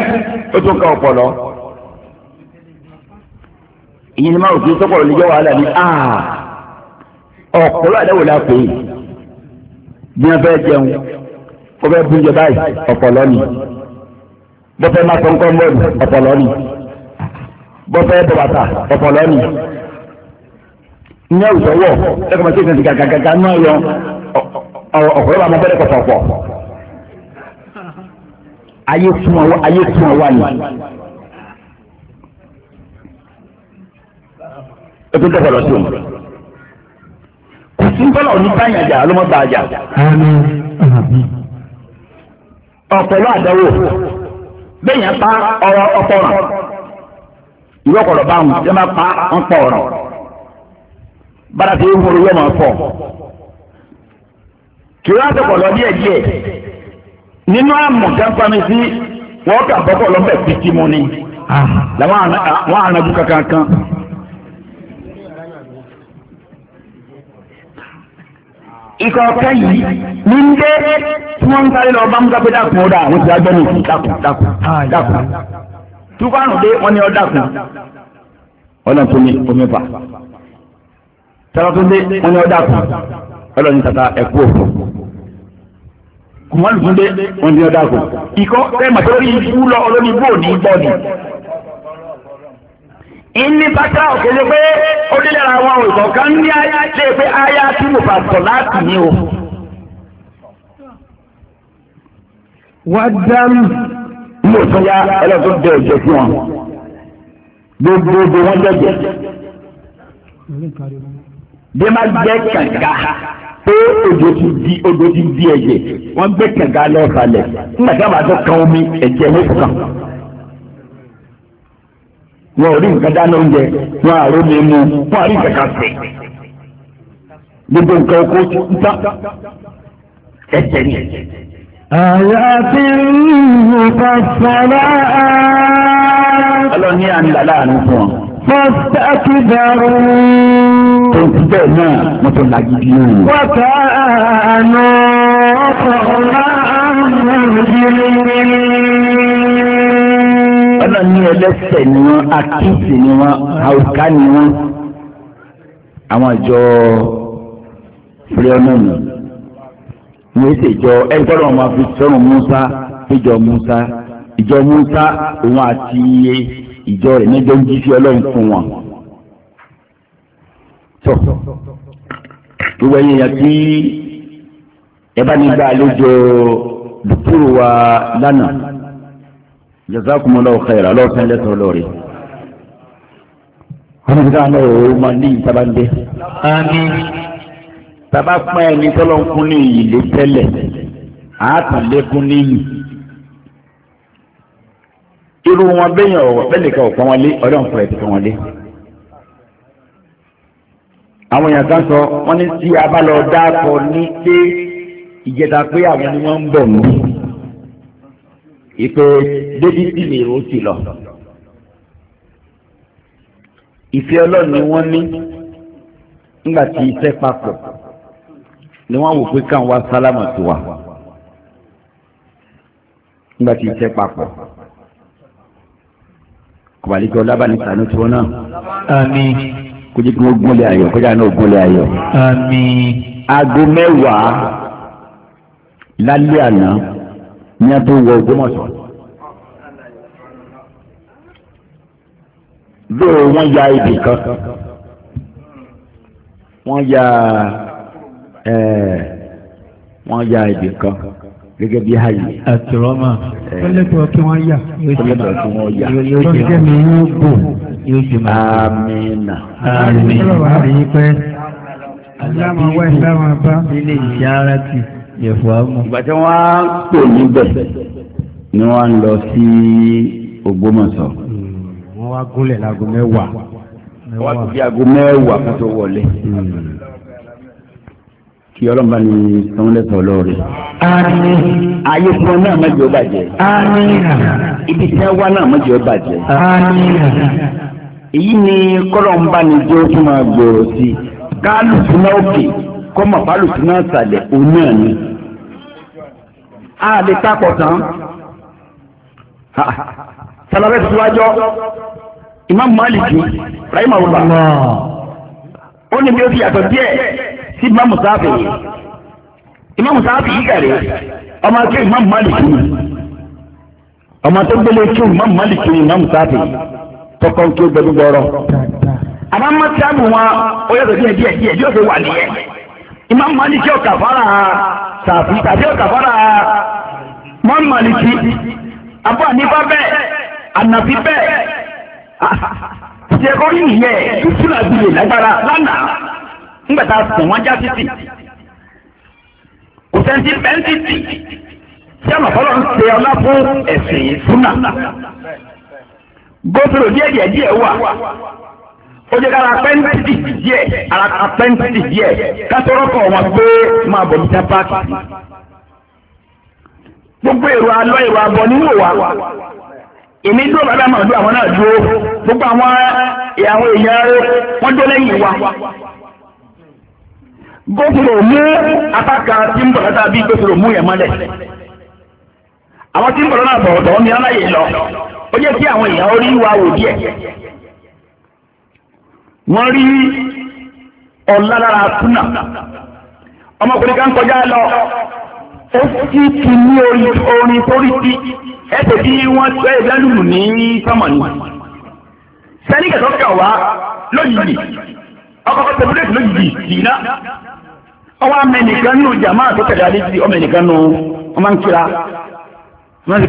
B: ó tún ká ọpọlọ. ìyẹn ni máa òfin sọ́kọ̀rọ̀ níjọ́ wàhálà ni ọ̀pọ̀lọ́ àdáwò la pè é bí wọ́n fẹ́ jẹun ó fẹ́ bújẹ báyìí ọpọlọ ni bọ́fẹ́ máa tọ́ nǹkan mọ́ọ̀dù ọpọlọ ni bọ́fẹ́ bọ̀bàtà ọpọlọ ni ní àwùjọ wọ̀ ẹ̀kọ́ máa ṣe ìfẹ̀sì gàgàgàgà náà yọ ọ̀pọ̀lọ́ àwọn ọmọ bẹ́ẹ̀ kọ̀ọ̀pọ̀ ayé fún ọwọ́ ayé fún ọwọ́ ni. o tún tẹ̀sán lọ sí òun. kò sí nǹkan náà ní báyìí àjà ló mọ́ bá àjà. ọ̀pọ̀lọ́ àdáwò bẹ́ẹ̀ yẹn pa ọ̀rọ̀ ọ̀pọ̀ ràn ìwé ọ̀pọ̀lọ̀ bá wọn yẹn máa pa ọ̀pọ̀ ọ̀rọ̀ bára tí ó ń wọlé yẹn máa fọ̀ kí wọ́n á tẹ̀pọ̀ lọ díẹ̀ díẹ̀ nínú àmọ̀ká fami sí wọ́n kà bọ́kọ̀ lọ́bẹ̀ pìtì mu ni ah. làwọn ànájú ah, kankan kan. ìkọ̀ọ̀kẹ́ yìí ní ń dé tí wọ́n ń sáré lọ bá ń gbá pé dákun ó dà àwọn ti agbẹ́nu dákun dákun ah, dákun túbárùn dé wọ́n ní ọ dákun ọlọ́run tó ní omi fà sábà tó dé wọ́n ní ọ dákun ọlọ́run tata ẹ̀kú òfò wọ́n lù dé wọ́n di ọ̀dà kù. Ìkọ́ ẹ mọ̀ sórí ibú lọ olórí ibú ò ní gbọ́ ni. Ìní bàtà òkèlè pé ó délé ara wọn ò ìkọ̀ọ̀kan ní ayé ṣe pé ayé tí mo fà sọ̀ láti ní o. Wàdàm ní òtún ya ẹlẹ́tọ́ bẹ ẹ̀jẹ̀ fún wọn. Gbogbo wọn jẹ́jẹ̀.
C: Bí má jẹ́ kàǹkà.
B: pé odò ti di odò ti di ẹ̀jẹ̀ wọ́n gbé kẹ̀gá lọ balẹ̀ nígbà tí a bá tó kan omi ẹ̀jẹ̀ ló kàn. wọn ò rí nǹkan dáná oúnjẹ wọn àrò mi mu wọn àrí kẹ̀kẹ́ sè gbogbo nǹkan oko ń ẹ̀jẹ̀ ni.
A: àyàfi ọlọ́ni tó ń fi bẹ́ẹ̀ náà
B: wọ́n tó lagidi náà ni. wọ́tá
A: àná ọkọ̀ ọlọ́run
B: ní ẹlẹ́sẹ̀ ni wọ́n akíǹsì ni wọ́n àwùká ni wọ́n àwọn àjọ fúlẹ́ọ̀nù ní èsì ìjọ ẹgbẹ́rún ọmọ fi Musa ìjọ Musa ìjọ Musa òun àti iye ìjọ rẹ̀ níjọ ń jí sí ọlọ́run fún wọn tọ̀ gbogbo ẹ̀yìn yẹn tí ẹ bá ní gbà àlejò dùkúrò wa lánàá jazakumullahu khairan alọ́ọ̀sán lẹ́sọ̀ọ́ lọ́ọ̀rẹ́ wọn ti dáná òru máa ní ìtabandé. àmín. bàbá pọ́n ẹni tọ́lọ́ ń kún ní iyì tẹ́lẹ̀ àátàlékún níyì. irú wọn bẹ́yàn ọ̀rọ̀ bẹ́ẹ̀ wọn lé ọ̀rẹ́ òǹfọ̀rẹ́ ti pọ́n wọn lé àwọn èèyàn kan sọ wọ́n ní tí a bá lọ dáàbò ní pé ìjẹta pé àwọn ni wọ́n ń bọ̀ mí ìpè débi sì lè rò sí lọ ìfẹ́ ọlọ́run ni wọ́n ní nígbà tí iṣẹ́ papọ̀ ni wọ́n wò pé káwọn wá sálámà sí wa nígbà tí iṣẹ́ papọ̀ kọ̀bálíkẹ́ ọlábàánisà ló tó náà kó jẹ́ kí wọ́n gúnlẹ̀ ayọ̀ kó jẹ́ àná ògúnlẹ̀ ayọ̀. àmín. aago mẹ́wàá lálẹ́ àná ní a tó wọ Ògbómọ̀ṣọ́. bẹ́ẹ̀ wọ́n ya ibì kan wọ́n ya ẹ̀ẹ́ wọ́n ya ibì kan gẹ́gẹ́ bí ayé. àtìrọ́mà ó
C: lẹ́tọ̀ọ́ kí wọ́n yà. ó lẹ́tọ̀ọ́ kí wọ́n yà. ìròyìn ojú ẹ̀mí yóò gbò yóò ṣe máa
B: àmìnà àmìnà àríyí pé aláàmà wá ìsáwọn abá nílé ìṣẹ́ ara ti yẹ̀fọ́ àmú. ìgbà tí wọ́n á pè níbẹ̀ ni wọ́n ń lọ sí Ògbómọ̀ṣọ́. Hmm, wọ́n wá gúnlẹ̀ láago mẹ́wàá. wọ́n ti fi aago mẹ́wàá kó tó wọlé. Hmm. kí ọlọ́mọba ni sanwó-lẹ́sọ̀ lọ́ọ̀rẹ́. àmín. ayé fún ọ náà má bàjẹ́. àmín. ibi tí wọ́n wá náà má bàjẹ́. àmín èyí ni kọ́lọ́mbà ni jẹ́ ó tún máa gbòòrò sí i káàlùfù náà òkè kọ́mọ̀ kálùfù náà sàlẹ̀ òun náà ni. a lè takọ̀ tán sàlàbẹ̀ síwájọ́ Imam Maliki rahima ọba ó ní bí ó fi yàtọ̀ díẹ̀ sí Imam Musafi Imam Musafi yìí kàrẹ́ ọmọ akẹ́ Imam Maliki ọmọ tó gbélé kí Imam Maliki Imam Musafi tọkọ tó gbẹdú gbọrọ. àmọ́ mọ́tíábù wọn ó yàtọ̀ díẹ̀ díẹ̀ díẹ̀ yóò fi wà nìyẹn. ìmọ̀ mọ́lìkì ọ̀kà fara
A: sàfì tàbí ọ̀kà fara
B: mọ́ mọ́lìkì abọ́ àníbá bẹ́ẹ̀ ànàfi bẹ́ẹ̀ tiẹ̀kọ́ yìí nìyẹn tútúlà gbìyànjú lágbára lánàá ńgbà tá a sùn wọ́n já títì kò sẹ́ńtì pẹ́ńtì tì tí àmọ̀ fọlọ́ ń ṣe ọlá fún ẹ̀sìn ìfúnà. gófìrò dị díẹ̀ díẹ̀ wà ó jẹ́ kára pẹ́ńtì díẹ̀ ara pẹ́ńtì díẹ̀ kásọ̀rọ̀ kan wọn pé máa níta gbogbo èrò alọ èrò abọ́ nínú wa èmi dúró bàbá màá dúró àwọn náà dúró gbogbo àwọn eh, àwọn èèyàn rẹ dúró wa mú tí ń bọ̀ lọ́tà bí mú yẹn mọ́lẹ̀ àwọn tí ó jẹ́ kí àwọn èèyàn wa wò díẹ̀ wọ́n rí ọ̀la lára súnà kọjá lọ ó sì ti ní orin torí sí ẹsẹ̀ tí wọ́n tẹ́ ìdánimù ní sọ́mọ̀nì sẹ́ni kẹ̀kọ́ wá lójijì ọkọ̀ kọ́ lójijì dìínà ọwọ́ amẹnìkan nù jàmáà tó tẹ̀lé alẹ́ sí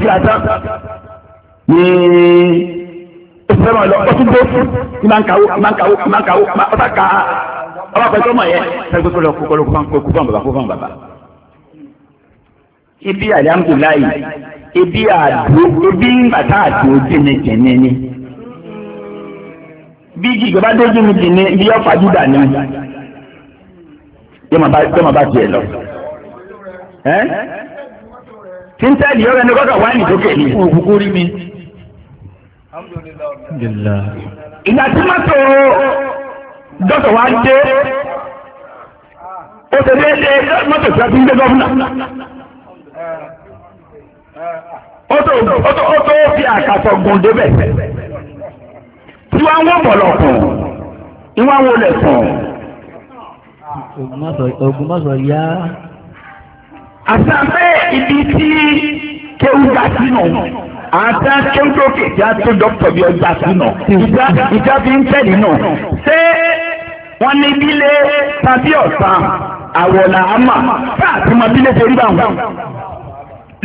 B: ní ìfẹ́ràn lọ ọtún tó ìmàkàwó ìmàkàwó ìmàkàwó ọtàkà ọlọ́pàá ìtọ́mọ̀ yẹn sẹ́gbẹ́ kó lọ kó kó kó fún bàbá kó fún bàbá. ibi alihamudulilayi ibi àdó ibi bàtà àdó jẹnẹjẹnẹ ni bí ìjọba dé jẹnẹjẹnẹ bí ọ̀pá dídà ni yọmọ bá tiẹ̀ lọ
C: tí ń tẹ́lẹ̀ yọ̀rọ̀ ẹni gbọ́dọ̀ wá ní ìdókè ni. òkùnkùn rí mi
B: ìgbà tí mọ́tò dọ́tọ̀ wá dé ó ṣe déédéé
A: mọ́tò tí a ti ń gbé gọ́fúnà
C: ó tó fi àkàtọ̀ gùn débẹ̀
B: tí wọ́n ń wọ́n bọ̀lọ̀kùn tí wọ́n ń wọlé kùn. ogun mọ́sọ̀ yá. àṣà bẹ́ẹ̀ ibi tí kéwú bá sínú àti akéwìdókè ìjà tó dọ́kítọ̀ bí ọjà sí nà ìjà fi ń tẹ̀lé nà ṣé wọ́n ní bílé tàbí ọ̀sán àwọ̀là àmà káàkiri mọ bílé torí bá wọn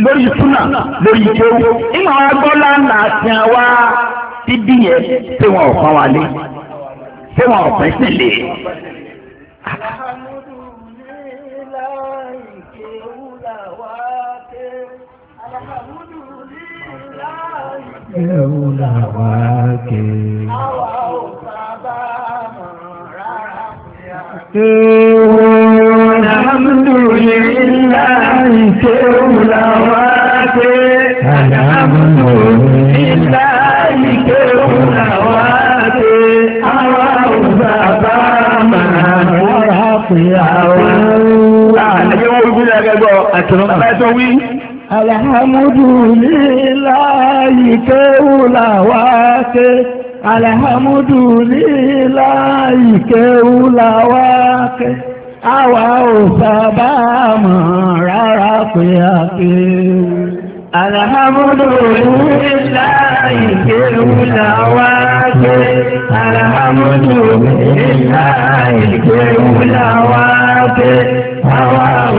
B: lórí súnà lórí ìjẹun
C: ìmọ̀ agbọ́lá ńlá àti àwa ti bí yẹn ṣé wọn ò pọ́n wa
B: ṣé wọn ò pẹ́ sí lé
C: ẹ̀rù làwà kè.
A: Alhamdulillahi ẹ̀rù làwà kè. Alhamdulillahi ẹ̀rù làwà kè. Àwa ò bàbá màá rárá pé àwa. Àyẹ̀wò
B: ìgbìlẹ̀ akẹ́gbọ́ àti ọ̀nà àbáyé tó wí
A: alhamdulillahi kéwùlà wá ké alhamdulillahi kéwùlà wá ké àwa ò sábà mọ̀ rárá pé a kéwù. Alhamdulillahi kéwùlà wá ké alhamdulillahi kéwùlà wá ké àwa ò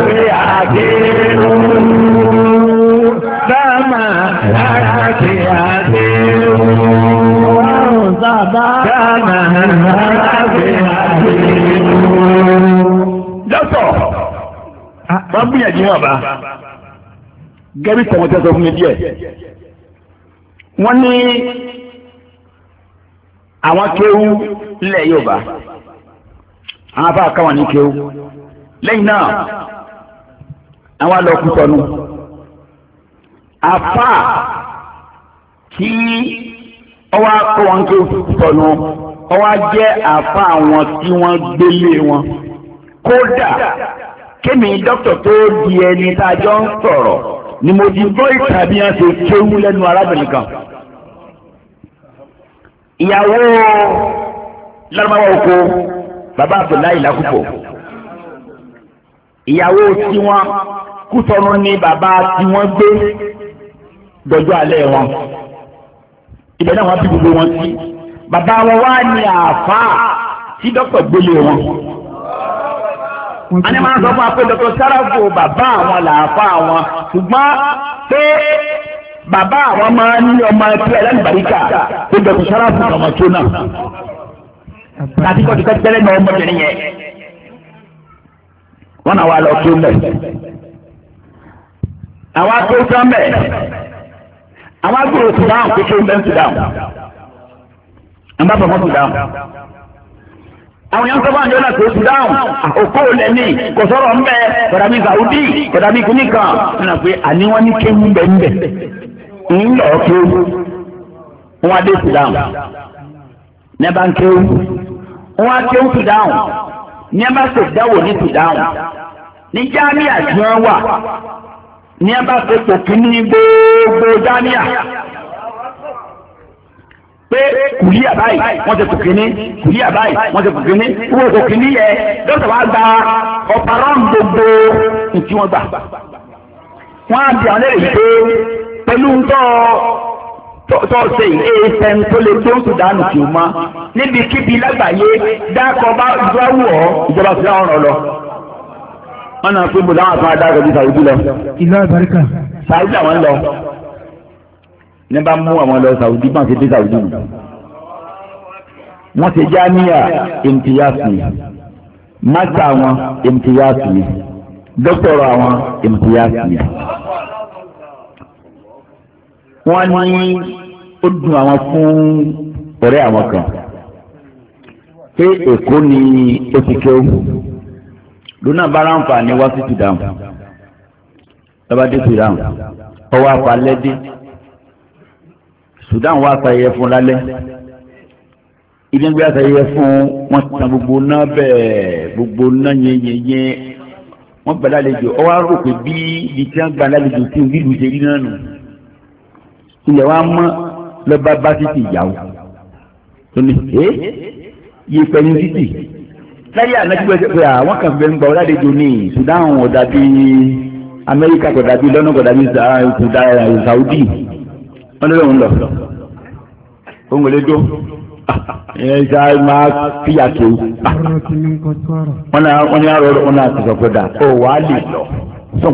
C: àti àdéhù. Sáàmà àti àdéhù. Sáàmà àti àdéhù.
B: Dọ́tọ̀, wọ́n gbìyànjú wọn bá. Gẹ́rí tẹ̀wọ̀n tẹ́sọ fún mi díẹ̀. Wọ́n ní àwọn kéwú ilẹ̀ Yorùbá. Àwọn afá káwọn ní kéwú. Lẹ́yìn náà, àwọn alọ́kùn sọnù àfà tí ọwọ́ akọ wọn tó sọnù ọwọ́ jẹ́ àfà àwọn tí wọ́n gbélé wọn kódà kémi dókítà tó di ẹni tá a jọ ń sọ̀rọ̀ ni mo ti gbọ́ ìtàbí yẹn ṣe kéwú lẹ́nu arábìnrin kan ìyàwó lọ́dọ̀mọ́wá oko bàbá Abdullahi lakúpọ̀ ìyàwó tiwọn kútọ́nù ni bàbá tí wọ́n gbé dọjọ́ alẹ́ wọn ibẹ̀ náà wọ́n bí gbogbo wọn sí bàbá wọn wá ní àáfàá tí dọ́kítọ̀ gbélé wọn. a ní máa ń sọ fún wa pé dọ́kítọ̀ sáráfò bàbá àwọn làáfàá wọn ṣùgbọ́n pé bàbá àwọn máa ń ní ọmọ ẹgbẹ́ alábàríkà pé dọ́kítọ̀ sáráfò ọmọ tó náà tàbí kọ́tù kẹ́tẹ́lẹ́ ní ọmọbìnrin yẹn wọ́n náà wà lọ tó mẹ́. àwọn akó sánbẹ̀ àwọn akó Sudan kékeré ń bẹ́ Sudan àbá bàbá Sudan àwọn yẹn ń sọ́kọ́ àjọ náà kò Sudan òkú lẹ́ni kò sọ̀rọ̀ ń bẹ́ kọ̀dàbí Saudi kọ̀dàbí kìnìkan nínú pé àníwọ́n ní kéwù bẹ́ ń bẹ̀ ń lọ kéwù wọn adé Sudan ní ń wọn ní ní ẹ bá ṣe pò kí ní gbogbo dáníà pé kùlí àbáyì wọ́n ti pò kí ní kùlí àbáyì wọ́n ti pò kí ní wọ́n kò kí ní yẹ dókítà wa gba ọ̀pọ̀rọ̀ gbogbo ìtí wọn gbà wọ́n á bí àwọn èyí pé pẹ̀lú ńtọ́ tọ́ọ̀sẹ̀ asm tó lè tó sùdánù kì í mọ́ níbi kíbi lágbàáyé dákọ̀ bá wù ọ́ ìjọba fi hàn ọ̀rọ̀ lọ wọ́n náà pé bùdá àwọn afáàdá àgọ́jú sàwùjú lọ. ìlú àbáríkà. sàwùjú àwọn lọ ní bá mú àwọn lọ sàwùjú bá ń ṣe dé sàwùjú nù. wọ́n ti já níyà ìmùtìyàsì máta àwọn ìmùtìyàsì dókítọ̀rọ̀ àwọn ìmùtìyàsì. wọ́n ní ó dùn àwọn fún ọ̀rẹ́ àwọn kan pé èkó ni ó ti kéwù lónà bá ráǹfà ní wá sí sudan lọ́ba dé sudan ọwọ́ apalẹ́ dé sudan wá sàyẹ fún lálẹ́ ilé ń gbé àsàyẹ fún wọn tan gbogbo náà bẹ́ẹ̀ gbogbo náà yẹnyẹnyẹ wọn gbà lálejò ọwọ́ arò pé bí ibi tí wọn gbà lálejò tí wọn bílù ṣe rí náà nù ilẹ̀ wa mọ́ lọ́ba bá títì ìyàwó tó ní ẹ́ yípa títì. láyé ànájú pé pé àwọn kan fẹ́ ń gba ọ̀làdéjọ ní Sudan ọ̀dà bí Amẹ́ríkà lọ́nà Saudi wọ́n lé lóun lọ. dó ẹ ṣá máa fìyà tó wọ́n náà wọ́n ní àrò wọn náà sọ pé dà ó wà á lè lọ sọ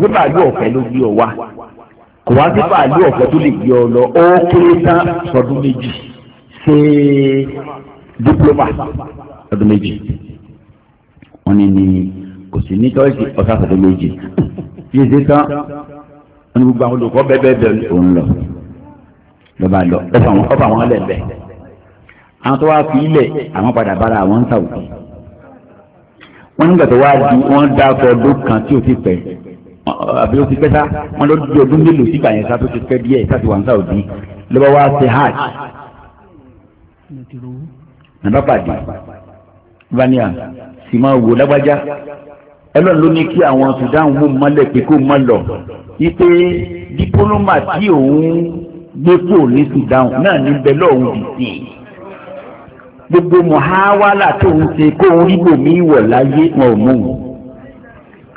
B: pé wọ́n ní ní kò sí ní tọ́sí ọ̀sán àtàtà méjì yìí ṣe tán wọ́n ní gbogbo àwọn olùkọ́ bẹ́ẹ̀ bẹ́ẹ̀ bẹ́ẹ̀ òun lọ lọ́ba lọ ọ̀fà wọn lẹ̀ bẹ́ẹ̀ àwọn tó wá fi ilẹ̀ àwọn padà bára àwọn ń sàwùjọ wọ́n nígbà tó wá di wọ́n dá ọkọ̀ ọdún kan tí ò ti pẹ́ àbí ó ti pẹ́ sá wọ́n lọ di ọdún mélòó sígbà yẹn sá tó ti pẹ́ díẹ̀ sáti wà ń sàwùjọ lọ́ba wá ṣe hajj nàbàpàdé ìbáníyà sì máa wò lágbájá ẹlọ́run ló ní kí àwọn Sudan mú mọ́lẹ̀ pé kó mọ́ lọ wípé dípólọ́mà tí òun gbé kó ní Sudan náà ní bẹ́ẹ̀ lọ́hùn dìtì gbogbo mọ̀háwálà tó ń ṣe kó orí bòmí wọ̀ láyé wọn ò mú un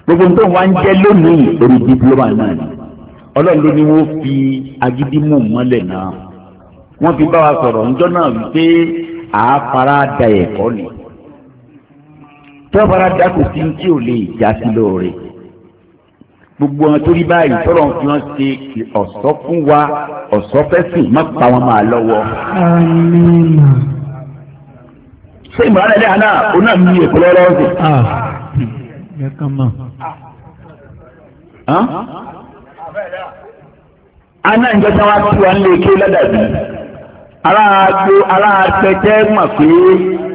B: gbogbo nǹkan wa ń jẹ́ lónìí orí dípólọ́mà náà ni ọlọ́run ló ní wọ́n fi agídí mọ́lẹ̀ náà wọ́n fi bá wa sọ̀rọ̀ ńjọ́ náà wípé àá fara da ẹ̀kọ́ nìyí tọ́bara dákò sí tí ò lè já sí lóore gbogbo wọn torí báyìí tọ́lọ̀ fi wọn ṣe ọ̀ṣọ́ fún wa ọ̀ṣọ́ fẹ́sìn má pa wọn máa lọ́wọ́. ṣé ìmọ̀ràn ẹ̀dá náà òun náà ní èkó lọ́wọ́ lọ́wọ́ sí. aná ah, ìjọba wa tí wọn lè ké lọ́dà bí ara àgbẹ̀ ara àgbẹ̀ tẹ́ pé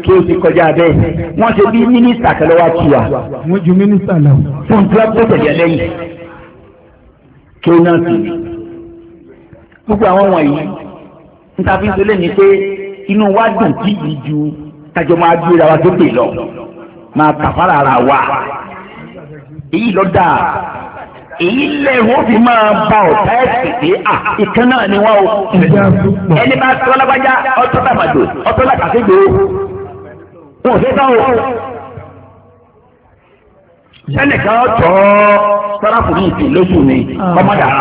B: tí ó ti kọjá bẹ́ẹ̀ wọ́n ṣe bí mínísítà kan lọ́wọ́ tù wá. wọ́n ju mínísítà lọ. fún tí wọ́n tó tẹ̀lé lẹ́yìn tó náà sí. gbogbo àwọn wọ̀nyí ń ta fi ń sọlé ni pé inú wa dùn kí yìí ju tájọ máa gbéra wa sókè lọ máa kàfàrà ara wa èyí lọ dáa èyí lẹ́rù ó fi máa ba ọ̀tá ẹ̀sìn pé à ìkan náà ni wọ́n o. ẹni bá tọ́ lágbájá ọtọ́ tàmàdò ọtọ́ làkàtúgbò wọn ò fẹ́ bá wọn. sẹ́nìkan tọ́ sáráàfù ní ìpín lóṣù mi ọmọ yàrá.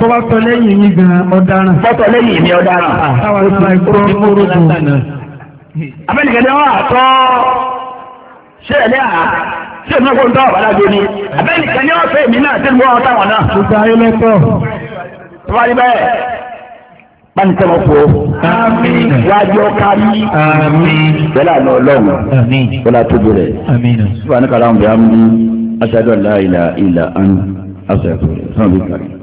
A: tó bá tọ́ lẹ́yìn yín gan ọ̀daràn. tó bá tọ́ lẹ́yìn mi ọ̀daràn.
B: Ah, táwa ti máa gbọ́ mọ́rọ́ tó. abẹ́nìkan ni wọ́n á tọ́ ṣé ẹ̀lẹ́ à ṣé ìmọ̀ kó ń tọ́ ọ̀bàdàgbò ni abẹ́nìkan ni wọ́n fẹ́ mi náà tẹ́lẹ̀ wọ́n táwọn náà. gbogbo ayé lọ́tọ̀. tó bá rí bẹ́ẹ̀ báni tẹ́ wọn fọ wájú ọ̀ka mi bẹ́lá ní ọlọ́run bọ́lá tóbi rẹ̀ subhanaka Allahumma bihamdika ashhadu an la ilaha illa anta
C: astaghfiruka